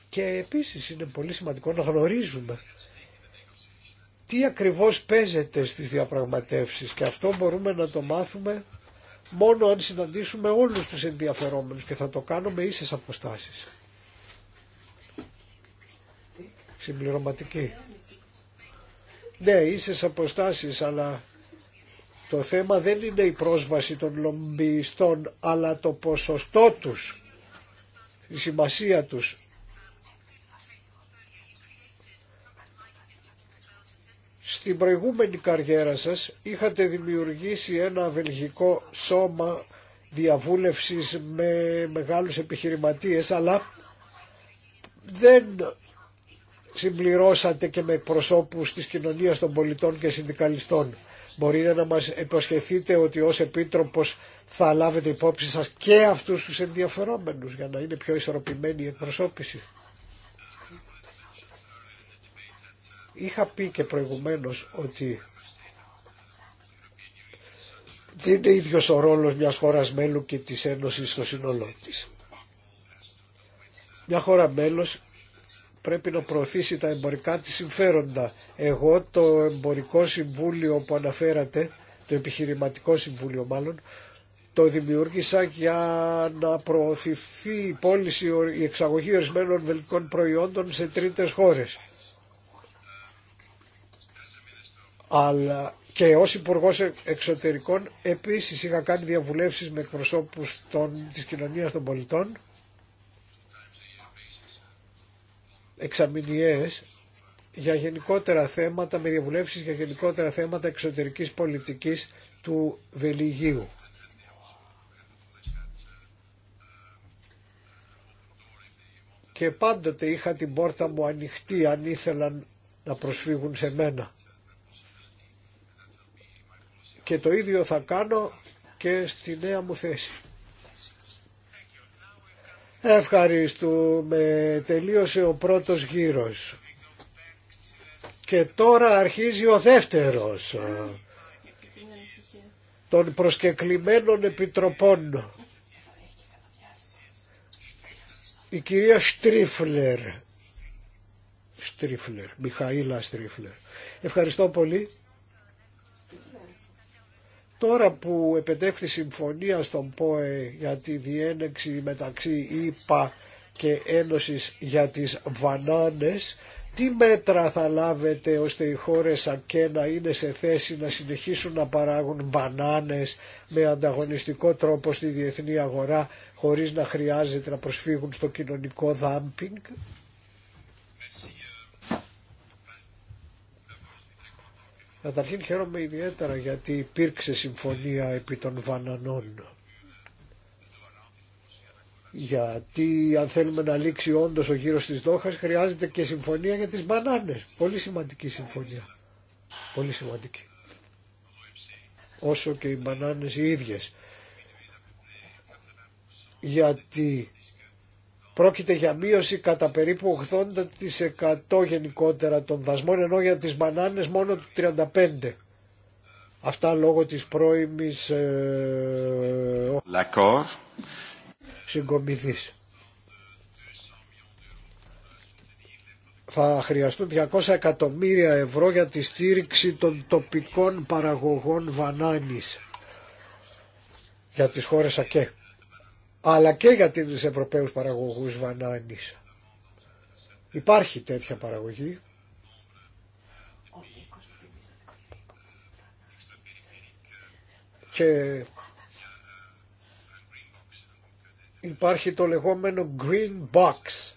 Και επίσης είναι πολύ σημαντικό να γνωρίζουμε τι ακριβώς παίζεται στις διαπραγματεύσεις και αυτό μπορούμε να το μάθουμε μόνο αν συναντήσουμε όλους τους ενδιαφερόμενους και θα το κάνουμε ίσες αποστάσεις. Συμπληρωματική. Ναι, ίσες αποστάσεις, αλλά το θέμα δεν είναι η πρόσβαση των λομπιστών, αλλά το ποσοστό τους, η σημασία τους Στην προηγούμενη καριέρα σας είχατε δημιουργήσει ένα βελγικό σώμα διαβούλευσης με μεγάλους επιχειρηματίες, αλλά δεν συμπληρώσατε και με προσώπους της κοινωνίας των πολιτών και συνδικαλιστών. Μπορείτε να μας υποσχεθείτε ότι ως Επίτροπος θα λάβετε υπόψη σας και αυτούς τους ενδιαφερόμενους για να είναι πιο ισορροπημένη η εκπροσώπηση. Είχα πει και προηγουμένως ότι δεν είναι ίδιος ο ρόλος μιας χώρας μέλου και της Ένωσης στο σύνολό της. Μια χώρα μέλος πρέπει να προωθήσει τα εμπορικά της συμφέροντα. Εγώ το εμπορικό συμβούλιο που αναφέρατε, το επιχειρηματικό συμβούλιο μάλλον, το δημιούργησα για να προωθηθεί η πώληση, η εξαγωγή ορισμένων βελικών προϊόντων σε τρίτες χώρες. αλλά και ως υπουργό ε- Εξωτερικών επίσης είχα κάνει διαβουλεύσεις με εκπροσώπους των, της κοινωνίας των πολιτών εξαμηνιές για γενικότερα θέματα, με διαβουλεύσεις για γενικότερα θέματα εξωτερικής πολιτικής του Βελιγίου. Και πάντοτε είχα την πόρτα μου ανοιχτή αν ήθελαν να προσφύγουν σε μένα. Και το ίδιο θα κάνω και στη νέα μου θέση. Ευχαριστούμε. Τελείωσε ο πρώτος γύρος. Και τώρα αρχίζει ο δεύτερος ε, των προσκεκλημένων επιτροπών. Η κυρία Στρίφλερ. Στρίφλερ, Μιχαήλα Στρίφλερ. Ευχαριστώ πολύ. Τώρα που επετέχθη συμφωνία στον ΠΟΕ για τη διένεξη μεταξύ ΙΠΑ και Ένωσης για τις Βανάνες, τι μέτρα θα λάβετε ώστε οι χώρες ακένα να είναι σε θέση να συνεχίσουν να παράγουν βανάνες με ανταγωνιστικό τρόπο στη διεθνή αγορά χωρίς να χρειάζεται να προσφύγουν στο κοινωνικό δάμπινγκ. Καταρχήν χαίρομαι ιδιαίτερα γιατί υπήρξε συμφωνία επί των βανανών. Γιατί αν θέλουμε να λήξει όντως ο γύρο της Δόχας χρειάζεται και συμφωνία για τις μπανάνες. Πολύ σημαντική συμφωνία. Πολύ σημαντική. Όσο και οι μπανάνες οι ίδιες. Γιατί Πρόκειται για μείωση κατά περίπου 80% γενικότερα των δασμών, ενώ για τις μανάνες μόνο 35%. Αυτά λόγω της πρώιμης ε, συγκομιδής. Θα χρειαστούν 200 εκατομμύρια ευρώ για τη στήριξη των τοπικών παραγωγών βανάνης για τις χώρες ΑΚΕ αλλά και για τους Ευρωπαίους παραγωγούς βανάνης. Υπάρχει τέτοια παραγωγή. Και υπάρχει το λεγόμενο Green Box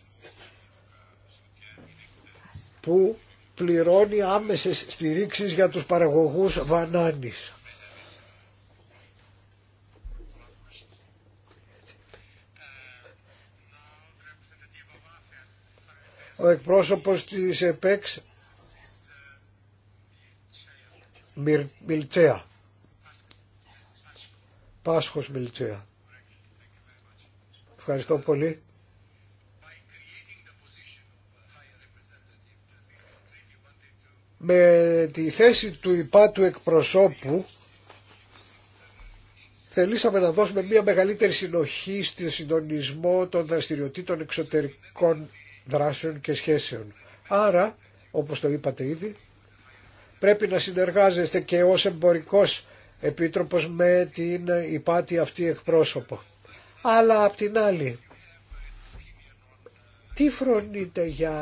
που πληρώνει άμεσες στηρίξεις για τους παραγωγούς βανάνης. Ο εκπρόσωπος της ΕΠΕΞ Μιλτσέα. Πάσχος Μιλτσέα. Ευχαριστώ πολύ. Με τη θέση του υπάτου εκπροσώπου θελήσαμε να δώσουμε μια μεγαλύτερη συνοχή στη συντονισμό των δραστηριοτήτων εξωτερικών δράσεων και σχέσεων. Άρα, όπως το είπατε ήδη, πρέπει να συνεργάζεστε και ως εμπορικός επίτροπος με την υπάτη αυτή εκπρόσωπο. Αλλά απ' την άλλη, τι φρονείτε για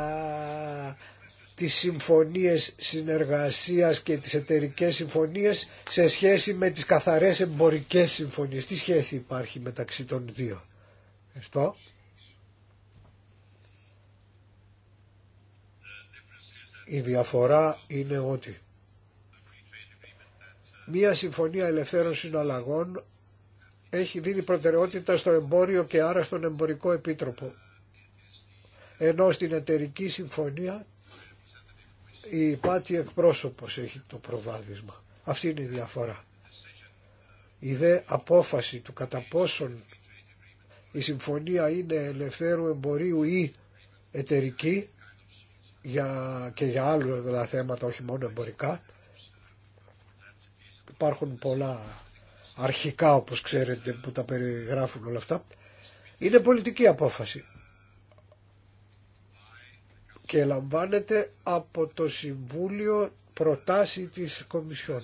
τις συμφωνίες συνεργασίας και τις εταιρικές συμφωνίες σε σχέση με τις καθαρές εμπορικές συμφωνίες. Τι σχέση υπάρχει μεταξύ των δύο. Ευχαριστώ. Η διαφορά είναι ότι μία συμφωνία ελευθέρων συναλλαγών έχει δίνει προτεραιότητα στο εμπόριο και άρα στον εμπορικό επίτροπο. Ενώ στην εταιρική συμφωνία η πάτη εκπρόσωπος έχει το προβάδισμα. Αυτή είναι η διαφορά. Η δε απόφαση του κατά πόσον η συμφωνία είναι ελευθέρου εμπορίου ή εταιρική για, και για άλλα δηλαδή θέματα, όχι μόνο εμπορικά. Υπάρχουν πολλά αρχικά, όπως ξέρετε, που τα περιγράφουν όλα αυτά. Είναι πολιτική απόφαση και λαμβάνεται από το Συμβούλιο προτάση της Κομισιόν.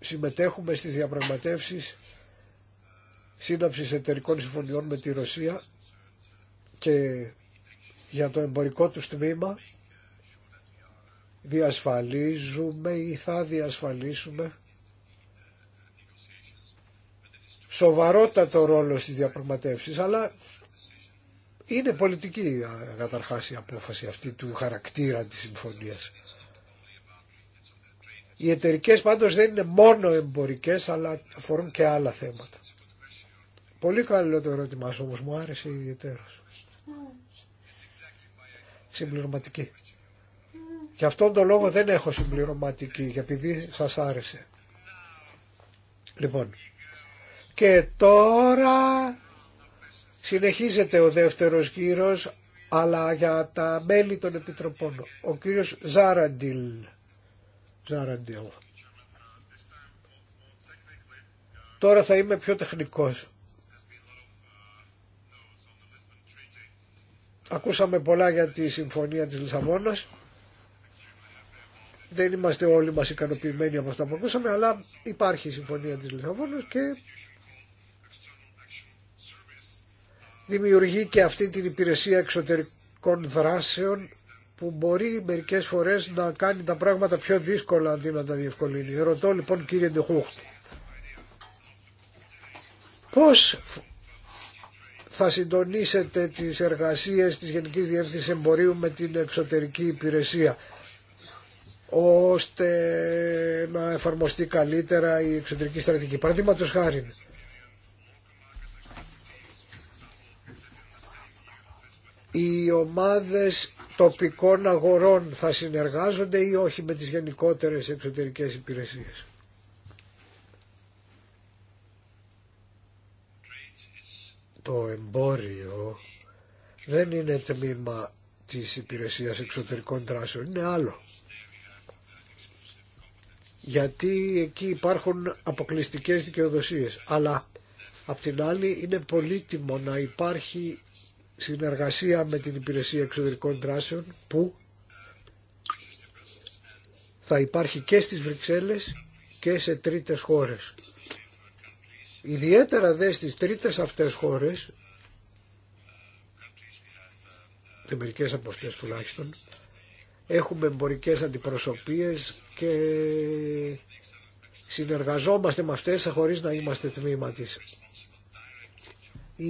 Συμμετέχουμε στις διαπραγματεύσεις σύναψης εταιρικών συμφωνιών με τη Ρωσία και για το εμπορικό του τμήμα διασφαλίζουμε ή θα διασφαλίσουμε σοβαρότατο ρόλο στις διαπραγματεύσεις, αλλά είναι πολιτική καταρχάς η απόφαση αυτή του χαρακτήρα της συμφωνίας. Οι εταιρικέ πάντως δεν είναι μόνο εμπορικές, αλλά αφορούν και άλλα θέματα. Πολύ καλό το ερώτημά όμως, μου άρεσε ιδιαίτερα συμπληρωματική. Γι' αυτόν τον λόγο δεν έχω συμπληρωματική, επειδή σας άρεσε. Λοιπόν, και τώρα συνεχίζεται ο δεύτερος γύρος, αλλά για τα μέλη των επιτροπών. Ο κύριος Ζάραντιλ. Ζάραντιλ. Τώρα θα είμαι πιο τεχνικός. Ακούσαμε πολλά για τη Συμφωνία της Λισαβόνας. Δεν είμαστε όλοι μας ικανοποιημένοι από αυτά που ακούσαμε, αλλά υπάρχει η Συμφωνία της Λισαβόνας και δημιουργεί και αυτή την υπηρεσία εξωτερικών δράσεων που μπορεί μερικές φορές να κάνει τα πράγματα πιο δύσκολα αντί να τα διευκολύνει. Ρωτώ λοιπόν κύριε Ντεχούχτ, πώς θα συντονίσετε τις εργασίες της Γενικής Διεύθυνσης Εμπορίου με την εξωτερική υπηρεσία ώστε να εφαρμοστεί καλύτερα η εξωτερική στρατηγική. Παραδείγματο χάρη. Οι ομάδες τοπικών αγορών θα συνεργάζονται ή όχι με τις γενικότερες εξωτερικές υπηρεσίες. το εμπόριο δεν είναι τμήμα της υπηρεσίας εξωτερικών δράσεων, είναι άλλο. Γιατί εκεί υπάρχουν αποκλειστικές δικαιοδοσίες, αλλά απ' την άλλη είναι πολύτιμο να υπάρχει συνεργασία με την υπηρεσία εξωτερικών δράσεων που θα υπάρχει και στις Βρυξέλλες και σε τρίτες χώρες. Ιδιαίτερα δε στις τρίτες αυτές χώρες, και μερικές από αυτές τουλάχιστον, έχουμε εμπορικές αντιπροσωπείες και συνεργαζόμαστε με αυτές χωρίς να είμαστε τμήμα της.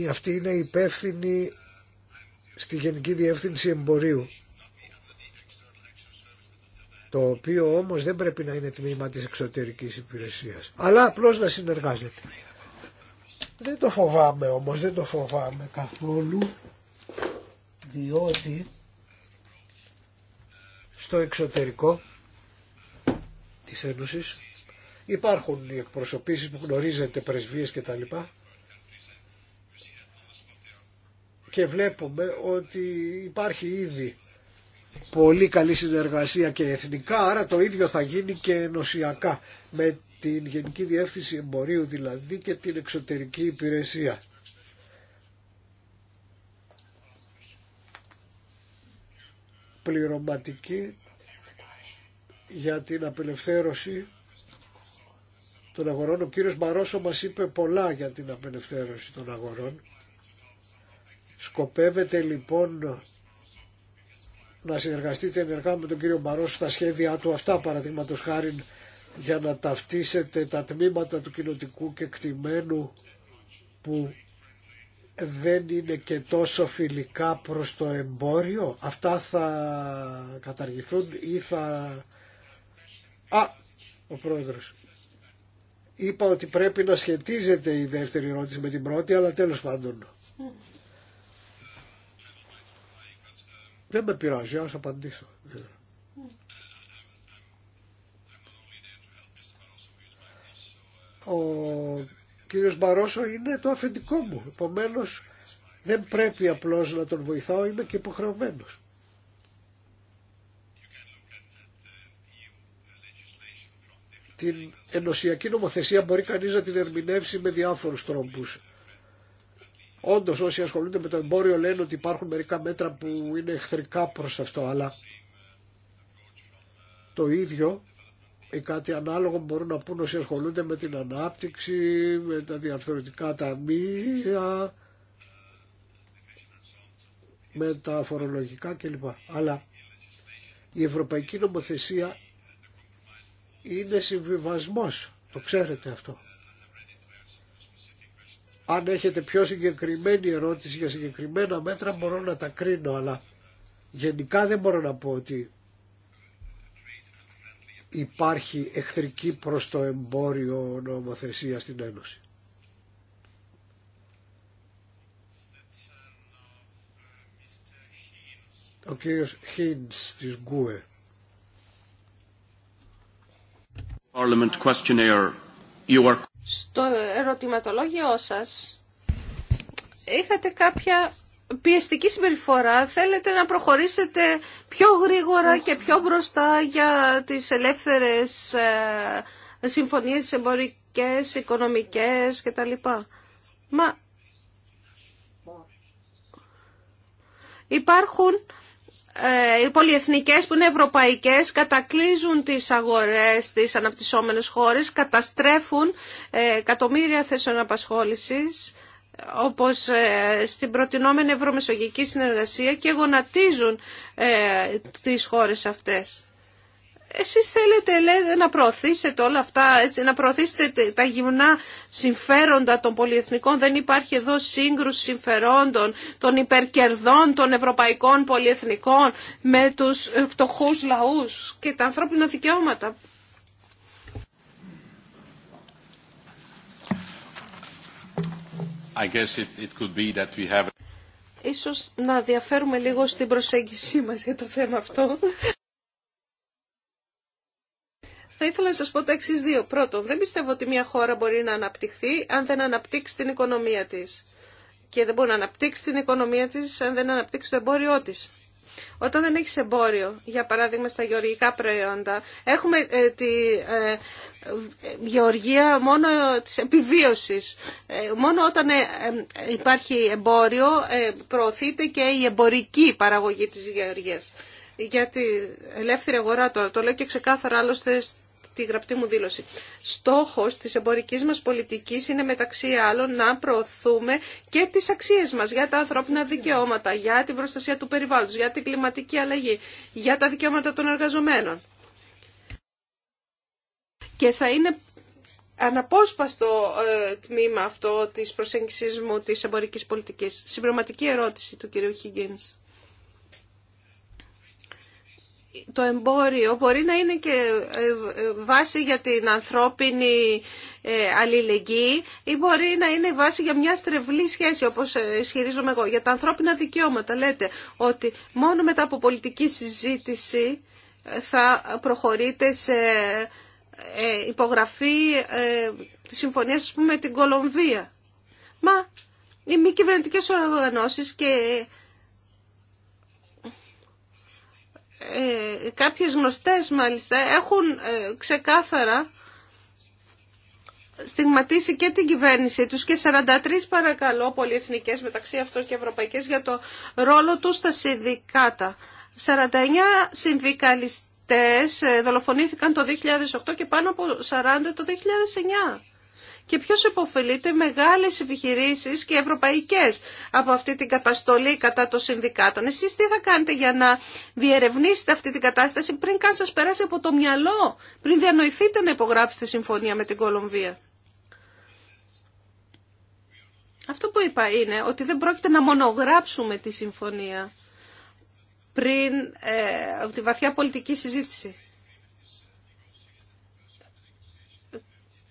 Αυτή είναι υπεύθυνη στη Γενική Διεύθυνση Εμπορίου το οποίο όμως δεν πρέπει να είναι τμήμα της εξωτερικής υπηρεσίας, αλλά απλώς να συνεργάζεται. Δεν το φοβάμαι όμως, δεν το φοβάμαι καθόλου, διότι στο εξωτερικό της Ένωσης υπάρχουν οι εκπροσωπήσεις που γνωρίζετε πρεσβείες και τα λοιπά και βλέπουμε ότι υπάρχει ήδη πολύ καλή συνεργασία και εθνικά άρα το ίδιο θα γίνει και ενωσιακά με την Γενική Διεύθυνση Εμπορίου δηλαδή και την Εξωτερική Υπηρεσία. Πληρωματική για την απελευθέρωση των αγορών. Ο κύριος Μαρόσο μας είπε πολλά για την απελευθέρωση των αγορών. Σκοπεύετε λοιπόν να συνεργαστείτε ενεργά με τον κύριο Μαρόσο στα σχέδια του αυτά παραδείγματος χάρη για να ταυτίσετε τα τμήματα του κοινοτικού κεκτημένου που δεν είναι και τόσο φιλικά προς το εμπόριο. Αυτά θα καταργηθούν ή θα... Α, ο πρόεδρος. Είπα ότι πρέπει να σχετίζεται η δεύτερη ερώτηση με την πρώτη, αλλά τέλος πάντων. Δεν με πειράζει, ας απαντήσω. Ο κύριος Μπαρόσο είναι το αφεντικό μου, επομένως δεν πρέπει απλώς να τον βοηθάω, είμαι και υποχρεωμένος. Την ενωσιακή νομοθεσία μπορεί κανείς να την ερμηνεύσει με διάφορους τρόπους. Όντως όσοι ασχολούνται με το εμπόριο λένε ότι υπάρχουν μερικά μέτρα που είναι εχθρικά προς αυτό, αλλά το ίδιο ή κάτι ανάλογο μπορούν να πούν όσοι ασχολούνται με την ανάπτυξη, με τα διαρθρωτικά ταμεία, με τα φορολογικά κλπ. Αλλά η ευρωπαϊκή νομοθεσία είναι συμβιβασμός, το ξέρετε αυτό. Αν έχετε πιο συγκεκριμένη ερώτηση για συγκεκριμένα μέτρα μπορώ να τα κρίνω, αλλά γενικά δεν μπορώ να πω ότι υπάρχει εχθρική προς το εμπόριο νομοθεσία στην Ένωση. Ο κύριος Χίντς της Γκουε. Στο ερωτηματολόγιο σας είχατε κάποια πιεστική συμπεριφορά θέλετε να προχωρήσετε πιο γρήγορα και πιο μπροστά για τις ελεύθερες ε, συμφωνίες εμπορικές, οικονομικές κτλ. Μα υπάρχουν ε, οι πολυεθνικές που είναι ευρωπαϊκές κατακλείζουν τις αγορές της αναπτυσσόμενες χώρες, καταστρέφουν ε, εκατομμύρια θέσεων απασχόλησης όπως ε, στην προτινόμενη ευρωμεσογειακή συνεργασία και γονατίζουν ε, τις χώρες αυτές. Εσείς θέλετε λέτε, να προωθήσετε όλα αυτά, έτσι, να προωθήσετε τα γυμνά συμφέροντα των πολυεθνικών. Δεν υπάρχει εδώ σύγκρουση συμφερόντων των υπερκερδών των ευρωπαϊκών πολυεθνικών με τους φτωχούς λαούς και τα ανθρώπινα δικαιώματα Ίσως να διαφέρουμε λίγο στην προσέγγιση μας για το θέμα αυτό. Θα ήθελα να σας πω τα εξή δύο. Πρώτο, δεν πιστεύω ότι μια χώρα μπορεί να αναπτυχθεί αν δεν αναπτύξει την οικονομία της. Και δεν μπορεί να αναπτύξει την οικονομία της αν δεν αναπτύξει το εμπόριό της. Όταν δεν έχεις εμπόριο, για παράδειγμα στα γεωργικά προϊόντα, έχουμε ε, τη ε, γεωργία μόνο της επιβίωσης. Ε, μόνο όταν υπάρχει εμπόριο προωθείται και η εμπορική παραγωγή της γεωργίας. Γιατί ελεύθερη αγορά τώρα, το λέω και ξεκάθαρα άλλωστε τη γραπτή μου δήλωση. Στόχος της εμπορικής μας πολιτικής είναι μεταξύ άλλων να προωθούμε και τις αξίες μας για τα ανθρώπινα δικαιώματα, για την προστασία του περιβάλλοντος, για την κλιματική αλλαγή, για τα δικαιώματα των εργαζομένων. Και θα είναι αναπόσπαστο ε, τμήμα αυτό της προσέγγισης μου της εμπορικής πολιτικής. Συμπληρωματική ερώτηση του κυρίου Χιγκίνης το εμπόριο μπορεί να είναι και ε, ε, βάση για την ανθρώπινη ε, αλληλεγγύη ή μπορεί να είναι βάση για μια στρεβλή σχέση όπως ισχυρίζομαι εγώ. Για τα ανθρώπινα δικαιώματα λέτε ότι μόνο μετά από πολιτική συζήτηση θα προχωρείτε σε υπογραφή τη συμφωνία πούμε, με την Κολομβία. Μα οι μη κυβερνητικέ οργανώσεις και ε, κάποιες γνωστές μάλιστα έχουν ε, ξεκάθαρα στιγματίσει και την κυβέρνησή τους και 43 παρακαλώ πολυεθνικές μεταξύ αυτών και ευρωπαϊκές για το ρόλο τους στα συνδικάτα. 49 συνδικαλιστές ε, δολοφονήθηκαν το 2008 και πάνω από 40 το 2009 και ποιος υποφελείται μεγάλες επιχειρήσεις και ευρωπαϊκές από αυτή την καταστολή κατά των συνδικάτων. Εσείς τι θα κάνετε για να διερευνήσετε αυτή την κατάσταση πριν καν σας περάσει από το μυαλό, πριν διανοηθείτε να υπογράψετε συμφωνία με την Κολομβία. Αυτό που είπα είναι ότι δεν πρόκειται να μονογράψουμε τη συμφωνία πριν ε, από τη βαθιά πολιτική συζήτηση.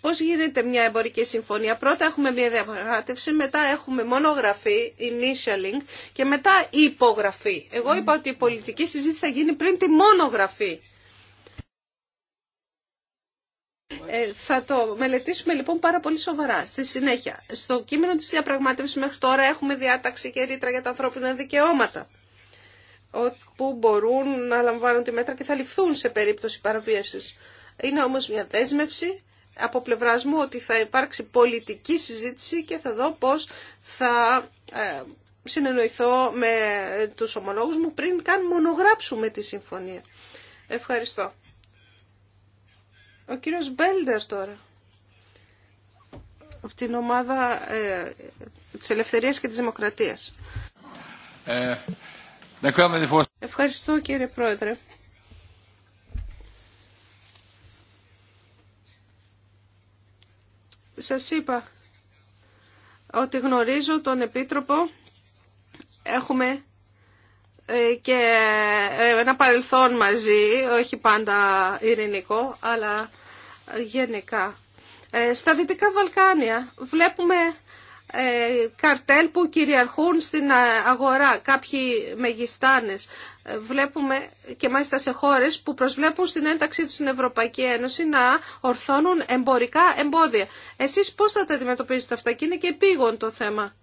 Πώς γίνεται μια εμπορική συμφωνία. Πρώτα έχουμε μια διαπραγμάτευση, μετά έχουμε μονογραφή, initialing και μετά υπογραφή. Εγώ είπα ότι η πολιτική συζήτηση θα γίνει πριν τη μονογραφή. Ε, θα το μελετήσουμε λοιπόν πάρα πολύ σοβαρά. Στη συνέχεια, στο κείμενο της διαπραγμάτευσης μέχρι τώρα έχουμε διάταξη και ρήτρα για τα ανθρώπινα δικαιώματα που μπορούν να λαμβάνουν τη μέτρα και θα ληφθούν σε περίπτωση παραβίασης. Είναι όμως μια δέσμευση από πλευρά μου ότι θα υπάρξει πολιτική συζήτηση και θα δω πώς θα ε, συνεννοηθώ με τους ομολόγους μου πριν καν μονογράψουμε τη συμφωνία. Ευχαριστώ. Ο κύριος Μπέλντερ τώρα, από την ομάδα ε, της Ελευθερίας και της Δημοκρατίας. Ε, Ευχαριστώ κύριε Πρόεδρε. Σας είπα ότι γνωρίζω τον Επίτροπο. Έχουμε ε, και ε, ένα παρελθόν μαζί, όχι πάντα ειρηνικό, αλλά γενικά. Ε, στα Δυτικά Βαλκάνια βλέπουμε καρτέλ που κυριαρχούν στην αγορά, κάποιοι μεγιστάνες βλέπουμε και μάλιστα σε χώρες που προσβλέπουν στην ένταξή τους στην Ευρωπαϊκή Ένωση να ορθώνουν εμπορικά εμπόδια. Εσείς πώς θα τα αντιμετωπίζετε αυτά και είναι και επίγον το θέμα.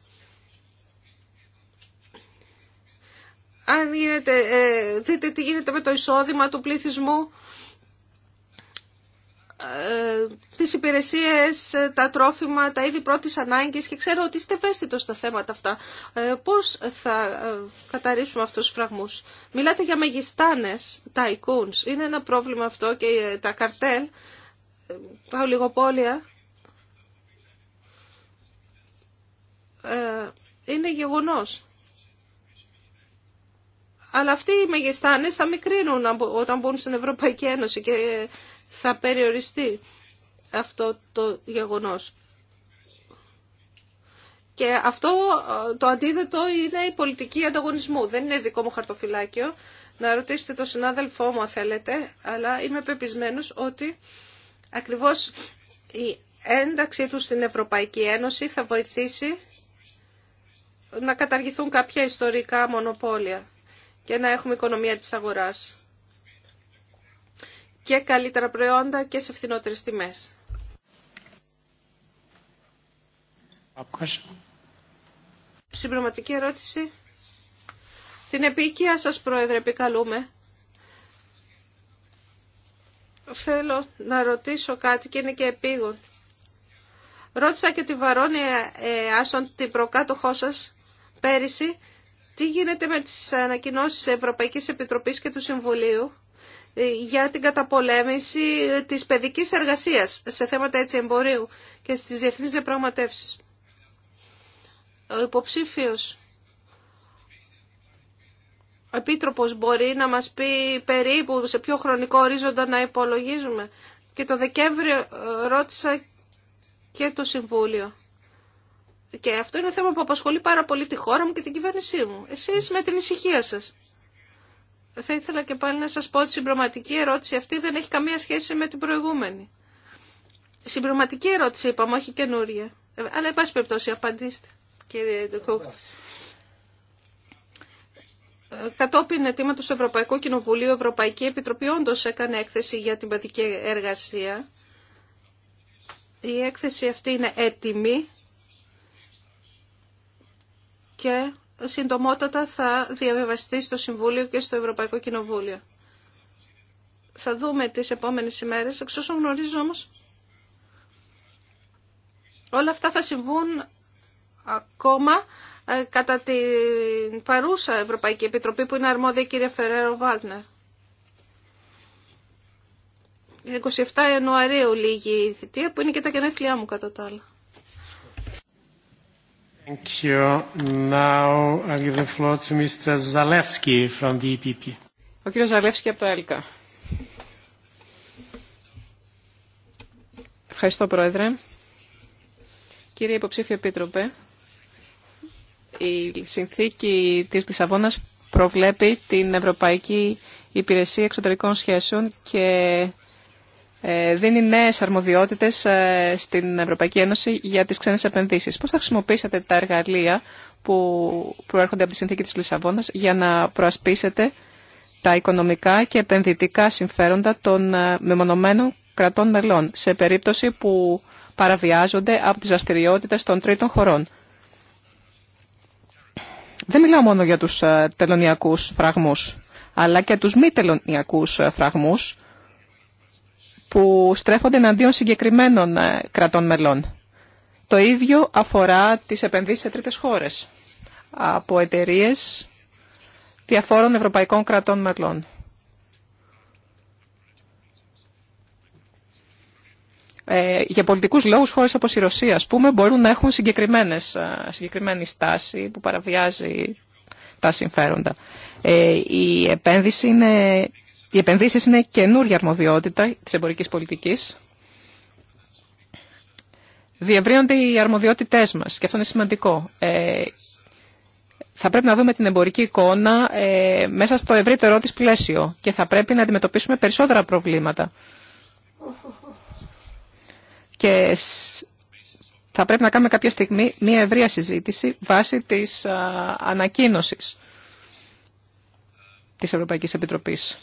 Αν γίνεται, ε, δείτε τι γίνεται με το εισόδημα του πληθυσμού ε, τις υπηρεσίες, ε, τα τρόφιμα, τα είδη πρώτης ανάγκης και ξέρω ότι είστε ευαίσθητο στα θέματα αυτά. Ε, πώς θα καταρρίψουμε αυτούς τους φραγμούς. Μιλάτε για μεγιστάνες, τα Είναι ένα πρόβλημα αυτό και τα καρτέλ, τα ολιγοπόλια. Είναι γεγονός. Αλλά αυτοί οι μεγιστάνες θα μικρύνουν όταν μπουν στην Ευρωπαϊκή Ένωση και θα περιοριστεί αυτό το γεγονός. Και αυτό ε, το αντίθετο είναι η πολιτική ανταγωνισμού. Δεν είναι δικό μου χαρτοφυλάκιο. Να ρωτήσετε τον συνάδελφό μου αν θέλετε, αλλά είμαι πεπισμένος ότι ακριβώς η ένταξή του στην Ευρωπαϊκή Ένωση θα βοηθήσει να καταργηθούν κάποια ιστορικά μονοπόλια και να έχουμε οικονομία της αγοράς και καλύτερα προϊόντα και σε φθηνότερες τιμές. Συμπληρωματική ερώτηση. Την επίκεια σας, Πρόεδρε, επικαλούμε. Θέλω να ρωτήσω κάτι και είναι και επίγον. Ρώτησα και τη Βαρόνια ε, Άσον, την προκάτοχό σας, πέρυσι, τι γίνεται με τις ανακοινώσεις Ευρωπαϊκής Επιτροπής και του Συμβουλίου ε, για την καταπολέμηση ε, της παιδικής εργασίας σε θέματα έτσι εμπορίου και στις διεθνείς διαπραγματεύσει. Ο υποψήφιος ο επίτροπος μπορεί να μας πει περίπου σε ποιο χρονικό ορίζοντα να υπολογίζουμε. Και το Δεκέμβριο ε, ρώτησα και το Συμβούλιο. Και αυτό είναι θέμα που απασχολεί πάρα πολύ τη χώρα μου και την κυβέρνησή μου. Εσείς με την ησυχία σας θα ήθελα και πάλι να σας πω ότι η συμπροματική ερώτηση αυτή δεν έχει καμία σχέση με την προηγούμενη. Συμπροματική ερώτηση είπαμε, όχι καινούρια. Ε, αλλά εν πάση περιπτώσει απαντήστε, κύριε Ντοκούκτ. Ε, κατόπιν αιτήματος του Ευρωπαϊκού Κοινοβουλίου, η Ευρωπαϊκή Επιτροπή όντω έκανε έκθεση για την παιδική εργασία. Η έκθεση αυτή είναι έτοιμη και συντομότατα θα διαβεβαστεί στο Συμβούλιο και στο Ευρωπαϊκό Κοινοβούλιο. Θα δούμε τις επόμενες ημέρες. Εξ όσων γνωρίζω όμως, όλα αυτά θα συμβούν ακόμα ε, κατά την παρούσα Ευρωπαϊκή Επιτροπή που είναι αρμόδια κυρία Φεραίρο Βάλτνερ. 27 Ιανουαρίου λίγη η θητεία που είναι και τα γενέθλιά μου κατά τα άλλα. Thank you. Now I give the floor to Mr. Zalewski from the EPP. Ο κύριος Ζαλεύσκη από το ΕΛΚΑ. Ευχαριστώ, Πρόεδρε. Κύριε Υποψήφιο Επίτροπε, η συνθήκη της Λισαβόνας προβλέπει την Ευρωπαϊκή Υπηρεσία Εξωτερικών Σχέσεων και ε, δίνει νέε αρμοδιότητες ε, στην Ευρωπαϊκή Ένωση για τις ξένες επενδύσει. Πώς θα χρησιμοποιήσετε τα εργαλεία που προέρχονται από τη Συνθήκη της Λισαβόνας για να προασπίσετε τα οικονομικά και επενδυτικά συμφέροντα των ε, μεμονωμένων κρατών μελών σε περίπτωση που παραβιάζονται από τις δραστηριότητε των τρίτων χωρών. Δεν μιλάω μόνο για τους τελωνιακούς φραγμούς, αλλά και τους μη τελωνιακούς φραγμούς που στρέφονται εναντίον συγκεκριμένων ε, κρατών μελών. Το ίδιο αφορά τις επενδύσεις σε τρίτες χώρες από εταιρείε διαφόρων ευρωπαϊκών κρατών μελών. Ε, για πολιτικούς λόγους χώρες όπως η Ρωσία, ας πούμε, μπορούν να έχουν συγκεκριμένες, ε, συγκεκριμένη στάση που παραβιάζει τα συμφέροντα. Ε, η επένδυση είναι οι επενδύσεις είναι καινούργια αρμοδιότητα τη εμπορική πολιτικής. Διευρύνονται οι αρμοδιότητές μας και αυτό είναι σημαντικό. Ε, θα πρέπει να δούμε την εμπορική εικόνα ε, μέσα στο ευρύτερό τη πλαίσιο και θα πρέπει να αντιμετωπίσουμε περισσότερα προβλήματα. Και θα πρέπει να κάνουμε κάποια στιγμή μια ευρεία συζήτηση βάσει της ανακοίνωση ανακοίνωσης της Ευρωπαϊκής Επιτροπής.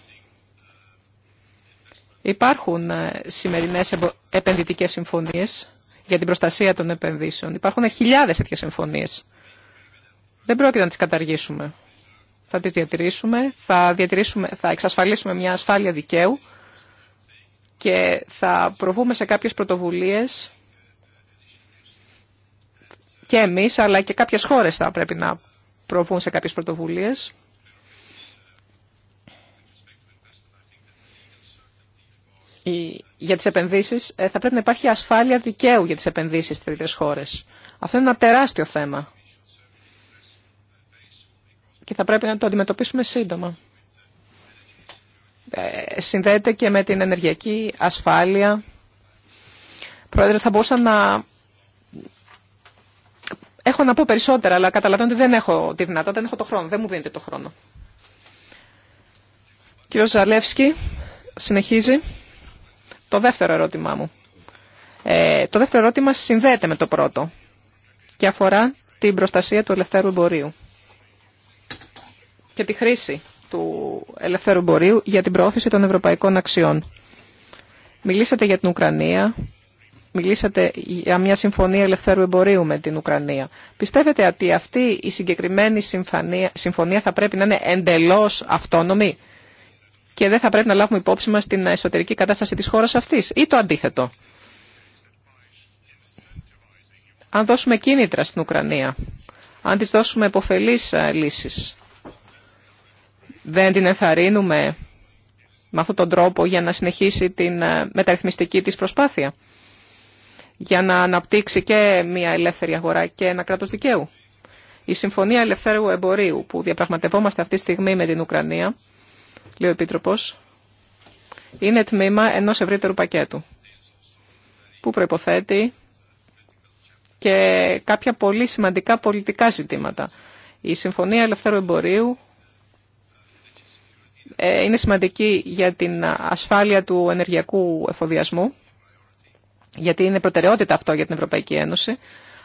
Υπάρχουν ε, σημερινέ επενδυτικέ συμφωνίες για την προστασία των επενδύσεων. Υπάρχουν χιλιάδε τέτοιε συμφωνίες. Δεν πρόκειται να τις καταργήσουμε. Θα τις διατηρήσουμε, θα, διατηρήσουμε, θα εξασφαλίσουμε μια ασφάλεια δικαίου και θα προβούμε σε κάποιες πρωτοβουλίες και εμείς αλλά και κάποιες χώρες θα πρέπει να προβούν σε κάποιες πρωτοβουλίες για τις επενδύσεις, ε, θα πρέπει να υπάρχει ασφάλεια δικαίου για τις επενδύσεις στις τρίτες χώρες. Αυτό είναι ένα τεράστιο θέμα. Και θα πρέπει να το αντιμετωπίσουμε σύντομα. Ε, συνδέεται και με την ενεργειακή ασφάλεια. Πρόεδρε, θα μπορούσα να... Έχω να πω περισσότερα, αλλά καταλαβαίνω ότι δεν έχω τη δυνατότητα, δεν έχω το χρόνο, δεν μου δίνετε το χρόνο. Κύριος Ζαλεύσκη συνεχίζει το δεύτερο ερώτημά μου. Ε, το δεύτερο ερώτημα συνδέεται με το πρώτο και αφορά την προστασία του ελευθέρου εμπορίου και τη χρήση του ελευθέρου εμπορίου για την προώθηση των ευρωπαϊκών αξιών. Μιλήσατε για την Ουκρανία, μιλήσατε για μια συμφωνία ελευθέρου εμπορίου με την Ουκρανία. Πιστεύετε ότι αυτή η συγκεκριμένη συμφωνία, θα πρέπει να είναι εντελώς αυτόνομη και δεν θα πρέπει να λάβουμε υπόψη μας την εσωτερική κατάσταση της χώρας αυτής ή το αντίθετο. Αν δώσουμε κίνητρα στην Ουκρανία, αν της δώσουμε υποφελείς ε, λύσεις, δεν την ενθαρρύνουμε με αυτόν τον τρόπο για να συνεχίσει την ε, μεταρρυθμιστική της προσπάθεια, για να αναπτύξει και μια ελεύθερη αγορά και ένα κράτος δικαίου. Η Συμφωνία Ελευθέρου Εμπορίου που διαπραγματευόμαστε αυτή τη στιγμή με την Ουκρανία λέει ο Επίτροπο, είναι τμήμα ενό ευρύτερου πακέτου που προϋποθέτει και κάποια πολύ σημαντικά πολιτικά ζητήματα. Η Συμφωνία Ελευθέρου Εμπορίου ε, είναι σημαντική για την ασφάλεια του ενεργειακού εφοδιασμού, γιατί είναι προτεραιότητα αυτό για την Ευρωπαϊκή Ένωση.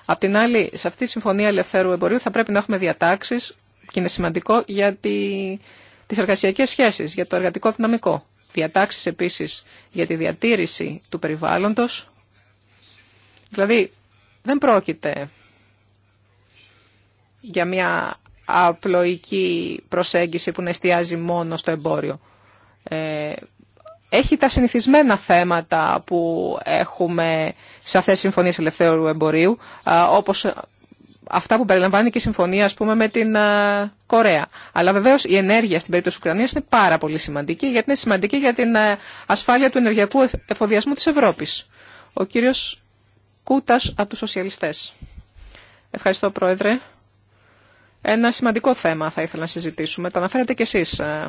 Απ' την άλλη, σε αυτή τη Συμφωνία Ελευθέρου Εμπορίου θα πρέπει να έχουμε διατάξεις, και είναι σημαντικό, γιατί τις εργασιακές σχέσεις, για το εργατικό δυναμικό. Διατάξεις επίσης για τη διατήρηση του περιβάλλοντος. Δηλαδή δεν πρόκειται για μια απλοϊκή προσέγγιση που να εστιάζει μόνο στο εμπόριο. Ε, έχει τα συνηθισμένα θέματα που έχουμε σε αυτές τις συμφωνίες ελευθέρου εμπορίου, όπως αυτά που περιλαμβάνει και η συμφωνία ας πούμε, με την ε, Κορέα. Αλλά βεβαίω η ενέργεια στην περίπτωση τη Ουκρανία είναι πάρα πολύ σημαντική, γιατί είναι σημαντική για την ε, ασφάλεια του ενεργειακού εφοδιασμού τη Ευρώπη. Ο κύριο Κούτα από του Σοσιαλιστέ. Ευχαριστώ, Πρόεδρε. Ένα σημαντικό θέμα θα ήθελα να συζητήσουμε. Το αναφέρατε κι εσεί, ε,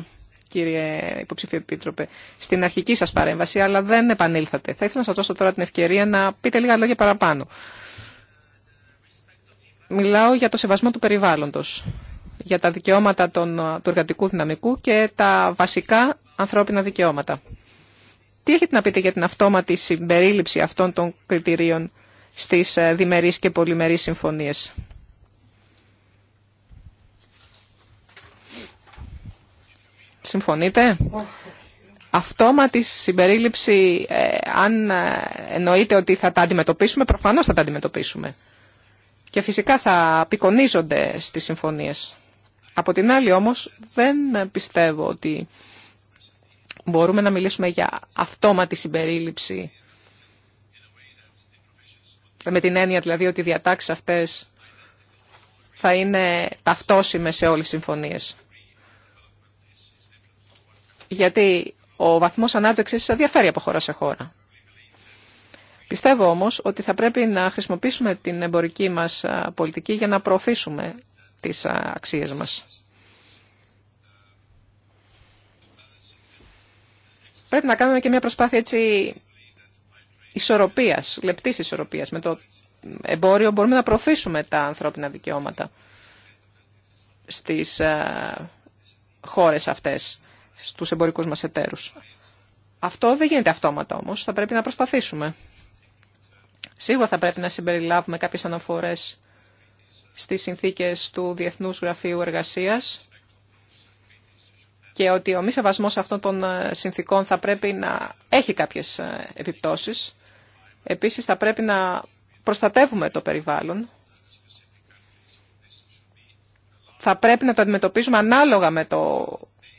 κύριε υποψήφιο επίτροπε, στην αρχική σα παρέμβαση, αλλά δεν επανήλθατε. Θα ήθελα να σα δώσω τώρα την ευκαιρία να πείτε λίγα λόγια παραπάνω. Μιλάω για το σεβασμό του περιβάλλοντος, για τα δικαιώματα των, του εργατικού δυναμικού και τα βασικά ανθρώπινα δικαιώματα. Τι έχετε να πείτε για την αυτόματη συμπερίληψη αυτών των κριτηρίων στις ε, διμερείς και πολυμερείς συμφωνίες. Συμφωνείτε. Αυτόματη συμπερίληψη, ε, αν ε, εννοείται ότι θα τα αντιμετωπίσουμε, προφανώς θα τα αντιμετωπίσουμε και φυσικά θα απεικονίζονται στις συμφωνίες. Από την άλλη όμως δεν πιστεύω ότι μπορούμε να μιλήσουμε για αυτόματη συμπερίληψη με την έννοια δηλαδή ότι οι διατάξεις αυτές θα είναι ταυτόσιμες σε όλες τις συμφωνίες. Γιατί ο βαθμός ανάπτυξης διαφέρει από χώρα σε χώρα. Πιστεύω όμως ότι θα πρέπει να χρησιμοποιήσουμε την εμπορική μας πολιτική για να προωθήσουμε τις αξίες μας. Πρέπει να κάνουμε και μια προσπάθεια έτσι ισορροπίας, λεπτής ισορροπίας. Με το εμπόριο μπορούμε να προωθήσουμε τα ανθρώπινα δικαιώματα στις χώρες αυτές, στους εμπορικούς μας εταίρους. Αυτό δεν γίνεται αυτόματα όμως, θα πρέπει να προσπαθήσουμε. Σίγουρα θα πρέπει να συμπεριλάβουμε κάποιες αναφορές στις συνθήκες του Διεθνούς Γραφείου Εργασίας και ότι ο μη σεβασμός αυτών των ε, συνθήκων θα πρέπει να έχει κάποιες ε, επιπτώσεις. Επίσης θα πρέπει να προστατεύουμε το περιβάλλον. Θα πρέπει να το αντιμετωπίζουμε ανάλογα με, το,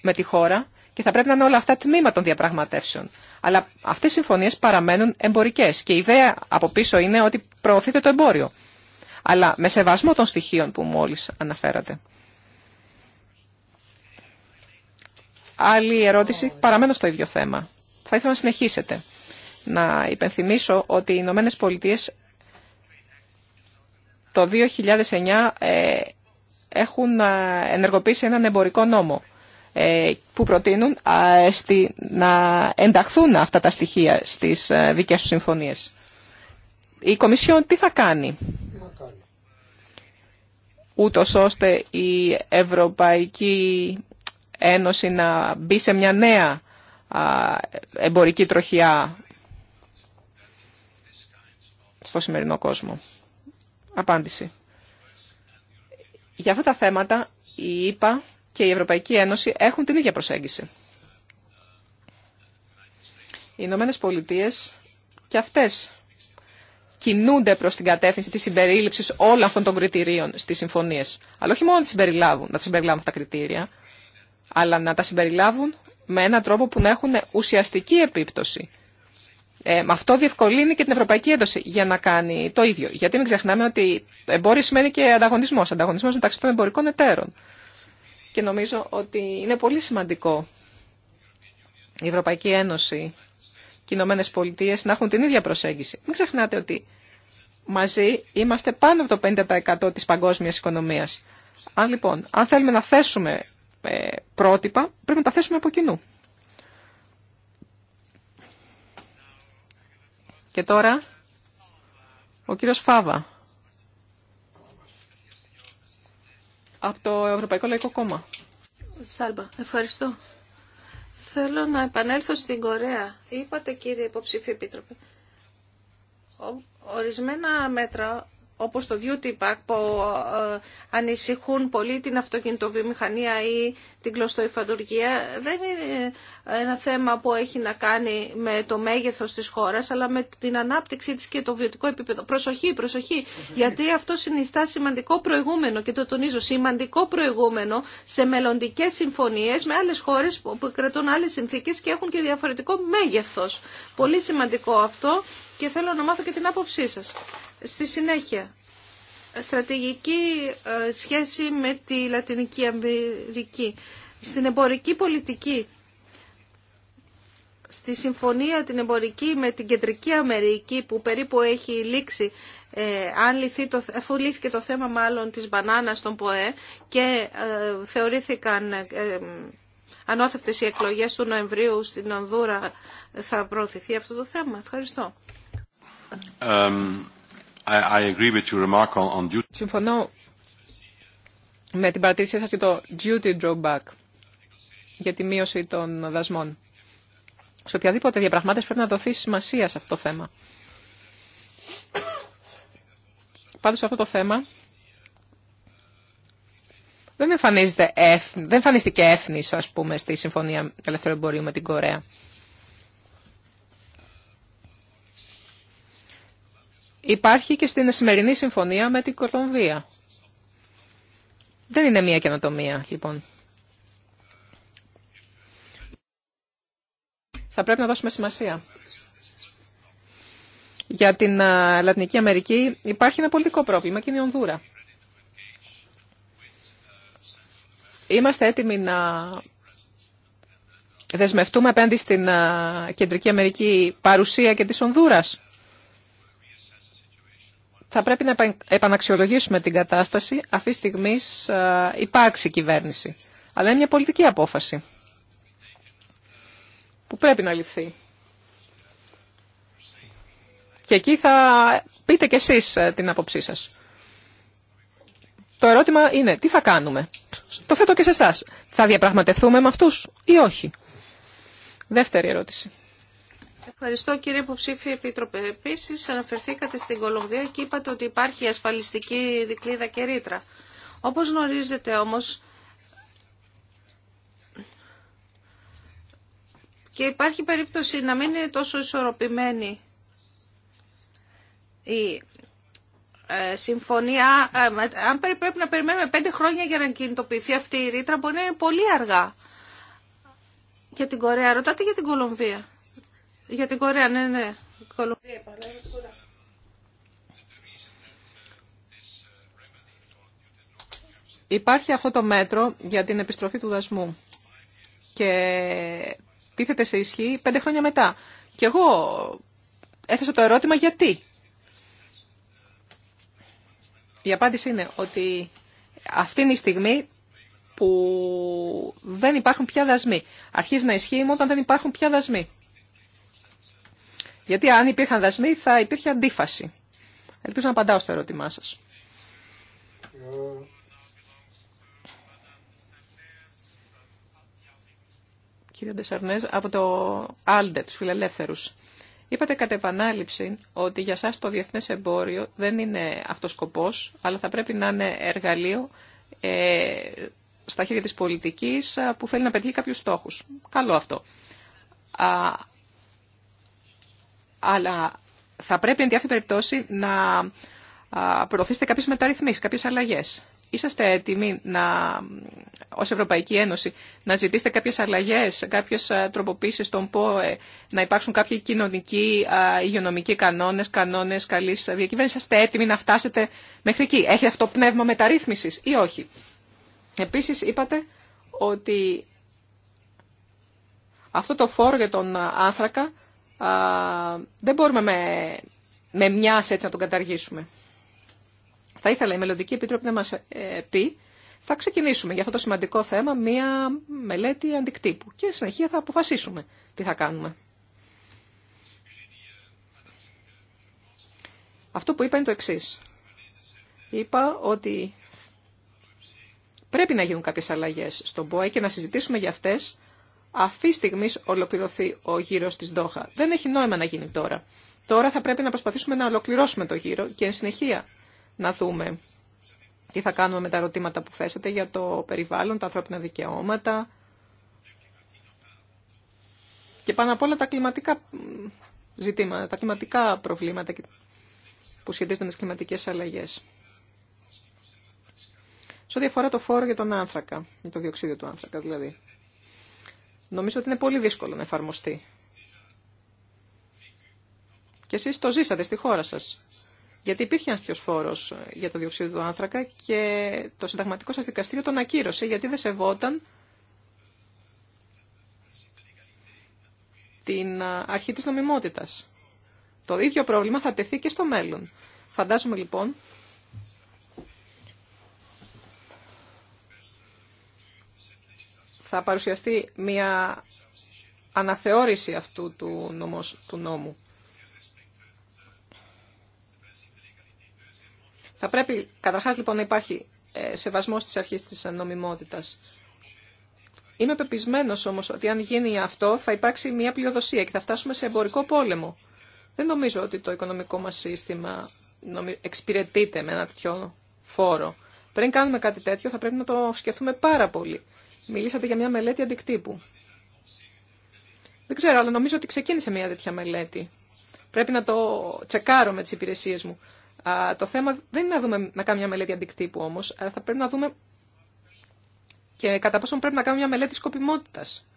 με τη χώρα και θα πρέπει να είναι όλα αυτά τμήμα των διαπραγματεύσεων. Αλλά αυτές οι συμφωνίες παραμένουν εμπορικές και η ιδέα από πίσω είναι ότι προωθείται το εμπόριο. Αλλά με σεβασμό των στοιχείων που μόλις αναφέρατε. Άλλη ερώτηση, παραμένω στο ίδιο θέμα. Θα ήθελα να συνεχίσετε. Να υπενθυμίσω ότι οι Ηνωμένε Πολιτείε το 2009 ε, έχουν ε, ενεργοποιήσει έναν εμπορικό νόμο ε, που προτείνουν να ενταχθούν αυτά τα στοιχεία στις ε, δικές τους συμφωνίες. Η Κομισιόν τι θα κάνει ούτω ώστε η Ευρωπαϊκή Ένωση να μπει σε μια νέα εμπορική τροχιά στο σημερινό κόσμο. Απάντηση. Για αυτά τα θέματα η ΕΠΑ και η Ευρωπαϊκή Ένωση έχουν την ίδια προσέγγιση. Οι Ηνωμένε Πολιτείε και αυτέ κινούνται προ την κατεύθυνση τη συμπεριλήψη όλων αυτών των κριτηρίων στι συμφωνίε. Αλλά όχι μόνο να τα συμπεριλάβουν, να συμπεριλάβουν αυτά τα κριτήρια, αλλά να τα συμπεριλάβουν με έναν τρόπο που να έχουν ουσιαστική επίπτωση. Ε, με αυτό διευκολύνει και την Ευρωπαϊκή Ένωση για να κάνει το ίδιο. Γιατί μην ξεχνάμε ότι εμπόριο σημαίνει και ανταγωνισμό. Ανταγωνισμό μεταξύ των εμπορικών εταίρων και νομίζω ότι είναι πολύ σημαντικό η Ευρωπαϊκή Ένωση και οι Ηνωμένε Πολιτείε να έχουν την ίδια προσέγγιση. Μην ξεχνάτε ότι μαζί είμαστε πάνω από το 50% της παγκόσμιας οικονομίας. Αν λοιπόν, αν θέλουμε να θέσουμε ε, πρότυπα, πρέπει να τα θέσουμε από κοινού. Και τώρα, ο κύριος Φάβα. από το Ευρωπαϊκό Λαϊκό Κόμμα. Σάλμπα, ευχαριστώ. Θέλω να επανέλθω στην Κορέα. Είπατε κύριε υποψήφιοι επίτροπε. Ορισμένα μέτρα όπως το duty pack που ε, ανησυχούν πολύ την αυτοκινητοβιομηχανία ή την κλωστοϊφαντουργία δεν είναι ένα θέμα που έχει να κάνει με το μέγεθος της χώρας αλλά με την ανάπτυξή της και το βιωτικό επίπεδο. Προσοχή, προσοχή, γιατί αυτό συνιστά σημαντικό προηγούμενο και το τονίζω, σημαντικό προηγούμενο σε μελλοντικέ συμφωνίες με άλλες χώρες που κρατούν άλλες συνθήκες και έχουν και διαφορετικό μέγεθος. Πολύ σημαντικό αυτό και θέλω να μάθω και την άποψή σας. Στη συνέχεια, στρατηγική ε, σχέση με τη Λατινική Αμερική. Στην εμπορική πολιτική, στη συμφωνία την εμπορική με την Κεντρική Αμερική που περίπου έχει λήξει ε, αν λυθεί το, αφού λύθηκε το θέμα μάλλον της μπανάνας των ΠΟΕ και ε, θεωρήθηκαν ε, ανώθευτες οι εκλογές του Νοεμβρίου στην Ονδούρα θα προωθηθεί αυτό το θέμα. Ευχαριστώ. Συμφωνώ με την παρατήρησή σας για το duty drawback για τη μείωση των δασμών. Σε οποιαδήποτε διαπραγμάτευση πρέπει να δοθεί σημασία σε αυτό το θέμα. Πάντως αυτό το θέμα δεν εμφανίζεται δεν εμφανίστηκε έθνης, ας πούμε, στη Συμφωνία Ελευθερίου με την Κορέα. υπάρχει και στην σημερινή συμφωνία με την Κολομβία. Δεν είναι μία καινοτομία, λοιπόν. Θα πρέπει να δώσουμε σημασία. Για την Λατινική Αμερική υπάρχει ένα πολιτικό πρόβλημα και είναι η Ονδούρα. Είμαστε έτοιμοι να δεσμευτούμε απέναντι στην Κεντρική Αμερική παρουσία και της Ονδούρας θα πρέπει να επαναξιολογήσουμε την κατάσταση. Αυτή τη στιγμή υπάρξει κυβέρνηση. Αλλά είναι μια πολιτική απόφαση που πρέπει να ληφθεί. Και εκεί θα πείτε κι εσείς ε, την άποψή σας. Το ερώτημα είναι τι θα κάνουμε. Το θέτω και σε εσά. Θα διαπραγματευτούμε με αυτούς ή όχι. Δεύτερη ερώτηση. Ευχαριστώ κύριε υποψήφιε επίτροπε. Επίση, αναφερθήκατε στην Κολομβία και είπατε ότι υπάρχει ασφαλιστική δικλίδα και ρήτρα. Όπω γνωρίζετε όμω, και υπάρχει περίπτωση να μην είναι τόσο ισορροπημένη η ε, συμφωνία. Ε, αν πρέπει να περιμένουμε πέντε χρόνια για να κινητοποιηθεί αυτή η ρήτρα, μπορεί να είναι πολύ αργά για την Κορέα. Ρωτάτε για την Κολομβία. Για την Κορέα, ναι, ναι. Υπάρχει αυτό το μέτρο για την επιστροφή του δασμού και τίθεται σε ισχύ πέντε χρόνια μετά. Και εγώ έθεσα το ερώτημα γιατί. Η απάντηση είναι ότι αυτή είναι η στιγμή που δεν υπάρχουν πια δασμοί. Αρχίζει να ισχύει μόνο όταν δεν υπάρχουν πια δασμοί. Γιατί αν υπήρχαν δασμοί θα υπήρχε αντίφαση. Ελπίζω να απαντάω στο ερώτημά σας. Κύριε Ντεσαρνές, από το Άλντε, τους φιλελεύθερους. Είπατε κατ' επανάληψη ότι για σας το διεθνές εμπόριο δεν είναι αυτός σκοπός, αλλά θα πρέπει να είναι εργαλείο ε, στα χέρια της πολιτικής που θέλει να πετύχει κάποιους στόχους. Καλό αυτό. Α, αλλά θα πρέπει εν διάφορη περιπτώσει να προωθήσετε κάποιες μεταρρυθμίσεις, κάποιες αλλαγές. Είσαστε έτοιμοι να, ως Ευρωπαϊκή Ένωση να ζητήσετε κάποιες αλλαγές, κάποιες τροποποίησεις των ΠΟΕ, να υπάρξουν κάποιοι κοινωνικοί, υγειονομικοί κανόνες, κανόνες καλής διακυβέρνησης. Είσαστε έτοιμοι να φτάσετε μέχρι εκεί. Έχετε αυτό πνεύμα μεταρρύθμισης ή όχι. Επίσης είπατε ότι αυτό το φόρο για τον άνθρακα α, δεν μπορούμε με, με μιας έτσι να τον καταργήσουμε. Θα ήθελα η Μελλοντική Επίτροπη να μας ε, πει θα ξεκινήσουμε για αυτό το σημαντικό θέμα μία μελέτη αντικτύπου και συνεχεία θα αποφασίσουμε τι θα κάνουμε. Αυτό που είπα είναι το εξή. Είπα ότι πρέπει να γίνουν κάποιες αλλαγές στον ΠΟΕ και να συζητήσουμε για αυτές αυτή στιγμή ολοκληρωθεί ο γύρος της Δόχα. Δεν έχει νόημα να γίνει τώρα. Τώρα θα πρέπει να προσπαθήσουμε να ολοκληρώσουμε το γύρο και εν συνεχεία να δούμε τι θα κάνουμε με τα ερωτήματα που θέσατε για το περιβάλλον, τα ανθρώπινα δικαιώματα και πάνω απ' όλα τα κλιματικά ζητήματα, τα κλιματικά προβλήματα που σχετίζονται με τις κλιματικές αλλαγές. Σε ό,τι αφορά το φόρο για τον άνθρακα, για το διοξίδιο του άνθρακα δηλαδή. Νομίζω ότι είναι πολύ δύσκολο να εφαρμοστεί. Και εσείς το ζήσατε στη χώρα σας. Γιατί υπήρχε ένα φόρο ε, για το διοξείδιο του άνθρακα και το συνταγματικό σας δικαστήριο τον ακύρωσε γιατί δεν σεβόταν την ε, αρχή της νομιμότητας. Το ίδιο πρόβλημα θα τεθεί και στο μέλλον. Φαντάζομαι λοιπόν θα παρουσιαστεί μια αναθεώρηση αυτού του, νομος, του νόμου. Θα πρέπει καταρχάς λοιπόν να υπάρχει ε, σεβασμός της αρχής της νομιμότητας. Είμαι πεπισμένος όμως ότι αν γίνει αυτό θα υπάρξει μια πλειοδοσία και θα φτάσουμε σε εμπορικό πόλεμο. Δεν νομίζω ότι το οικονομικό μας σύστημα εξυπηρετείται με ένα τέτοιο φόρο. Πριν κάνουμε κάτι τέτοιο θα πρέπει να το σκεφτούμε πάρα πολύ. Μιλήσατε για μια μελέτη αντικτύπου. Δεν ξέρω, αλλά νομίζω ότι ξεκίνησε μια τέτοια μελέτη. Πρέπει να το τσεκάρω με τις υπηρεσίες μου. Α, το θέμα δεν είναι να, δούμε, να κάνουμε μια μελέτη αντικτύπου όμως, αλλά θα πρέπει να δούμε και κατά πόσο πρέπει να κάνουμε μια μελέτη σκοπιμότητας.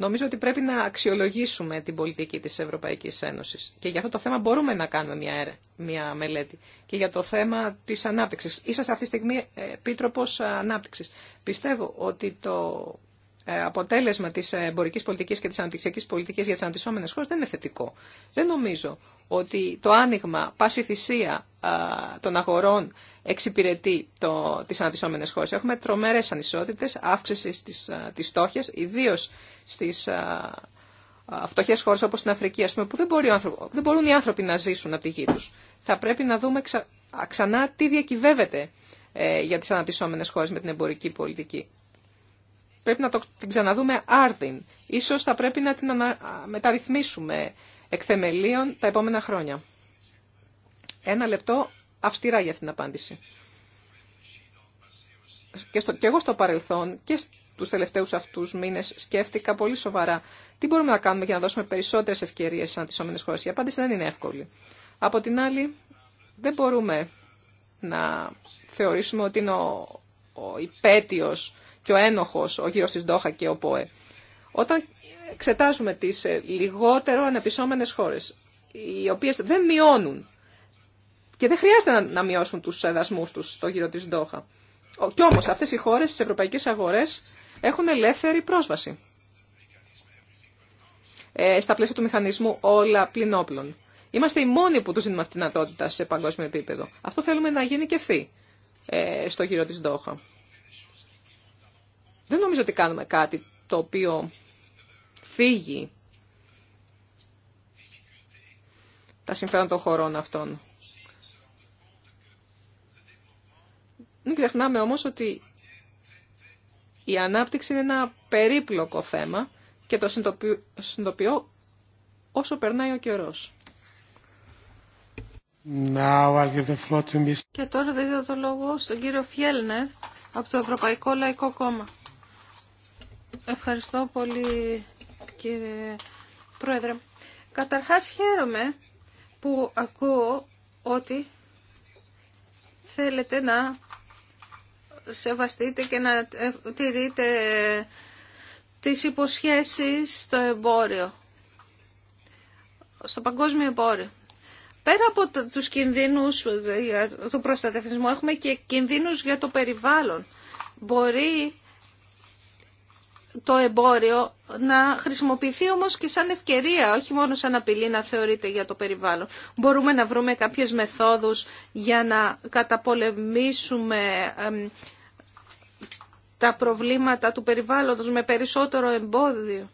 Νομίζω ότι πρέπει να αξιολογήσουμε την πολιτική της Ευρωπαϊκής Ένωσης. Και για αυτό το θέμα μπορούμε να κάνουμε μια, μια μελέτη. Και για το θέμα της ανάπτυξης. Είσαστε αυτή τη στιγμή ε, επίτροπος ανάπτυξης. Πιστεύω ότι το ε, αποτέλεσμα της εμπορικής πολιτικής και της αναπτυξιακής πολιτικής για τις αναπτυσσόμενες χώρες δεν είναι θετικό. Δεν νομίζω ότι το άνοιγμα, πάση θυσία των αγορών εξυπηρετεί το, τις αναπτυσσόμενες χώρες. Έχουμε τρομερές ανισότητες, αύξηση στις, στις ιδίω ιδίως στις φτωχέ χώρε όπω στην Αφρική, που δεν, μπορεί άνθρωπο, δεν μπορούν οι άνθρωποι να ζήσουν από τη γη του. Θα πρέπει να δούμε ξα, ξανά τι διακυβεύεται ε, για τι αναπτυσσόμενε χώρε με την εμπορική πολιτική. Πρέπει να το, την ξαναδούμε άρδιν. Ίσως θα πρέπει να την ανα, μεταρρυθμίσουμε εκ θεμελίων τα επόμενα χρόνια. Ένα λεπτό αυστηρά για αυτήν την απάντηση. Και, στο, και εγώ στο παρελθόν και στους τελευταίους αυτούς μήνες σκέφτηκα πολύ σοβαρά τι μπορούμε να κάνουμε για να δώσουμε περισσότερες ευκαιρίες στις ομενες χώρες. Η απάντηση δεν είναι εύκολη. Από την άλλη, δεν μπορούμε να θεωρήσουμε ότι είναι ο, ο και ο ένοχος ο γύρος της Ντόχα και ο ΠΟΕ. Όταν εξετάζουμε τις ε, λιγότερο αναπτυσσόμενες χώρες, οι οποίες δεν μειώνουν και δεν χρειάζεται να, μειώσουν τους εδασμού του στο γύρο τη Ντόχα. Κι όμως αυτές οι χώρες τι ευρωπαϊκέ αγορέ, έχουν ελεύθερη πρόσβαση. Ε, στα πλαίσια του μηχανισμού όλα πλην όπλων. Είμαστε οι μόνοι που του δίνουμε αυτή τη δυνατότητα σε παγκόσμιο επίπεδο. Αυτό θέλουμε να γίνει και ευθύ ε, στο γύρο τη Ντόχα. Δεν νομίζω ότι κάνουμε κάτι το οποίο φύγει τα συμφέροντα των χωρών αυτών. Μην ξεχνάμε όμως ότι η ανάπτυξη είναι ένα περίπλοκο θέμα και το συνειδητοποιώ όσο περνάει ο καιρός. Και τώρα δίδω το λόγο στον κύριο Φιέλνερ από το Ευρωπαϊκό Λαϊκό Κόμμα. Ευχαριστώ πολύ κύριε Πρόεδρε. Καταρχάς χαίρομαι που ακούω ότι θέλετε να σεβαστείτε και να ε, τηρείτε τις υποσχέσεις στο εμπόριο, στο παγκόσμιο εμπόριο. Πέρα από τους κινδύνους του προστατευτισμού έχουμε και κινδύνους για το περιβάλλον. Μπορεί το εμπόριο να χρησιμοποιηθεί όμως και σαν ευκαιρία, όχι μόνο σαν απειλή να θεωρείται για το περιβάλλον. Μπορούμε να βρούμε κάποιες μεθόδους για να καταπολεμήσουμε τα προβλήματα του περιβάλλοντος με περισσότερο εμπόδιο.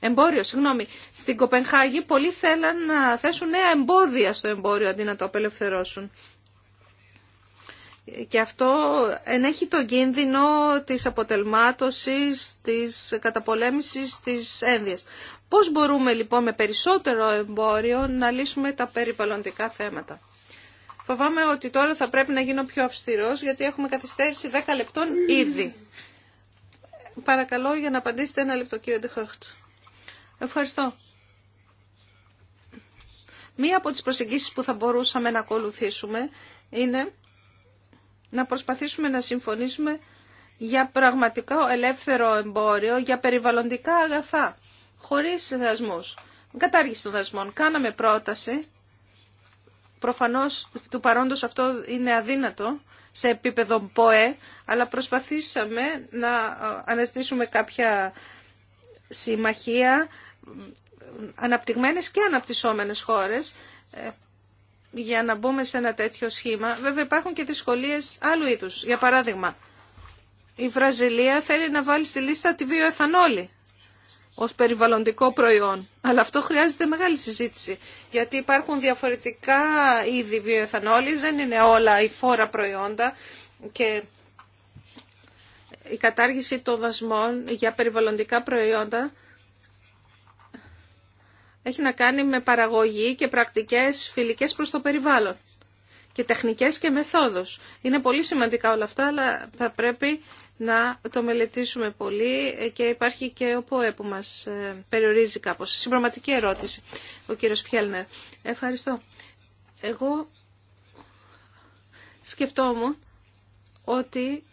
Εμπόριο, συγγνώμη. Στην Κοπενχάγη πολλοί θέλαν να θέσουν νέα εμπόδια στο εμπόριο αντί να το απελευθερώσουν. Και αυτό ενέχει το κίνδυνο της αποτελμάτωσης, της καταπολέμησης, της ένδυας. Πώς μπορούμε λοιπόν με περισσότερο εμπόριο να λύσουμε τα περιβαλλοντικά θέματα. Φοβάμαι ότι τώρα θα πρέπει να γίνω πιο αυστηρός γιατί έχουμε καθυστέρηση 10 λεπτών ήδη. Παρακαλώ για να απαντήσετε ένα λεπτό κύριε Ντεχάχτ. Ευχαριστώ. Μία από τις προσεγγίσεις που θα μπορούσαμε να ακολουθήσουμε είναι να προσπαθήσουμε να συμφωνήσουμε για πραγματικό ελεύθερο εμπόριο, για περιβαλλοντικά αγαθά, χωρίς δασμούς. Κατάργηση των δασμών. Κάναμε πρόταση Προφανώς του παρόντος αυτό είναι αδύνατο σε επίπεδο ΠΟΕ, αλλά προσπαθήσαμε να ε, αναστήσουμε κάποια συμμαχία αναπτυγμένες και αναπτυσσόμενες χώρες ε, για να μπούμε σε ένα τέτοιο σχήμα. Βέβαια υπάρχουν και δυσκολίες άλλου είδους. Για παράδειγμα, η Βραζιλία θέλει να βάλει στη λίστα τη βιοεθανόλη ως περιβαλλοντικό προϊόν. Αλλά αυτό χρειάζεται μεγάλη συζήτηση, γιατί υπάρχουν διαφορετικά είδη βιοεθανόλης, δεν είναι όλα η φόρα προϊόντα και η κατάργηση των δασμών για περιβαλλοντικά προϊόντα έχει να κάνει με παραγωγή και πρακτικές φιλικές προς το περιβάλλον και τεχνικές και μεθόδους. Είναι πολύ σημαντικά όλα αυτά, αλλά θα πρέπει να το μελετήσουμε πολύ και υπάρχει και ο ΠΟΕ που μας ε, περιορίζει κάπως. Συμπροματική ερώτηση, ο κύριος Φιέλνερ. Ευχαριστώ. Εγώ σκεφτόμουν ότι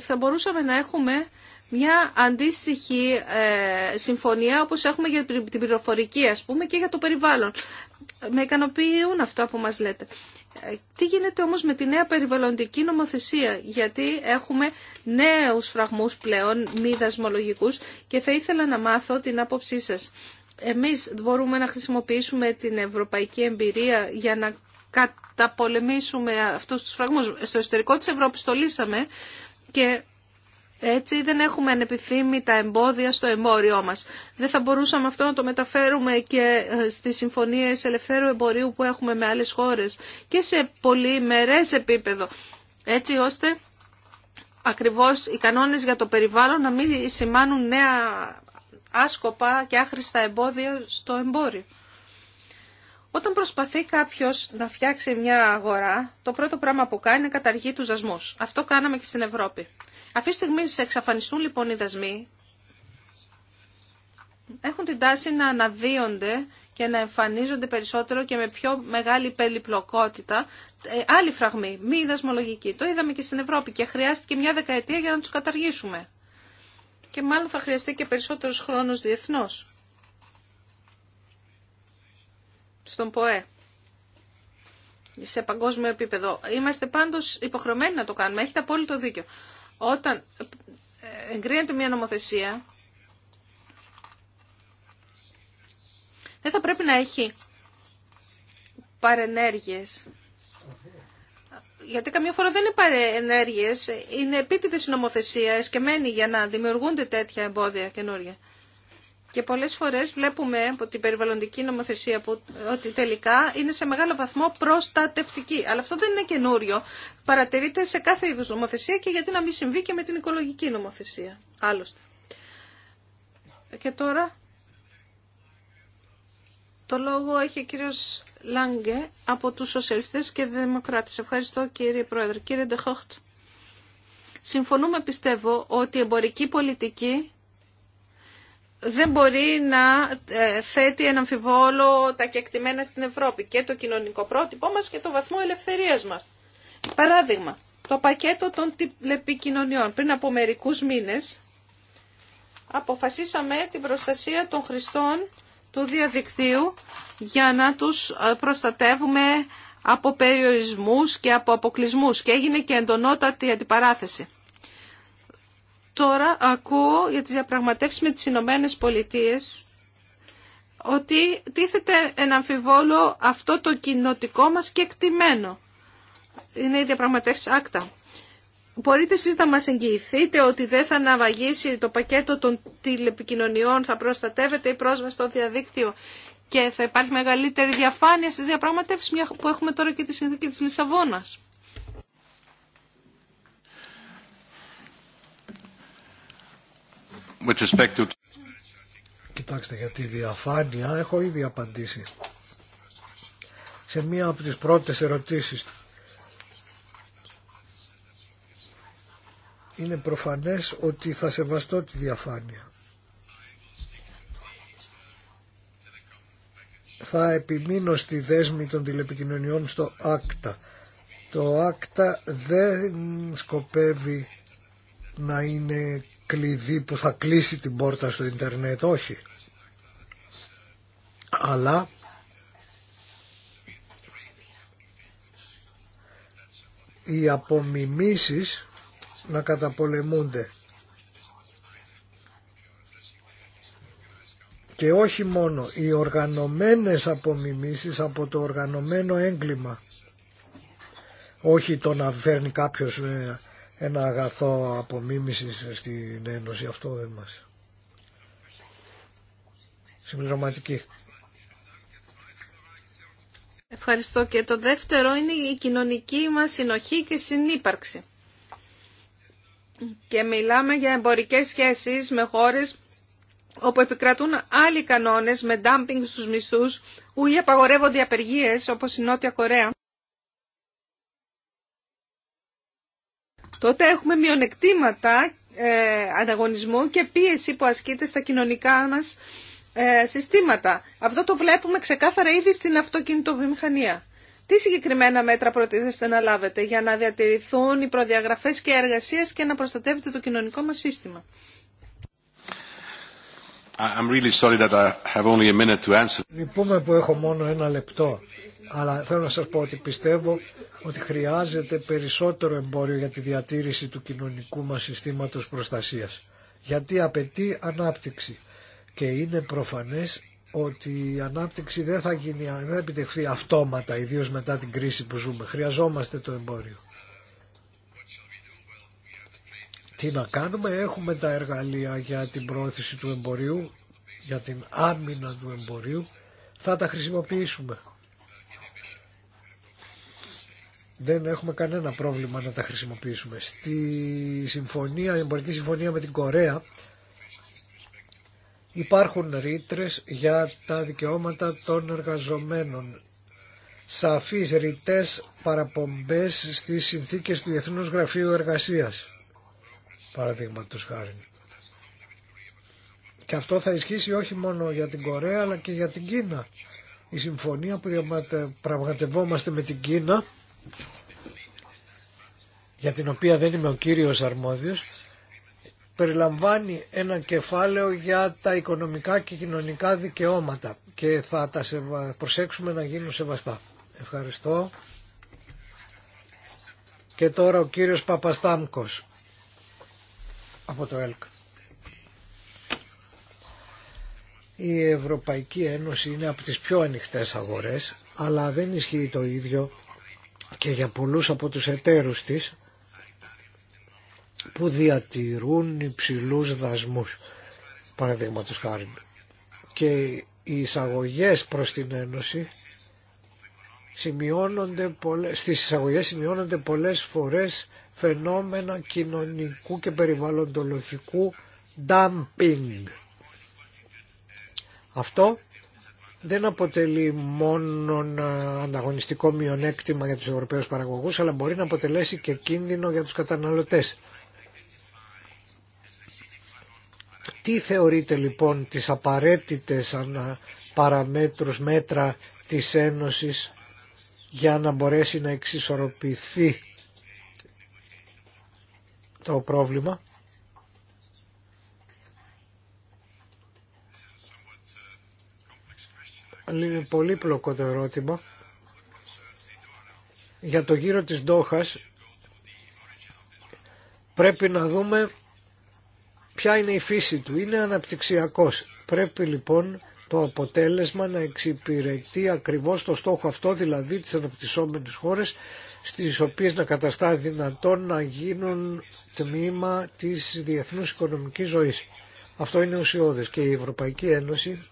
θα μπορούσαμε να έχουμε μια αντίστοιχη ε, συμφωνία όπως έχουμε για την πληροφορική ας πούμε και για το περιβάλλον. Με ικανοποιούν αυτό που μας λέτε. Τι γίνεται όμως με τη νέα περιβαλλοντική νομοθεσία, γιατί έχουμε νέους φραγμούς πλέον μη δασμολογικούς και θα ήθελα να μάθω την άποψή σας. Εμείς μπορούμε να χρησιμοποιήσουμε την ευρωπαϊκή εμπειρία για να καταπολεμήσουμε αυτούς τους φραγμούς. Στο εσωτερικό της Ευρώπης το λύσαμε και έτσι δεν έχουμε ανεπιθύμητα εμπόδια στο εμπόριό μας. Δεν θα μπορούσαμε αυτό να το μεταφέρουμε και ε, στις συμφωνίες ελευθέρου εμπορίου που έχουμε με άλλες χώρες και σε μερές επίπεδο. Έτσι ώστε ακριβώς οι κανόνες για το περιβάλλον να μην σημάνουν νέα άσκοπα και άχρηστα εμπόδια στο εμπόριο. Όταν προσπαθεί κάποιο να φτιάξει μια αγορά, το πρώτο πράγμα που κάνει είναι καταργεί του δασμού. Αυτό κάναμε και στην Ευρώπη. Αυτή τη στιγμή σε εξαφανιστούν λοιπόν οι δασμοί, έχουν την τάση να αναδύονται και να εμφανίζονται περισσότερο και με πιο μεγάλη περιπλοκότητα ε, άλλοι φραγμοί, μη δασμολογικοί. Το είδαμε και στην Ευρώπη και χρειάστηκε μια δεκαετία για να τους καταργήσουμε. Και μάλλον θα χρειαστεί και περισσότερος χρόνος διεθνώς. στον ΠΟΕ σε παγκόσμιο επίπεδο. Είμαστε πάντως υποχρεωμένοι να το κάνουμε. Έχετε απόλυτο δίκιο. Όταν εγκρίνεται μια νομοθεσία, δεν θα πρέπει να έχει παρενέργειες. Γιατί καμιά φορά δεν είναι παρενέργειες, είναι επίτηδες και μένει για να δημιουργούνται τέτοια εμπόδια καινούργια. Και πολλές φορές βλέπουμε από την περιβαλλοντική νομοθεσία ότι τελικά είναι σε μεγάλο βαθμό προστατευτική. Αλλά αυτό δεν είναι καινούριο. Παρατηρείται σε κάθε είδους νομοθεσία και γιατί να μην συμβεί και με την οικολογική νομοθεσία. Άλλωστε. Και τώρα το λόγο έχει ο κύριος Λάγκε από τους Σοσιαλιστές και Δημοκράτες. Ευχαριστώ κύριε Πρόεδρε. Κύριε Ντεχόχτ, συμφωνούμε πιστεύω ότι η εμπορική πολιτική δεν μπορεί να ε, θέτει ένα αμφιβόλο τα κεκτημένα στην Ευρώπη και το κοινωνικό πρότυπό μας και το βαθμό ελευθερίας μας. Παράδειγμα, το πακέτο των τηλεπικοινωνιών. Πριν από μερικούς μήνες αποφασίσαμε την προστασία των χρηστών του διαδικτύου για να τους ε, προστατεύουμε από περιορισμούς και από αποκλεισμούς και έγινε και εντονότατη αντιπαράθεση. Τώρα ακούω για τις διαπραγματεύσεις με τις Ηνωμένε Πολιτείε ότι τίθεται ένα αμφιβόλο αυτό το κοινοτικό μας και εκτιμένο. Είναι οι διαπραγματεύσεις άκτα. Μπορείτε εσείς να μας εγγυηθείτε ότι δεν θα αναβαγίσει το πακέτο των τηλεπικοινωνιών, θα προστατεύεται η πρόσβαση στο διαδίκτυο και θα υπάρχει μεγαλύτερη διαφάνεια στις διαπραγματεύσεις που έχουμε τώρα και τη συνθήκη της Λισαβόνας. Κοιτάξτε για τη διαφάνεια έχω ήδη απαντήσει σε μία από τις πρώτες ερωτήσεις. Είναι προφανές ότι θα σεβαστώ τη διαφάνεια. Θα επιμείνω στη δέσμη των τηλεπικοινωνιών στο ΆΚΤΑ. Το ΆΚΤΑ δεν σκοπεύει να είναι κλειδί που θα κλείσει την πόρτα στο Ιντερνετ, όχι. Αλλά οι απομιμήσεις να καταπολεμούνται. Και όχι μόνο οι οργανωμένες απομιμήσεις από το οργανωμένο έγκλημα. Όχι το να φέρνει κάποιος ένα αγαθό απομίμησης στην Ένωση. Αυτό δεν μας. Συμπληρωματική. Ευχαριστώ. Και το δεύτερο είναι η κοινωνική μας συνοχή και συνύπαρξη. Και μιλάμε για εμπορικές σχέσεις με χώρες όπου επικρατούν άλλοι κανόνες με ντάμπινγκ στους μισθούς ή απαγορεύονται οι απεργίες όπως η Νότια Κορέα. τότε έχουμε μειονεκτήματα ε, ανταγωνισμού και πίεση που ασκείται στα κοινωνικά μας ε, συστήματα. Αυτό το βλέπουμε ξεκάθαρα ήδη στην αυτοκινητοβιομηχανία. Τι συγκεκριμένα μέτρα προτίθεστε να λάβετε για να διατηρηθούν οι προδιαγραφές και εργασίες και να προστατεύετε το κοινωνικό μας σύστημα. I'm really Λυπούμε που έχω μόνο ένα λεπτό αλλά θέλω να σας πω ότι πιστεύω ότι χρειάζεται περισσότερο εμπόριο για τη διατήρηση του κοινωνικού μας συστήματος προστασίας. Γιατί απαιτεί ανάπτυξη και είναι προφανές ότι η ανάπτυξη δεν θα, γίνει, δεν επιτευχθεί αυτόματα, ιδίως μετά την κρίση που ζούμε. Χρειαζόμαστε το εμπόριο. Τι να κάνουμε, έχουμε τα εργαλεία για την πρόθεση του εμπορίου, για την άμυνα του εμπορίου, θα τα χρησιμοποιήσουμε. δεν έχουμε κανένα πρόβλημα να τα χρησιμοποιήσουμε. Στη συμφωνία, η εμπορική συμφωνία με την Κορέα υπάρχουν ρήτρε για τα δικαιώματα των εργαζομένων. Σαφείς ρητέ παραπομπές στις συνθήκες του Διεθνούς Γραφείου Εργασίας, παραδείγματος χάρη. Και αυτό θα ισχύσει όχι μόνο για την Κορέα αλλά και για την Κίνα. Η συμφωνία που πραγματευόμαστε με την Κίνα για την οποία δεν είμαι ο κύριος αρμόδιος, περιλαμβάνει ένα κεφάλαιο για τα οικονομικά και κοινωνικά δικαιώματα και θα τα προσέξουμε να γίνουν σεβαστά. Ευχαριστώ. Και τώρα ο κύριος Παπαστάμκος από το ΕΛΚ. Η Ευρωπαϊκή Ένωση είναι από τις πιο ανοιχτές αγορές, αλλά δεν ισχύει το ίδιο και για πολλούς από τους εταίρους της που διατηρούν υψηλούς δασμούς παραδείγματος χάρη και οι εισαγωγές προς την Ένωση σημειώνονται πολλές, στις εισαγωγές σημειώνονται πολλές φορές φαινόμενα κοινωνικού και περιβαλλοντολογικού dumping. Αυτό δεν αποτελεί μόνο ε, ανταγωνιστικό μειονέκτημα για τους Ευρωπαίους παραγωγούς, αλλά μπορεί να αποτελέσει και κίνδυνο για τους καταναλωτές. Τι θεωρείτε λοιπόν τις απαραίτητες ε, παραμέτρους μέτρα της Ένωσης για να μπορέσει να εξισορροπηθεί το πρόβλημα πολύπλοκο το ερώτημα για το γύρο της Ντόχας πρέπει να δούμε ποια είναι η φύση του. Είναι αναπτυξιακός. Πρέπει λοιπόν το αποτέλεσμα να εξυπηρετεί ακριβώς το στόχο αυτό, δηλαδή τις αναπτυσσόμενες χώρες στις οποίες να καταστά δυνατόν να γίνουν τμήμα της διεθνούς οικονομικής ζωής. Αυτό είναι ουσιώδες και η Ευρωπαϊκή Ένωση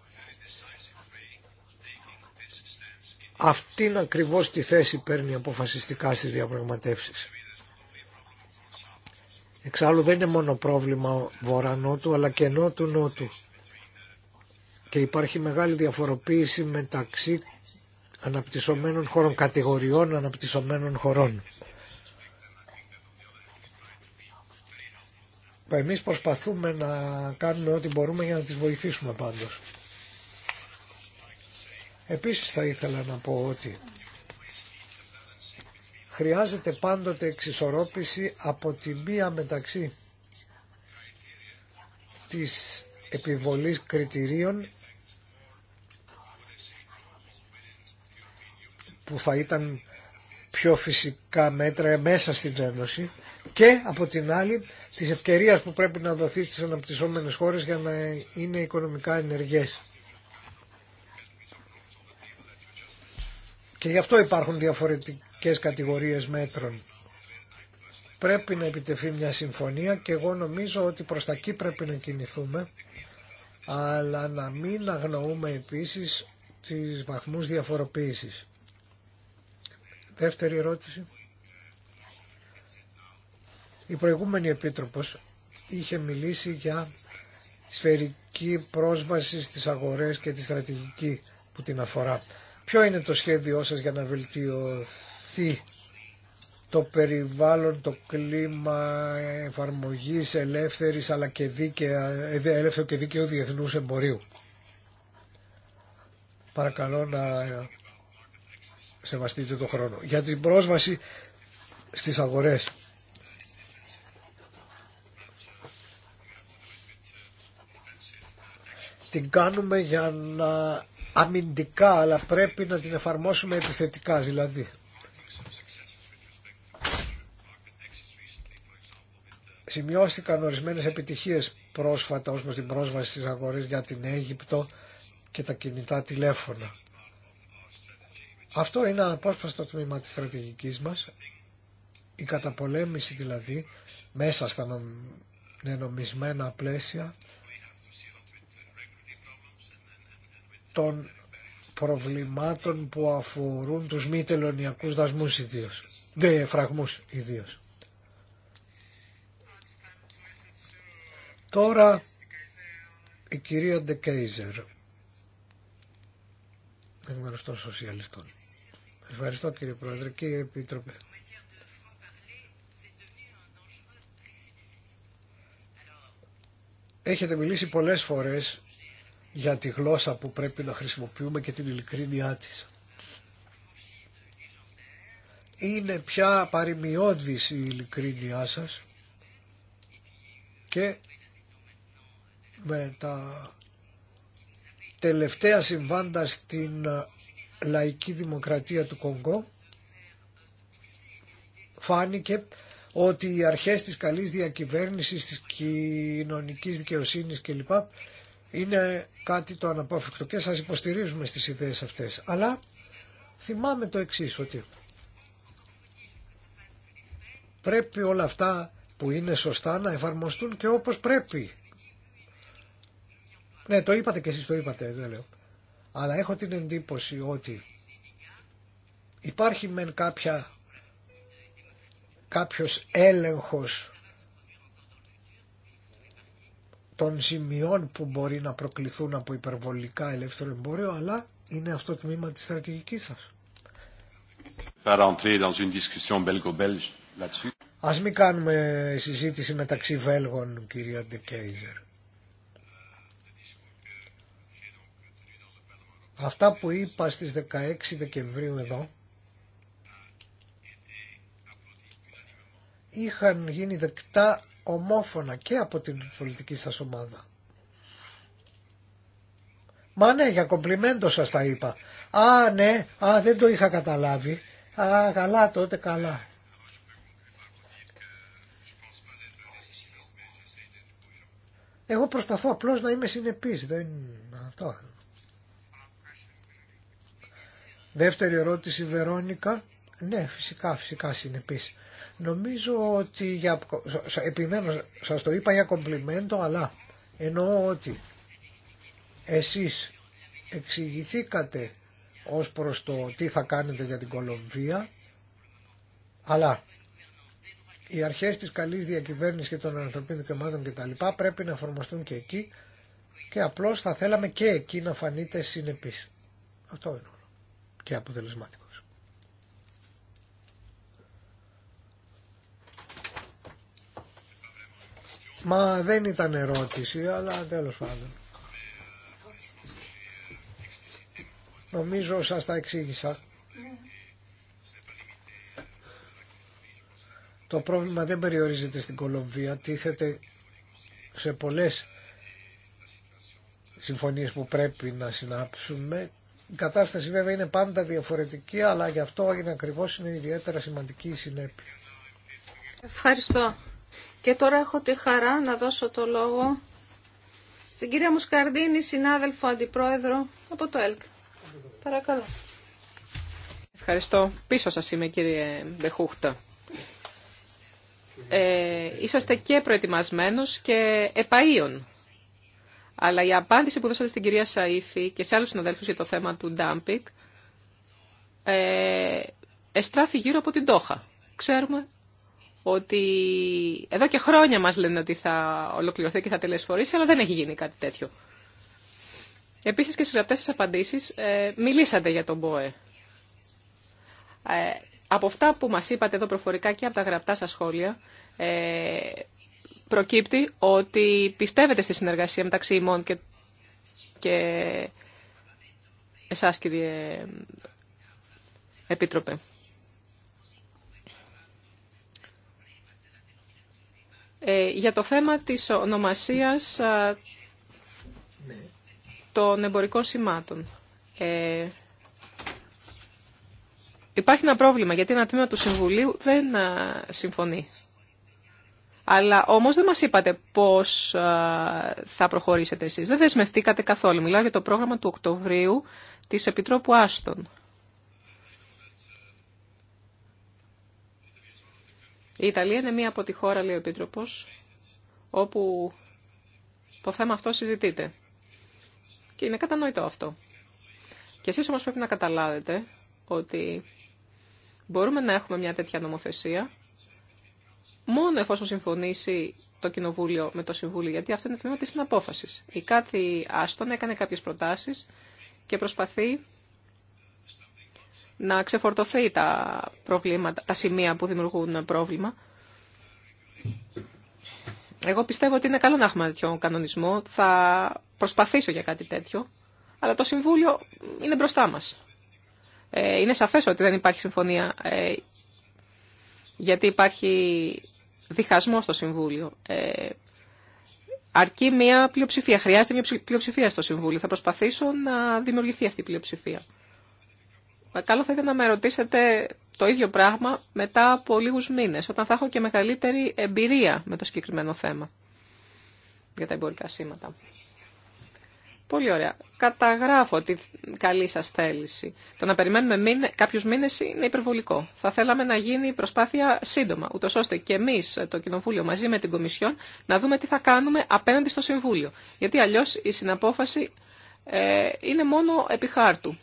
Αυτήν ακριβώς τη θέση παίρνει αποφασιστικά στις διαπραγματεύσεις. Εξάλλου δεν είναι μόνο πρόβλημα του, αλλά και νότου νότου. Και υπάρχει μεγάλη διαφοροποίηση μεταξύ αναπτυσσομένων χωρών, κατηγοριών αναπτυσσομένων χωρών. Εμείς προσπαθούμε να κάνουμε ό,τι μπορούμε για να τις βοηθήσουμε πάντως. Επίσης θα ήθελα να πω ότι χρειάζεται πάντοτε εξισορρόπηση από τη μία μεταξύ της επιβολής κριτηρίων που θα ήταν πιο φυσικά μέτρα μέσα στην Ένωση και από την άλλη της ευκαιρίας που πρέπει να δοθεί στις αναπτυσσόμενες χώρες για να είναι οικονομικά ενεργές. Και γι' αυτό υπάρχουν διαφορετικές κατηγορίες μέτρων. Πρέπει να επιτεθεί μια συμφωνία και εγώ νομίζω ότι προς τα εκεί πρέπει να κινηθούμε αλλά να μην αγνοούμε επίσης τις βαθμούς διαφοροποίησης. Δεύτερη ερώτηση. Η προηγούμενη Επίτροπος είχε μιλήσει για σφαιρική πρόσβαση στις αγορές και τη στρατηγική που την αφορά. Ποιο είναι το σχέδιό σας για να βελτιωθεί το περιβάλλον, το κλίμα εφαρμογής ελεύθερης αλλά και δίκαια, ε, ελεύθερο και δίκαιο διεθνούς εμπορίου. Παρακαλώ να σεβαστείτε το χρόνο. Για την πρόσβαση στις αγορές. Την κάνουμε για να αμυντικά αλλά πρέπει να την εφαρμόσουμε επιθετικά δηλαδή. Σημειώστηκαν ορισμένες επιτυχίες πρόσφατα ως την πρόσβαση της αγορές για την Αίγυπτο και τα κινητά τηλέφωνα. Αυτό είναι αναπόσπαστο τμήμα της στρατηγικής μας, η καταπολέμηση δηλαδή μέσα στα νομισμένα πλαίσια των προβλημάτων που αφορούν τους μη τελωνιακούς δασμούς ιδίως, δε φραγμούς ιδίως. Τώρα η κυρία Ντεκέιζερ, σοσιαλιστών. Ευχαριστώ κύριε Πρόεδρε, κύριε Επίτροπε. Έχετε μιλήσει πολλές φορές για τη γλώσσα που πρέπει να χρησιμοποιούμε και την ειλικρίνειά της. Είναι πια παρημιώδης η ειλικρίνειά σας και με τα τελευταία συμβάντα στην λαϊκή δημοκρατία του Κονγκό φάνηκε ότι οι αρχές της καλής διακυβέρνησης, της κοινωνικής δικαιοσύνης κλπ είναι κάτι το αναπόφευκτο και σας υποστηρίζουμε στις ιδέες αυτές. Αλλά θυμάμαι το εξής ότι πρέπει όλα αυτά που είναι σωστά να εφαρμοστούν και όπως πρέπει. Ναι, το είπατε και εσείς το είπατε, δεν λέω. Αλλά έχω την εντύπωση ότι υπάρχει μεν κάποια, κάποιος έλεγχος των ζημιών που μπορεί να προκληθούν από υπερβολικά ελεύθερο εμπόριο, αλλά είναι αυτό το τμήμα της στρατηγικής σας. Ας μην κάνουμε συζήτηση μεταξύ Βέλγων, κυρία Ντεκέιζερ. Αυτά που είπα στις 16 Δεκεμβρίου εδώ είχαν γίνει δεκτά ομόφωνα και από την πολιτική σας ομάδα. Μα ναι, για κομπλιμέντο σας τα είπα. Α, ναι, α, δεν το είχα καταλάβει. Α, καλά τότε, καλά. Εγώ προσπαθώ απλώς να είμαι συνεπής, Δεύτερη ερώτηση, Βερόνικα. Ναι, φυσικά, φυσικά συνεπής. Νομίζω ότι, για, επιμένω, σας το είπα για κομπλιμέντο, αλλά εννοώ ότι εσείς εξηγηθήκατε ως προς το τι θα κάνετε για την Κολομβία, αλλά οι αρχές της καλής διακυβέρνησης και των ανθρωπίνων δικαιωμάτων λοιπά πρέπει να εφαρμοστούν και εκεί και απλώς θα θέλαμε και εκεί να φανείτε συνεπείς. Αυτό είναι και αποτελεσματικό. Μα δεν ήταν ερώτηση, αλλά τέλος πάντων. Νομίζω σας τα εξήγησα. Το πρόβλημα δεν περιορίζεται στην Κολομβία, τίθεται σε πολλές συμφωνίες που πρέπει να συνάψουμε. Η κατάσταση βέβαια είναι πάντα διαφορετική, αλλά γι' αυτό είναι ακριβώς είναι ιδιαίτερα σημαντική η συνέπεια. Ευχαριστώ. Και τώρα έχω τη χαρά να δώσω το λόγο στην κυρία Μουσκαρδίνη, συνάδελφο αντιπρόεδρο από το ΕΛΚ. Παρακαλώ. Ευχαριστώ. Πίσω σας είμαι κύριε Μπεχούχτα. Ε, είσαστε και προετοιμασμένος και επαΐων. Αλλά η απάντηση που δώσατε στην κυρία Σαΐφη και σε άλλους συναδέλφους για το θέμα του ντάμπικ ε, εστράφει γύρω από την Τόχα. Ξέρουμε ότι εδώ και χρόνια μας λένε ότι θα ολοκληρωθεί και θα τελεσφορήσει, αλλά δεν έχει γίνει κάτι τέτοιο. Επίσης και στις γραπτές σας απαντήσεις ε, μιλήσατε για τον ΠΟΕ. Ε, από αυτά που μας είπατε εδώ προφορικά και από τα γραπτά σας σχόλια, ε, προκύπτει ότι πιστεύετε στη συνεργασία μεταξύ ημών και, και εσάς κύριε Επίτροπε. Ε, για το θέμα της ονομασίας των εμπορικών σημάτων. Ε, υπάρχει ένα πρόβλημα γιατί ένα τμήμα του Συμβουλίου δεν συμφωνεί. Αλλά όμως δεν μας είπατε πώς θα προχωρήσετε εσείς. Δεν δεσμευτήκατε καθόλου. Μιλάω για το πρόγραμμα του Οκτωβρίου της Επιτρόπου Άστον. Η Ιταλία είναι μία από τη χώρα, λέει ο Επίτροπος, όπου το θέμα αυτό συζητείται. Και είναι κατανοητό αυτό. Και εσείς όμως πρέπει να καταλάβετε ότι μπορούμε να έχουμε μια τέτοια νομοθεσία μόνο εφόσον συμφωνήσει το Κοινοβούλιο με το Συμβούλιο, γιατί αυτό είναι το τμήμα της συναπόφασης. Η κάθε Άστον έκανε κάποιες προτάσεις και προσπαθεί να ξεφορτωθεί τα, προβλήματα, τα σημεία που δημιουργούν πρόβλημα. Εγώ πιστεύω ότι είναι καλό να έχουμε τέτοιο κανονισμό. Θα προσπαθήσω για κάτι τέτοιο. Αλλά το Συμβούλιο είναι μπροστά μας. Ε, είναι σαφές ότι δεν υπάρχει συμφωνία ε, γιατί υπάρχει διχασμό στο Συμβούλιο. Ε, αρκεί μια πλειοψηφία. Χρειάζεται μια πλειοψηφία στο Συμβούλιο. Θα προσπαθήσω να δημιουργηθεί αυτή η πλειοψηφία καλό θα ήταν να με ρωτήσετε το ίδιο πράγμα μετά από λίγους μήνες, όταν θα έχω και μεγαλύτερη εμπειρία με το συγκεκριμένο θέμα για τα εμπορικά σήματα. Πολύ ωραία. Καταγράφω τη καλή σας θέληση. Το να περιμένουμε μήνε, κάποιους μήνες είναι υπερβολικό. Θα θέλαμε να γίνει προσπάθεια σύντομα, ούτως ώστε και εμείς το Κοινοβούλιο μαζί με την Κομισιόν να δούμε τι θα κάνουμε απέναντι στο Συμβούλιο. Γιατί αλλιώς η συναπόφαση ε, είναι μόνο επί χάρτου.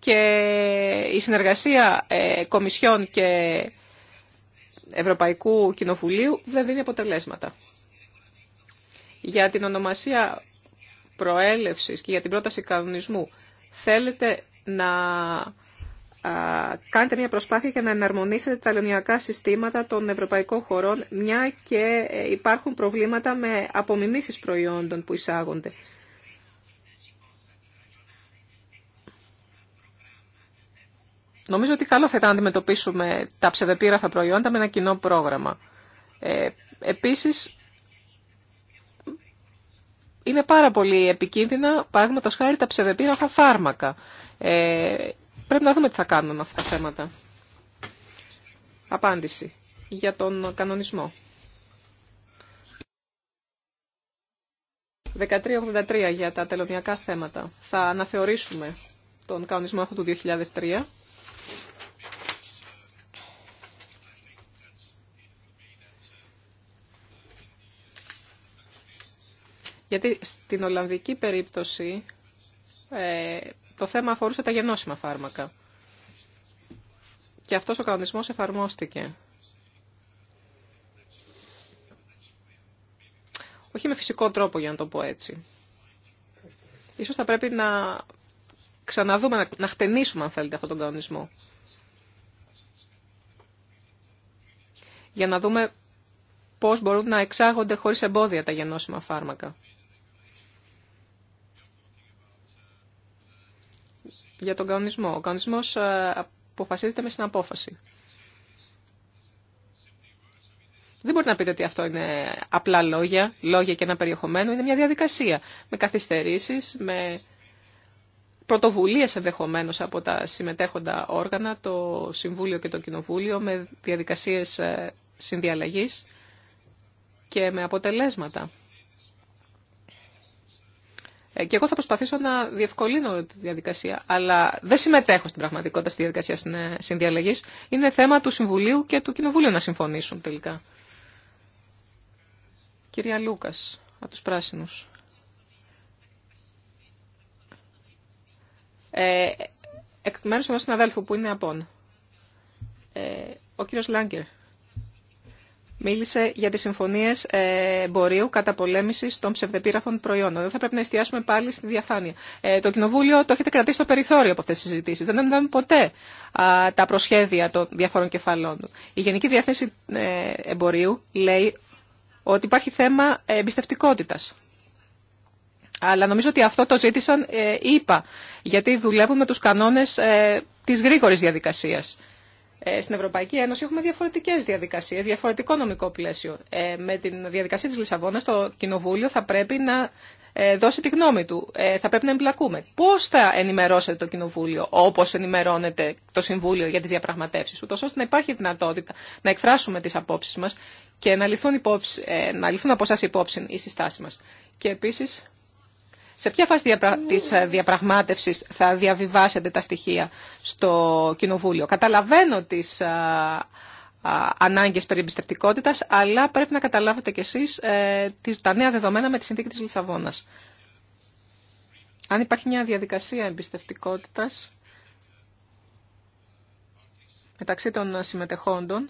και η συνεργασία ε, Κομισιών και Ευρωπαϊκού Κοινοβουλίου δεν δίνει αποτελέσματα. Για την ονομασία προέλευσης και για την πρόταση κανονισμού θέλετε να κάνετε μια προσπάθεια για να εναρμονίσετε τα λεωνιακά συστήματα των ευρωπαϊκών χωρών μια και ε, υπάρχουν προβλήματα με απομιμήσεις προϊόντων που εισάγονται. Νομίζω ότι καλό θα ήταν να αντιμετωπίσουμε τα ψευδεπίγραφα προϊόντα με ένα κοινό πρόγραμμα. Ε, επίσης, είναι πάρα πολύ επικίνδυνα, το σχάρι, τα ψευδεπίγραφα φάρμακα. Ε, πρέπει να δούμε τι θα κάνουμε με αυτά τα θέματα. Απάντηση για τον κανονισμό. 1383 για τα τελωνιακά θέματα. Θα αναθεωρήσουμε τον κανονισμό αυτού του 2003. Γιατί στην Ολλανδική περίπτωση ε, το θέμα αφορούσε τα γενώσιμα φάρμακα. Και αυτός ο κανονισμός εφαρμόστηκε. Όχι με φυσικό τρόπο για να το πω έτσι. Ίσως θα πρέπει να ξαναδούμε, να χτενίσουμε αν θέλετε αυτόν τον κανονισμό. Για να δούμε πώς μπορούν να εξάγονται χωρίς εμπόδια τα γενώσιμα φάρμακα. για τον κανονισμό. Ο κανονισμός ε, αποφασίζεται με συναπόφαση. Δεν μπορείτε να πείτε ότι αυτό είναι απλά λόγια, λόγια και ένα περιεχομένο. Είναι μια διαδικασία με καθυστερήσεις, με πρωτοβουλίες ενδεχομένω από τα συμμετέχοντα όργανα, το Συμβούλιο και το Κοινοβούλιο, με διαδικασίες ε, συνδιαλλαγής και με αποτελέσματα. Ε, και εγώ θα προσπαθήσω να διευκολύνω τη διαδικασία, αλλά δεν συμμετέχω στην πραγματικότητα στη διαδικασία ε, συνδιαλλαγή. Είναι θέμα του Συμβουλίου και του Κοινοβουλίου να συμφωνήσουν τελικά. Κυρία Λούκα, από του Πράσινου. Ε, εκ μέρου ενό συναδέλφου που είναι απόν. Ε, ο κύριος Λάγκερ μίλησε για τις συμφωνίες ε, εμπορίου κατά καταπολέμησης των ψευδεπίραχων προϊόντων. Δεν θα πρέπει να εστιάσουμε πάλι στη διαφάνεια. Ε, το Κοινοβούλιο το έχετε κρατήσει στο περιθώριο από αυτές τις συζητήσεις. Δεν είδαμε ποτέ τα προσχέδια των διαφόρων κεφαλών. Η Γενική Διαθέση ε, Εμπορίου λέει ότι υπάρχει θέμα εμπιστευτικότητα. Αλλά νομίζω ότι αυτό το ζήτησαν, είπα, γιατί δουλεύουν με τους κανόνες της γρήγορης διαδικασίας ε, στην Ευρωπαϊκή Ένωση έχουμε διαφορετικέ διαδικασίε, διαφορετικό νομικό πλαίσιο. Ε, με τη διαδικασία τη Λισαβόνα, το Κοινοβούλιο θα πρέπει να ε, δώσει τη γνώμη του. θα πρέπει να εμπλακούμε. Πώ θα ενημερώσετε το Κοινοβούλιο, όπω ενημερώνεται το Συμβούλιο για τι διαπραγματεύσει, ούτω ώστε να υπάρχει δυνατότητα να εκφράσουμε τι απόψει μα και να ληφθούν, να ληφθούν από εσά υπόψη οι συστάσει μα. Και επίση σε ποια φάση mm. της ε, διαπραγμάτευσης θα διαβιβάσετε τα στοιχεία στο Κοινοβούλιο. Καταλαβαίνω τις ε, ε, ανάγκες περιεμπιστευτικότητας, αλλά πρέπει να καταλάβετε κι εσείς τα νέα δεδομένα με τη συνθήκη της Λισαβόνας. Αν υπάρχει μια διαδικασία εμπιστευτικότητας μεταξύ των συμμετεχόντων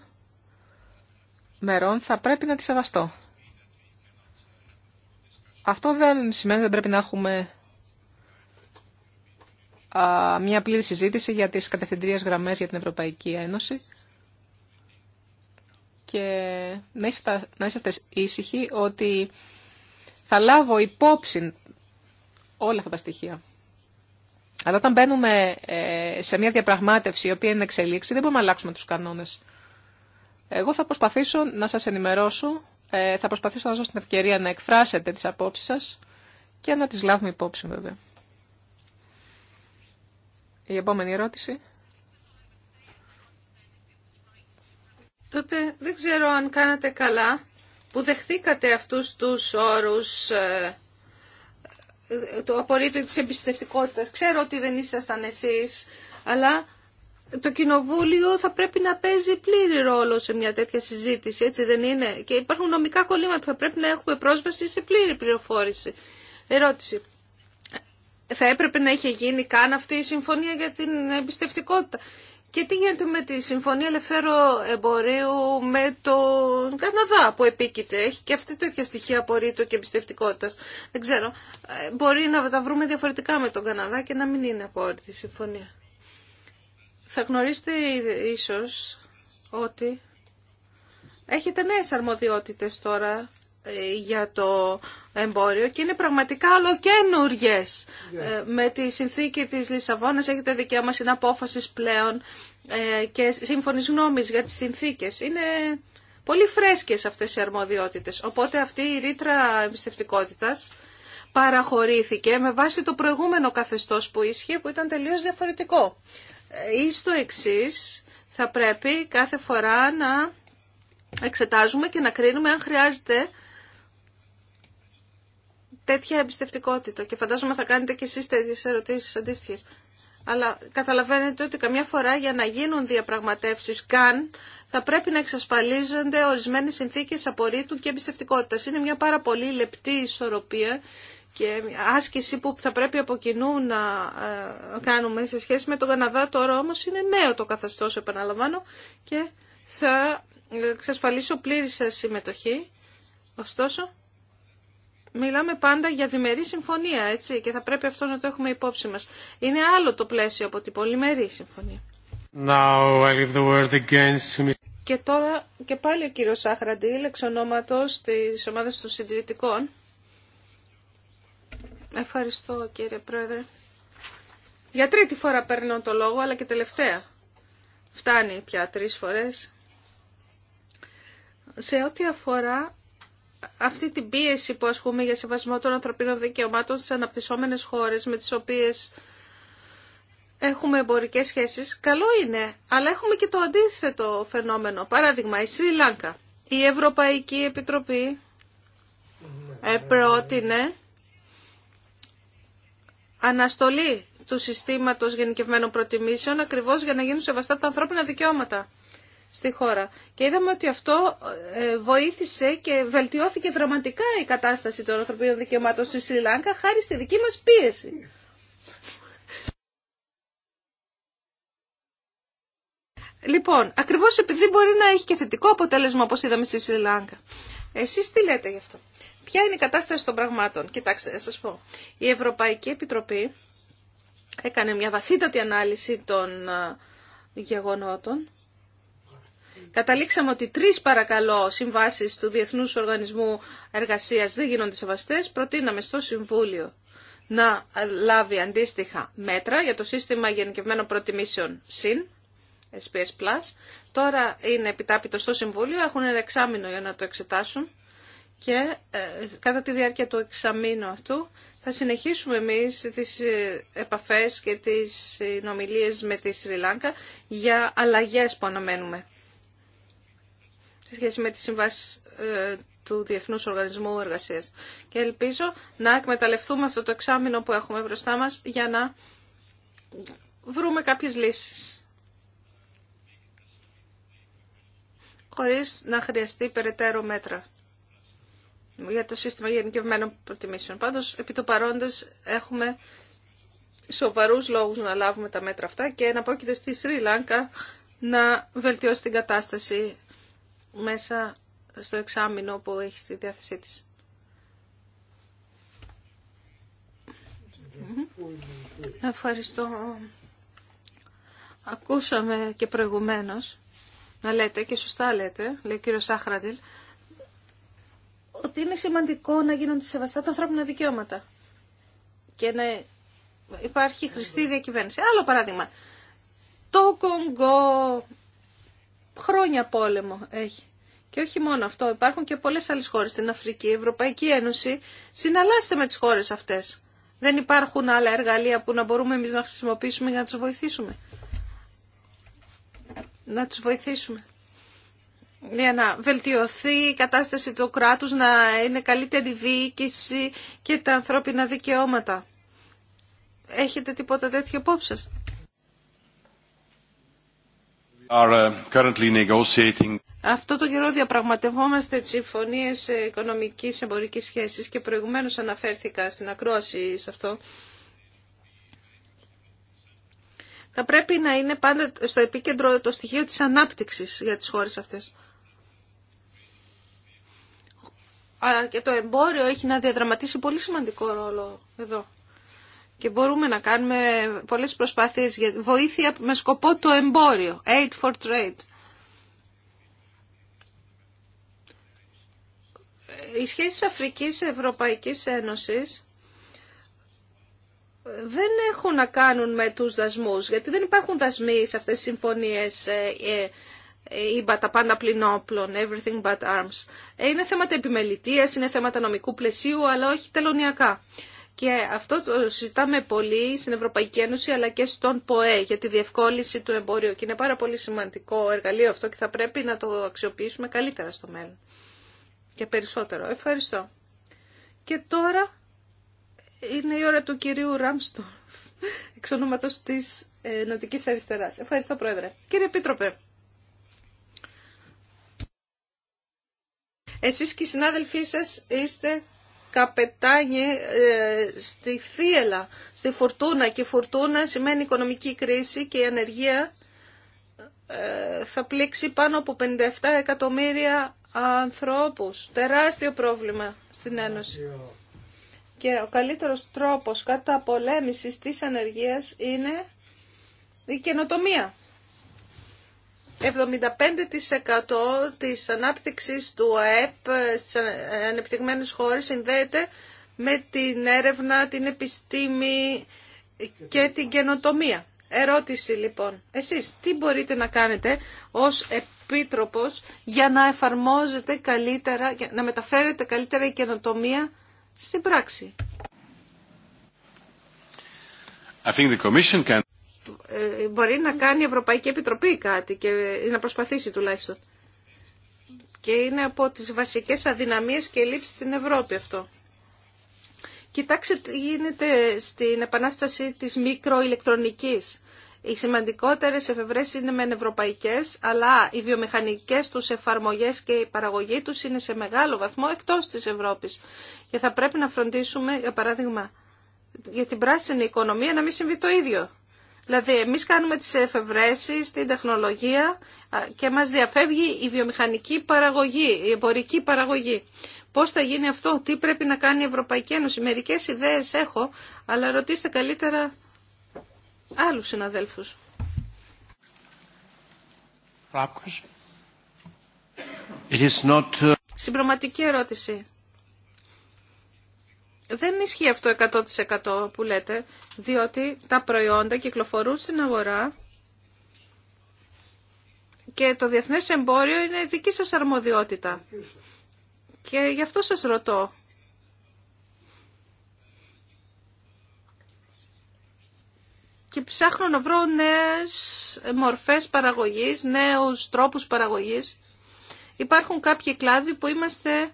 μερών, θα πρέπει να τη σεβαστώ. Αυτό δεν σημαίνει ότι δεν πρέπει να έχουμε μια πλήρη συζήτηση για τις κατευθυντήριες γραμμές για την Ευρωπαϊκή Ένωση και να είσαστε, να είσαστε ήσυχοι ότι θα λάβω υπόψη όλα αυτά τα στοιχεία. Αλλά όταν μπαίνουμε ε, σε μια διαπραγμάτευση η οποία είναι εξελίξη, δεν μπορούμε να αλλάξουμε τους κανόνες. Εγώ θα προσπαθήσω να σας ενημερώσω ε, θα προσπαθήσω να δώσω την ευκαιρία να εκφράσετε τις απόψεις σας και να τις λάβουμε υπόψη βέβαια. Η επόμενη ερώτηση. Τότε δεν ξέρω αν κάνατε καλά που δεχθήκατε αυτούς τους όρους ε, ε του απορρίτου της εμπιστευτικότητας. Ξέρω ότι δεν ήσασταν εσείς, αλλά το κοινοβούλιο θα πρέπει να παίζει πλήρη ρόλο σε μια τέτοια συζήτηση, έτσι δεν είναι. Και υπάρχουν νομικά κολλήματα, θα πρέπει να έχουμε πρόσβαση σε πλήρη πληροφόρηση. Ερώτηση. Θα έπρεπε να είχε γίνει καν αυτή η συμφωνία για την εμπιστευτικότητα. Και τι γίνεται με τη Συμφωνία Ελευθέρω Εμπορίου με τον Καναδά που επίκειται. Έχει και αυτή τέτοια στοιχεία απορρίτου και εμπιστευτικότητα. Δεν ξέρω. Ε, μπορεί να τα βρούμε διαφορετικά με τον Καναδά και να μην είναι απόρριτη η συμφωνία. Θα γνωρίζετε ίσως ότι έχετε νέες αρμοδιότητες τώρα ε, για το εμπόριο και είναι πραγματικά ολοκένουργες. Ναι. Ε, με τη συνθήκη της Λισαβόνας έχετε δικαίωμα απόφαση πλέον ε, και σύμφωνης γνώμης για τις συνθήκες. Είναι πολύ φρέσκες αυτές οι αρμοδιότητες. Οπότε αυτή η ρήτρα εμπιστευτικότητας παραχωρήθηκε με βάση το προηγούμενο καθεστώς που ίσχυε που ήταν τελείως διαφορετικό ή στο εξή θα πρέπει κάθε φορά να εξετάζουμε και να κρίνουμε αν χρειάζεται τέτοια εμπιστευτικότητα. Και φαντάζομαι θα κάνετε και εσείς τέτοιες ερωτήσεις αντίστοιχες. Αλλά καταλαβαίνετε ότι καμιά φορά για να γίνουν διαπραγματεύσεις καν θα πρέπει να εξασφαλίζονται ορισμένες συνθήκες απορρίτου και εμπιστευτικότητα. Είναι μια πάρα πολύ λεπτή ισορροπία και άσκηση που θα πρέπει από κοινού να ε, κάνουμε σε σχέση με τον Καναδά τώρα όμως είναι νέο το καθαστώς, επαναλαμβάνω και θα εξασφαλίσω πλήρη σας συμμετοχή ωστόσο Μιλάμε πάντα για διμερή συμφωνία, έτσι, και θα πρέπει αυτό να το έχουμε υπόψη μας. Είναι άλλο το πλαίσιο από την πολυμερή συμφωνία. Now Και τώρα και πάλι ο κύριος Σάχραντι, εξ ονόματος της ομάδας των συντηρητικών. Ευχαριστώ κύριε Πρόεδρε. Για τρίτη φορά παίρνω το λόγο, αλλά και τελευταία. Φτάνει πια τρεις φορές. Σε ό,τι αφορά αυτή την πίεση που ασκούμε για σεβασμό των ανθρωπίνων δικαιωμάτων στις αναπτυσσόμενες χώρες με τις οποίες έχουμε εμπορικές σχέσεις, καλό είναι, αλλά έχουμε και το αντίθετο φαινόμενο. Παράδειγμα, η Σρι Λάνκα. Η Ευρωπαϊκή Επιτροπή ναι. πρότεινε αναστολή του συστήματος γενικευμένων προτιμήσεων ακριβώς για να γίνουν σεβαστά τα ανθρώπινα δικαιώματα στη χώρα. Και είδαμε ότι αυτό ε, βοήθησε και βελτιώθηκε δραματικά η κατάσταση των ανθρωπίνων δικαιωμάτων στη Σρι χάρη στη δική μας πίεση. Λοιπόν, ακριβώς επειδή μπορεί να έχει και θετικό αποτέλεσμα όπως είδαμε στη Σιλάνκα. Εσείς τι λέτε γι' αυτό. Ποια είναι η κατάσταση των πραγμάτων. Κοιτάξτε, σας πω. Η Ευρωπαϊκή Επιτροπή έκανε μια βαθύτατη ανάλυση των ε, γεγονότων. Καταλήξαμε ότι τρεις παρακαλώ συμβάσεις του Διεθνούς Οργανισμού Εργασίας δεν γίνονται σεβαστές. Προτείναμε στο Συμβούλιο να λάβει αντίστοιχα μέτρα για το σύστημα γενικευμένων προτιμήσεων ΣΥΝ, SPS+. Τώρα είναι επιτάπητο στο Συμβούλιο, έχουν ένα εξάμεινο για να το εξετάσουν και ε, κατά τη διάρκεια του εξαμήνου αυτού θα συνεχίσουμε εμείς τις ε, επαφές και τις συνομιλίες με τη Σρι Λάγκα για αλλαγές που αναμένουμε σε σχέση με τις συμβάσεις ε, του Διεθνούς Οργανισμού Εργασίας. Και ελπίζω να εκμεταλλευτούμε αυτό το εξάμεινο που έχουμε μπροστά μας για να βρούμε κάποιες λύσεις. Χωρίς να χρειαστεί περαιτέρω μέτρα για το σύστημα γενικευμένων προτιμήσεων. Πάντως, επί το παρόντες, έχουμε σοβαρούς λόγους να λάβουμε τα μέτρα αυτά και να πρόκειται στη Σρι Λάνκα να βελτιώσει την κατάσταση μέσα στο εξάμεινο που έχει στη διάθεσή της. Ευχαριστώ. Ακούσαμε και προηγουμένως να λέτε και σωστά λέτε, λέει ο κύριος Σάχραντιλ, ότι είναι σημαντικό να γίνονται σεβαστά τα ανθρώπινα δικαιώματα και να υπάρχει χρηστή διακυβέρνηση. Άλλο παράδειγμα, το Κονγκό χρόνια πόλεμο έχει. Και όχι μόνο αυτό, υπάρχουν και πολλές άλλες χώρες στην Αφρική, η Ευρωπαϊκή Ένωση. Συναλλάστε με τις χώρες αυτές. Δεν υπάρχουν άλλα εργαλεία που να μπορούμε εμείς να χρησιμοποιήσουμε για να τους βοηθήσουμε. Να τους βοηθήσουμε για να βελτιωθεί η κατάσταση του κράτους, να είναι καλύτερη διοίκηση και τα ανθρώπινα δικαιώματα. Έχετε τίποτα τέτοιο υπόψη σας. Uh, αυτό το καιρό διαπραγματευόμαστε τις συμφωνίες οικονομικής εμπορικής σχέσης και προηγουμένως αναφέρθηκα στην ακρόαση σε αυτό. Θα πρέπει να είναι πάντα στο επίκεντρο το στοιχείο της ανάπτυξης για τις χώρες αυτές. αλλά και το εμπόριο έχει να διαδραματίσει πολύ σημαντικό ρόλο εδώ. Και μπορούμε να κάνουμε πολλές προσπάθειες για βοήθεια με σκοπό το εμπόριο. Aid for trade. Οι σχέσεις Αφρικής-Ευρωπαϊκής Ένωσης δεν έχουν να κάνουν με τους δασμούς, γιατί δεν υπάρχουν δασμοί σε αυτές τις συμφωνίες ε, ε, είπα τα πάντα πλην όπλων, everything but arms. Ε, είναι θέματα επιμελητίας, είναι θέματα νομικού πλαισίου, αλλά όχι τελωνιακά. Και αυτό το συζητάμε πολύ στην Ευρωπαϊκή Ένωση αλλά και στον ΠΟΕ για τη διευκόλυνση του εμπόριου. Και είναι πάρα πολύ σημαντικό εργαλείο αυτό και θα πρέπει να το αξιοποιήσουμε καλύτερα στο μέλλον. Και περισσότερο. Ευχαριστώ. Και τώρα είναι η ώρα του κυρίου Ράμστορφ, εξ ονόματος της ε, Νοτικής Αριστεράς. Ευχαριστώ, Πρόεδρε. Κύριε Επίτροπε. Εσείς και οι συνάδελφοί σας είστε καπετάνιοι ε, στη θύελα, στη φορτούνα και φορτούνα φουρτούνα σημαίνει οικονομική κρίση και η ανεργία ε, θα πλήξει πάνω από 57 εκατομμύρια ανθρώπους. Τεράστιο πρόβλημα στην Ένωση. Και ο καλύτερος τρόπος κατά πολέμησης της ανεργίας είναι η καινοτομία. 75% της ανάπτυξης του ΑΕΠ στις ανεπτυγμένες χώρες συνδέεται με την έρευνα, την επιστήμη και την καινοτομία. Ερώτηση λοιπόν, εσείς τι μπορείτε να κάνετε ως επίτροπος για να εφαρμόζετε καλύτερα, να μεταφέρετε καλύτερα η καινοτομία στην πράξη. Ε, μπορεί να κάνει η Ευρωπαϊκή Επιτροπή κάτι και να προσπαθήσει τουλάχιστον. Και είναι από τις βασικές αδυναμίες και λήψεις στην Ευρώπη αυτό. Κοιτάξτε τι γίνεται στην επανάσταση της μικροηλεκτρονικής. Οι σημαντικότερες εφευρές είναι μεν ευρωπαϊκές, αλλά οι βιομηχανικές τους εφαρμογές και η παραγωγή τους είναι σε μεγάλο βαθμό εκτός της Ευρώπης. Και θα πρέπει να φροντίσουμε, για παράδειγμα, για την πράσινη οικονομία να μην συμβεί το ίδιο. Δηλαδή, εμεί κάνουμε τις εφευρέσεις, την τεχνολογία και μας διαφεύγει η βιομηχανική παραγωγή, η εμπορική παραγωγή. Πώς θα γίνει αυτό, τι πρέπει να κάνει η Ευρωπαϊκή Ένωση. Μερικέ ιδέες έχω, αλλά ρωτήστε καλύτερα άλλους συναδέλφου. Uh, Συμπροματική ερώτηση δεν ισχύει αυτό 100% που λέτε, διότι τα προϊόντα κυκλοφορούν στην αγορά και το διεθνές εμπόριο είναι δική σας αρμοδιότητα. Και γι' αυτό σας ρωτώ. Και ψάχνω να βρω νέες μορφές παραγωγής, νέους τρόπους παραγωγής. Υπάρχουν κάποιοι κλάδοι που είμαστε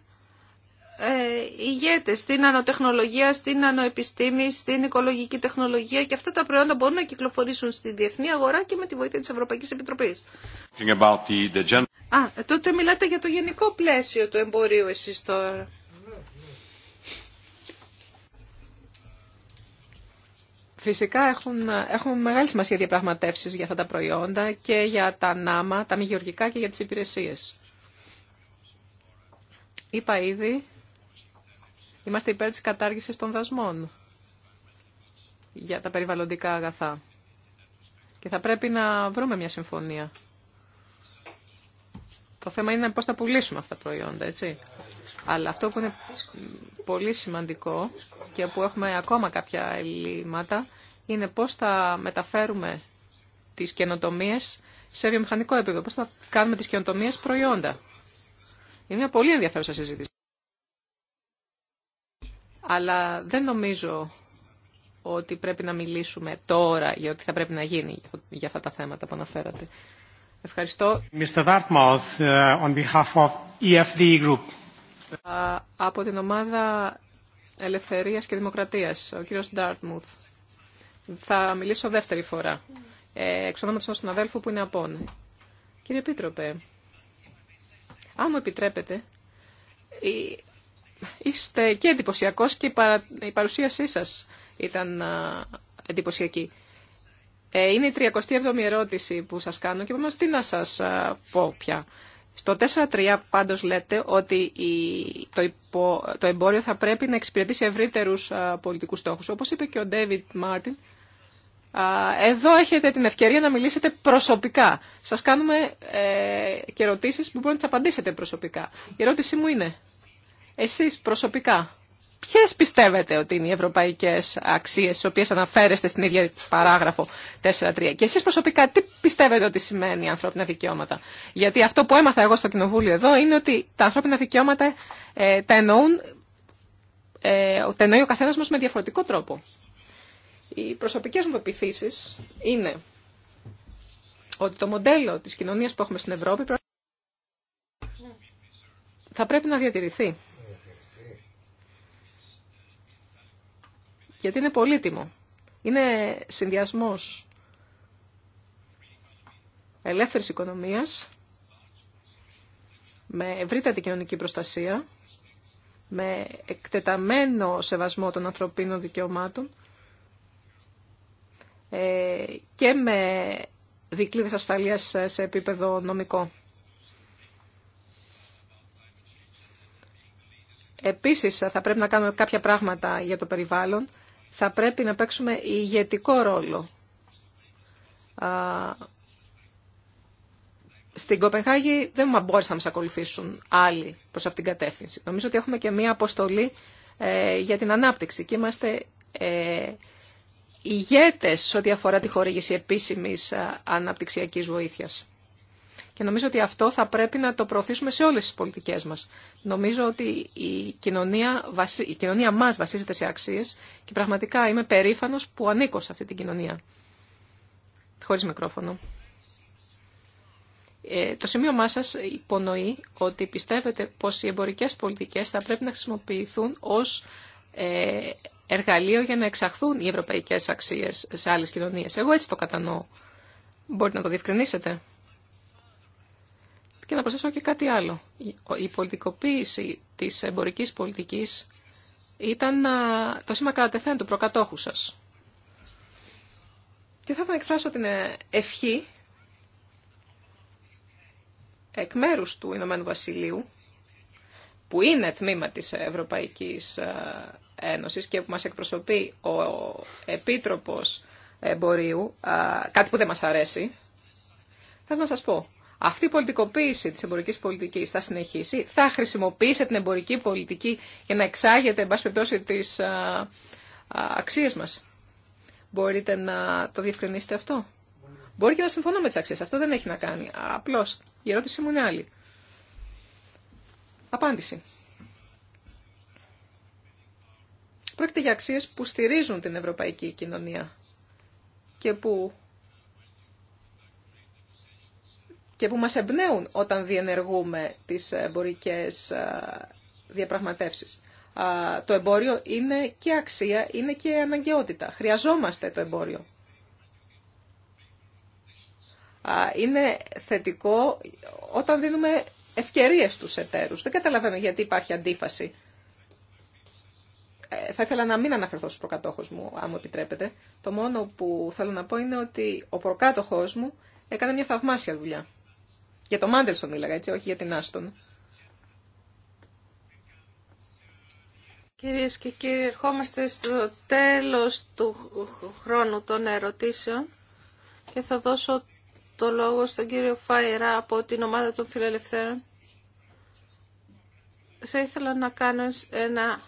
ε, ηγέτες στην ανοτεχνολογία, στην ανοεπιστήμη, στην οικολογική τεχνολογία και αυτά τα προϊόντα μπορούν να κυκλοφορήσουν στη διεθνή αγορά και με τη βοήθεια της Ευρωπαϊκής Επιτροπής. τότε μιλάτε για το γενικό πλαίσιο του εμπορίου εσείς τώρα. Φυσικά έχουν, έχουν μεγάλη σημασία διαπραγματεύσεις για αυτά τα προϊόντα και για τα νάμα, τα μη γεωργικά και για τις υπηρεσίες. Είπα ήδη Είμαστε υπέρ της κατάργησης των δασμών για τα περιβαλλοντικά αγαθά. Και θα πρέπει να βρούμε μια συμφωνία. Το θέμα είναι πώς θα πουλήσουμε αυτά τα προϊόντα, έτσι. Αλλά αυτό που είναι πολύ σημαντικό και που έχουμε ακόμα κάποια ελλείμματα είναι πώς θα μεταφέρουμε τις καινοτομίες σε βιομηχανικό επίπεδο, πώς θα κάνουμε τις καινοτομίες προϊόντα. Είναι μια πολύ ενδιαφέρουσα συζήτηση αλλά δεν νομίζω ότι πρέπει να μιλήσουμε τώρα για ό,τι θα πρέπει να γίνει για αυτά τα θέματα που αναφέρατε. Ευχαριστώ. Mr. Dartmouth, uh, on behalf of EFD Group. Από την ομάδα Ελευθερίας και Δημοκρατίας, ο κύριος Dartmouth. Θα μιλήσω δεύτερη φορά, ε, εξ ονόματος ενός συναδέλφου που είναι απόν. Κύριε Επίτροπε, αν μου επιτρέπετε, είστε και εντυπωσιακό και η παρουσίασή σας ήταν εντυπωσιακή. Ε, είναι η 37η ερώτηση που σας κάνω και πρέπει τι να σας πω πια. Στο 4-3 πάντως λέτε ότι το εμπόριο θα πρέπει να εξυπηρετήσει ευρύτερους πολιτικούς στόχους. Όπως είπε και ο David Μάρτιν, εδώ έχετε την ευκαιρία να μιλήσετε προσωπικά. Σας κάνουμε ε, και ερωτήσεις που μπορείτε να τις απαντήσετε προσωπικά. Η ερώτησή μου είναι, εσείς προσωπικά, ποιες πιστεύετε ότι είναι οι ευρωπαϊκές αξίες στις οποίες αναφέρεστε στην ίδια παράγραφο 4.3 και εσείς προσωπικά τι πιστεύετε ότι σημαίνει οι ανθρώπινα δικαιώματα. Γιατί αυτό που έμαθα εγώ στο κοινοβούλιο εδώ είναι ότι τα ανθρώπινα δικαιώματα ε, τα ε, τα εννοεί ο καθένας μας με διαφορετικό τρόπο. Οι προσωπικές μου πεπιθήσεις είναι ότι το μοντέλο της κοινωνίας που έχουμε στην Ευρώπη θα πρέπει να διατηρηθεί. γιατί είναι πολύτιμο. Είναι συνδυασμός ελεύθερης οικονομίας με ευρύτατη κοινωνική προστασία, με εκτεταμένο σεβασμό των ανθρωπίνων δικαιωμάτων ε, και με δικλείδες ασφαλείας σε επίπεδο νομικό. Επίσης θα πρέπει να κάνουμε κάποια πράγματα για το περιβάλλον θα πρέπει να παίξουμε ηγετικό ρόλο. Στην Κοπεχάγη δεν μπόρεσαν να μας ακολουθήσουν άλλοι προς αυτήν την κατεύθυνση. Νομίζω ότι έχουμε και μία αποστολή ε, για την ανάπτυξη και είμαστε ε, ηγέτες σε ό,τι αφορά τη χορήγηση επίσημης ε, αναπτυξιακής βοήθειας. Και νομίζω ότι αυτό θα πρέπει να το προωθήσουμε σε όλες τις πολιτικές μας. Νομίζω ότι η κοινωνία, η κοινωνία μας βασίζεται σε αξίες και πραγματικά είμαι περήφανος που ανήκω σε αυτή την κοινωνία. Χωρίς μικρόφωνο. Ε, το σημείο μας σας υπονοεί ότι πιστεύετε πως οι εμπορικές πολιτικές θα πρέπει να χρησιμοποιηθούν ως ε, εργαλείο για να εξαχθούν οι ευρωπαϊκές αξίες σε άλλες κοινωνίες. Εγώ έτσι το κατανοώ. Μπορείτε να το διευκρινίσετε. Και να προσθέσω και κάτι άλλο. Η πολιτικοποίηση της εμπορικής πολιτικής ήταν το σήμα κατατεθέν του προκατόχου σας. Και θα ήθελα να εκφράσω την ε, ευχή εκ μέρους του Ηνωμένου Βασιλείου, που είναι τμήμα της Ευρωπαϊκής Ένωσης και που μας εκπροσωπεί ο Επίτροπος Εμπορίου, κάτι που δεν μας αρέσει, ήθελα να σας πω αυτή η πολιτικοποίηση τη εμπορική πολιτική θα συνεχίσει, θα χρησιμοποιήσει την εμπορική πολιτική για να εξάγεται, εν πάση περιπτώσει, τις αξίες μας. Μπορείτε να το διευκρινίσετε αυτό. Μπορεί και να συμφωνώ με τις αξίες. Αυτό δεν έχει να κάνει. Απλώς, η ερώτηση μου είναι άλλη. Απάντηση. Πρόκειται για αξίες που στηρίζουν την ευρωπαϊκή κοινωνία και που και που μας εμπνέουν όταν διενεργούμε τις εμπορικές ε, διαπραγματεύσεις. Το εμπόριο είναι και αξία, είναι και αναγκαιότητα. Χρειαζόμαστε το εμπόριο. Είναι θετικό όταν δίνουμε ευκαιρίες στους εταίρους. Δεν καταλαβαίνω γιατί υπάρχει αντίφαση. Ε, θα ήθελα να μην αναφερθώ στους προκατόχους μου, αν μου επιτρέπετε. Το μόνο που θέλω να πω είναι ότι ο προκάτοχός μου έκανε μια θαυμάσια δουλειά. Για τον Μάντελσον μίλαγα, έτσι, όχι για την Άστον. Κυρίες και κύριοι, ερχόμαστε στο τέλος του χρόνου των ερωτήσεων και θα δώσω το λόγο στον κύριο Φάιρα από την ομάδα των φιλελευθέρων. Θα ήθελα να κάνω ένα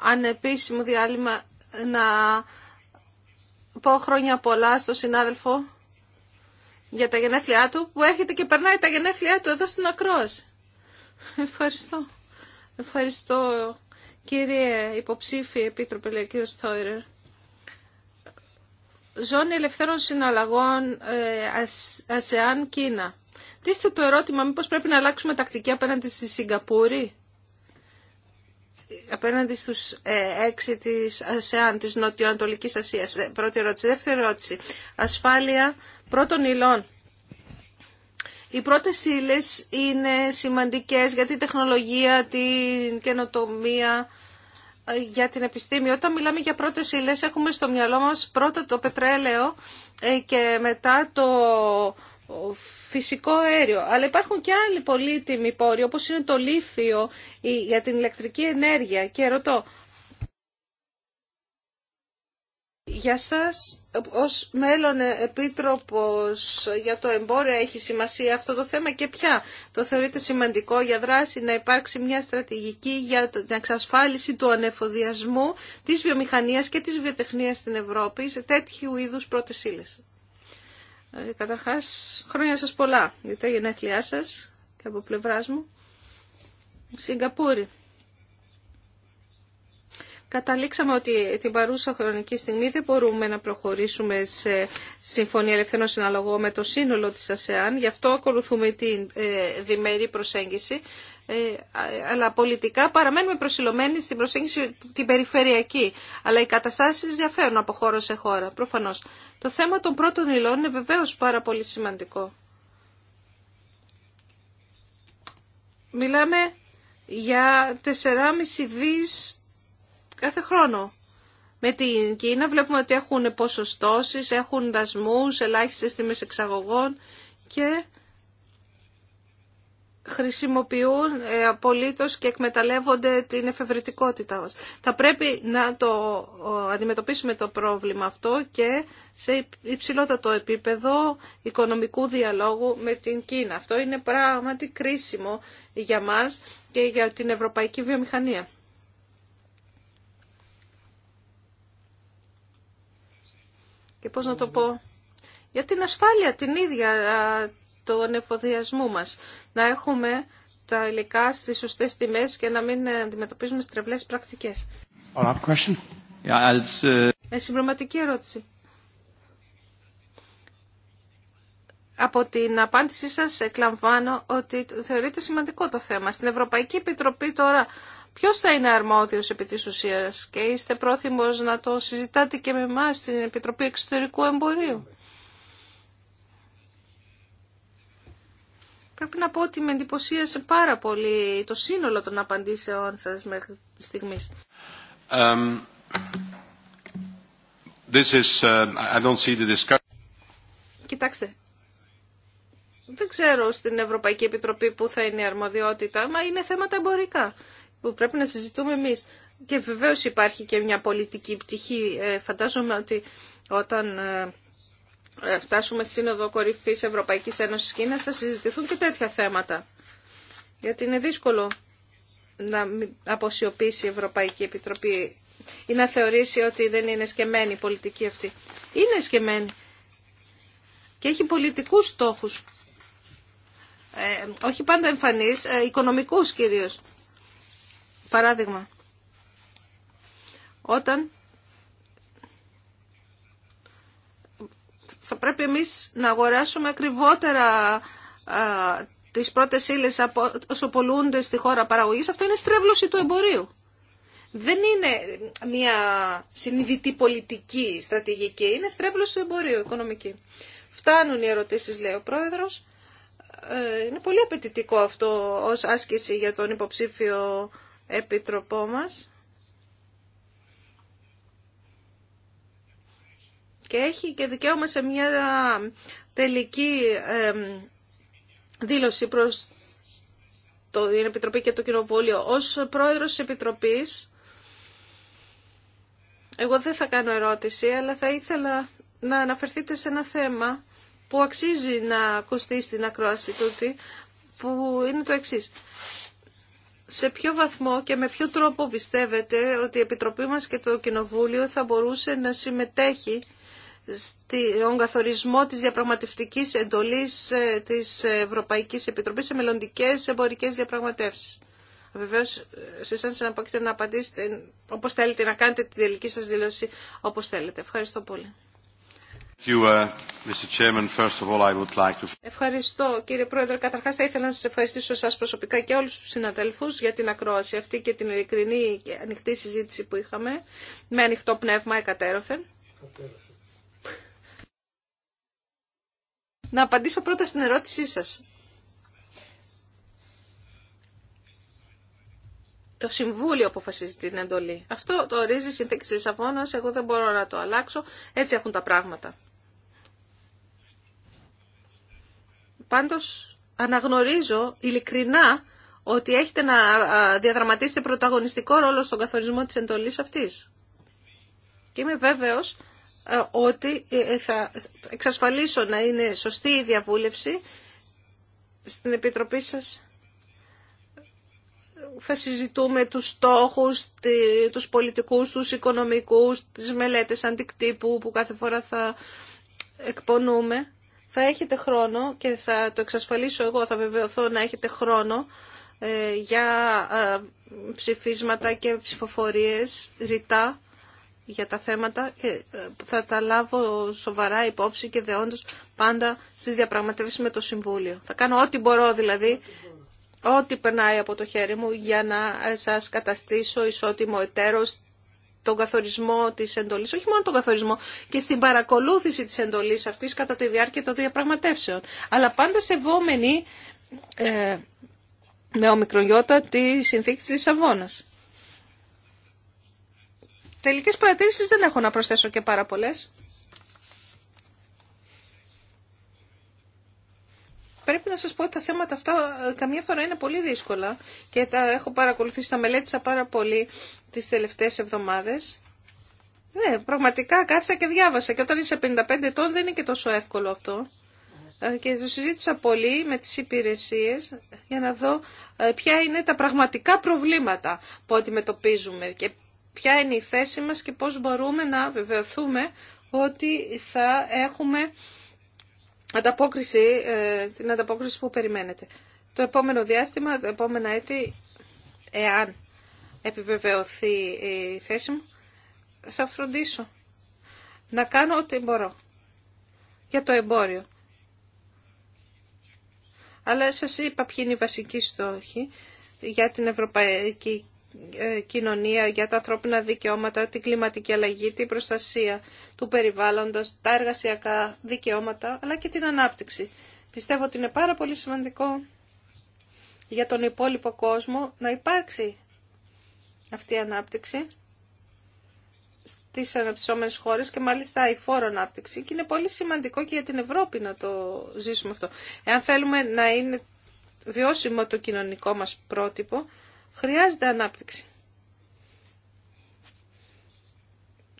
ανεπίσημο διάλειμμα να πω χρόνια πολλά στον συνάδελφο για τα γενέθλιά του που έρχεται και περνάει τα γενέθλιά του εδώ στην Ακρόαση. Ευχαριστώ. Ευχαριστώ κύριε υποψήφι επίτροπε λέει κύριο Στόιρερ. Ζώνη ελευθέρων συναλλαγών ε, ΑΣΕΑΝ Κίνα. Τίθεται το ερώτημα μήπως πρέπει να αλλάξουμε τακτική απέναντι στη Σιγκαπούρη απέναντι στους ε, έξι της ΑΣΕΑΝ, ε, της Νοτιοανατολικής Ασίας. Ε, πρώτη ερώτηση. Δεύτερη ερώτηση. Ασφάλεια πρώτων υλών. Οι πρώτες ύλε είναι σημαντικές για την τεχνολογία, την καινοτομία, ε, για την επιστήμη. Όταν μιλάμε για πρώτες ύλε, έχουμε στο μυαλό μας πρώτα το πετρέλαιο και μετά το φυσικό αέριο. Αλλά υπάρχουν και άλλοι πολύτιμοι πόροι, όπως είναι το λίθιο για την ηλεκτρική ενέργεια. Και ρωτώ, για σας ως μέλλον επίτροπος για το εμπόριο έχει σημασία αυτό το θέμα και ποια το θεωρείτε σημαντικό για δράση να υπάρξει μια στρατηγική για την εξασφάλιση του ανεφοδιασμού της βιομηχανίας και της βιοτεχνίας στην Ευρώπη σε τέτοιου είδους πρώτες ύλες. Ε, καταρχάς, χρόνια σας πολλά για τα γενέθλιά σας και από πλευράς μου. Σιγκαπούρη. Καταλήξαμε ότι την παρούσα χρονική στιγμή δεν μπορούμε να προχωρήσουμε σε συμφωνία ελευθερών συναλλαγών με το σύνολο της ΑΣΕΑΝ. Γι' αυτό ακολουθούμε την ε, διμερή προσέγγιση ε, αλλά πολιτικά παραμένουμε προσιλωμένοι στην προσέγγιση την περιφερειακή. Αλλά οι καταστάσει διαφέρουν από χώρο σε χώρα, Προφανώ. Το θέμα των πρώτων υλών είναι βεβαίως πάρα πολύ σημαντικό. Μιλάμε για 4,5 δις κάθε χρόνο. Με την Κίνα βλέπουμε ότι έχουν ποσοστώσεις, έχουν δασμούς, ελάχιστες τιμές εξαγωγών και χρησιμοποιούν ε, απολύτως και εκμεταλλεύονται την εφευρετικότητά μας. Θα πρέπει να το αντιμετωπίσουμε το πρόβλημα αυτό και σε υψηλότατο επίπεδο οικονομικού διαλόγου με την Κίνα. Αυτό είναι πράγματι κρίσιμο για μας και για την ευρωπαϊκή βιομηχανία. Και πώς να το πω... Για την ασφάλεια την ίδια τον εφοδιασμό μας. Να έχουμε τα υλικά στις σωστές τιμές και να μην αντιμετωπίζουμε στρεβλές πρακτικές. Με ε, συμπληρωματική ερώτηση. Από την απάντησή σας εκλαμβάνω ότι θεωρείται σημαντικό το θέμα. Στην Ευρωπαϊκή Επιτροπή τώρα ποιος θα είναι αρμόδιος επί της ουσίας και είστε πρόθυμος να το συζητάτε και με εμά στην Επιτροπή Εξωτερικού Εμπορίου. Πρέπει να πω ότι με εντυπωσίασε πάρα πολύ το σύνολο των απαντήσεών σας μέχρι στιγμή. Um, uh, Κοιτάξτε, δεν ξέρω στην Ευρωπαϊκή Επιτροπή που θα είναι η αρμοδιότητα, μα είναι θέματα εμπορικά που πρέπει να συζητούμε εμείς. Και βεβαίως υπάρχει και μια πολιτική πτυχή. Ε, φαντάζομαι ότι όταν... Ε, ε, φτάσουμε σύνοδο κορυφής Ευρωπαϊκής Ένωση Κίνα, θα συζητηθούν και τέτοια θέματα. Γιατί είναι δύσκολο να αποσιωπήσει η Ευρωπαϊκή Επιτροπή ή να θεωρήσει ότι δεν είναι σκεμμένη η πολιτική αυτή. Είναι σκεμμένη και έχει πολιτικούς στόχους. Ε, όχι πάντα εμφανεί, ε, οικονομικούς κυρίως. Παράδειγμα, όταν θα πρέπει εμείς να αγοράσουμε ακριβότερα τις πρώτες ύλες όσο πολλούνται στη χώρα παραγωγής. Αυτό είναι στρέβλωση του εμπορίου. Δεν είναι μια συνειδητή πολιτική στρατηγική, είναι στρέβλωση του εμπορίου οικονομική. Φτάνουν οι ερωτήσεις, λέει ο Πρόεδρος. Ε, είναι πολύ απαιτητικό αυτό ως άσκηση για τον υποψήφιο Επιτροπό μας. και έχει και δικαίωμα σε μια τελική δήλωση προς την Επιτροπή και το Κοινοβούλιο. Ως πρόεδρος της Επιτροπής, εγώ δεν θα κάνω ερώτηση, αλλά θα ήθελα να αναφερθείτε σε ένα θέμα που αξίζει να ακουστεί στην ακρόαση τούτη, που είναι το εξής. Σε ποιο βαθμό και με ποιο τρόπο πιστεύετε ότι η Επιτροπή μας και το Κοινοβούλιο θα μπορούσε να συμμετέχει στον καθορισμό της διαπραγματευτικής εντολής ε, της Ευρωπαϊκής Επιτροπής σε μελλοντικές εμπορικές διαπραγματεύσεις. Βεβαίω, σε εσά να να απαντήσετε όπω θέλετε, να κάνετε την τελική σα δήλωση όπω θέλετε. Ευχαριστώ πολύ. Ευχαριστώ κύριε Πρόεδρε. Καταρχά, θα ήθελα να σα ευχαριστήσω εσά προσωπικά και όλου του συναδέλφου για την ακρόαση αυτή και την ειλικρινή και ανοιχτή συζήτηση που είχαμε με ανοιχτό πνεύμα εκατέρωθεν. εκατέρωθεν. Να απαντήσω πρώτα στην ερώτησή σας. Το Συμβούλιο αποφασίζει την εντολή. Αυτό το ορίζει η Σύνταξη της εγώ δεν μπορώ να το αλλάξω, έτσι έχουν τα πράγματα. Πάντως αναγνωρίζω ειλικρινά ότι έχετε να διαδραματίσετε πρωταγωνιστικό ρόλο στον καθορισμό της εντολής αυτής. Και είμαι βέβαιος ε, ότι ε, ε, θα εξασφαλίσω να είναι σωστή η διαβούλευση στην Επιτροπή σας. Θα συζητούμε τους στόχους, τους πολιτικούς, τους οικονομικούς, τις μελέτες αντικτύπου που κάθε φορά θα εκπονούμε. Θα έχετε χρόνο και θα το εξασφαλίσω εγώ, θα βεβαιωθώ να έχετε χρόνο για ψηφίσματα και ψηφοφορίες ρητά για τα θέματα και ε, θα τα λάβω σοβαρά υπόψη και δεόντως πάντα στις διαπραγματεύσεις με το Συμβούλιο. Θα κάνω ό,τι μπορώ δηλαδή, ό,τι περνάει από το χέρι μου για να ε, σας καταστήσω ισότιμο εταίρος τον καθορισμό της εντολής, όχι μόνο τον καθορισμό, και στην παρακολούθηση της εντολής αυτής κατά τη διάρκεια των διαπραγματεύσεων. Αλλά πάντα σεβόμενοι ε, με ομικρογιώτα τη συνθήκη της Σαββόνας. Τελικές παρατήρησεις δεν έχω να προσθέσω και πάρα πολλές. Πρέπει να σας πω ότι τα θέματα αυτά ε, καμία φορά είναι πολύ δύσκολα και τα έχω παρακολουθήσει, τα μελέτησα πάρα πολύ τις τελευταίες εβδομάδες. Ναι, πραγματικά κάθισα και διάβασα και όταν είσαι 55 ετών δεν είναι και τόσο εύκολο αυτό. Ε, και το συζήτησα πολύ με τις υπηρεσίες για να δω ε, ποια είναι τα πραγματικά προβλήματα που αντιμετωπίζουμε και ποια είναι η θέση μας και πώς μπορούμε να βεβαιωθούμε ότι θα έχουμε ε, την ανταπόκριση που περιμένετε. Το επόμενο διάστημα, το επόμενο έτη, εάν επιβεβαιωθεί η θέση μου, θα φροντίσω να κάνω ό,τι μπορώ για το εμπόριο. Αλλά σας είπα ποιοι είναι οι βασικοί στόχοι για την ευρωπαϊκή ε, κοινωνία, για τα ανθρώπινα δικαιώματα, την κλιματική αλλαγή, την προστασία του περιβάλλοντος, τα εργασιακά δικαιώματα, αλλά και την ανάπτυξη. Πιστεύω ότι είναι πάρα πολύ σημαντικό για τον υπόλοιπο κόσμο να υπάρξει αυτή η ανάπτυξη στις αναπτυσσόμενες χώρες και μάλιστα η φόρο ανάπτυξη και είναι πολύ σημαντικό και για την Ευρώπη να το ζήσουμε αυτό. Εάν θέλουμε να είναι βιώσιμο το κοινωνικό μας πρότυπο, Χρειάζεται ανάπτυξη.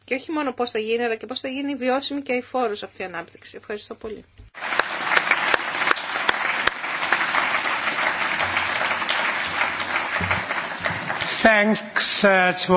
Και όχι μόνο πώς θα γίνει, αλλά και πώς θα γίνει βιώσιμη και αηφόρος αυτή η ανάπτυξη. Ευχαριστώ πολύ. Thanks. Uh,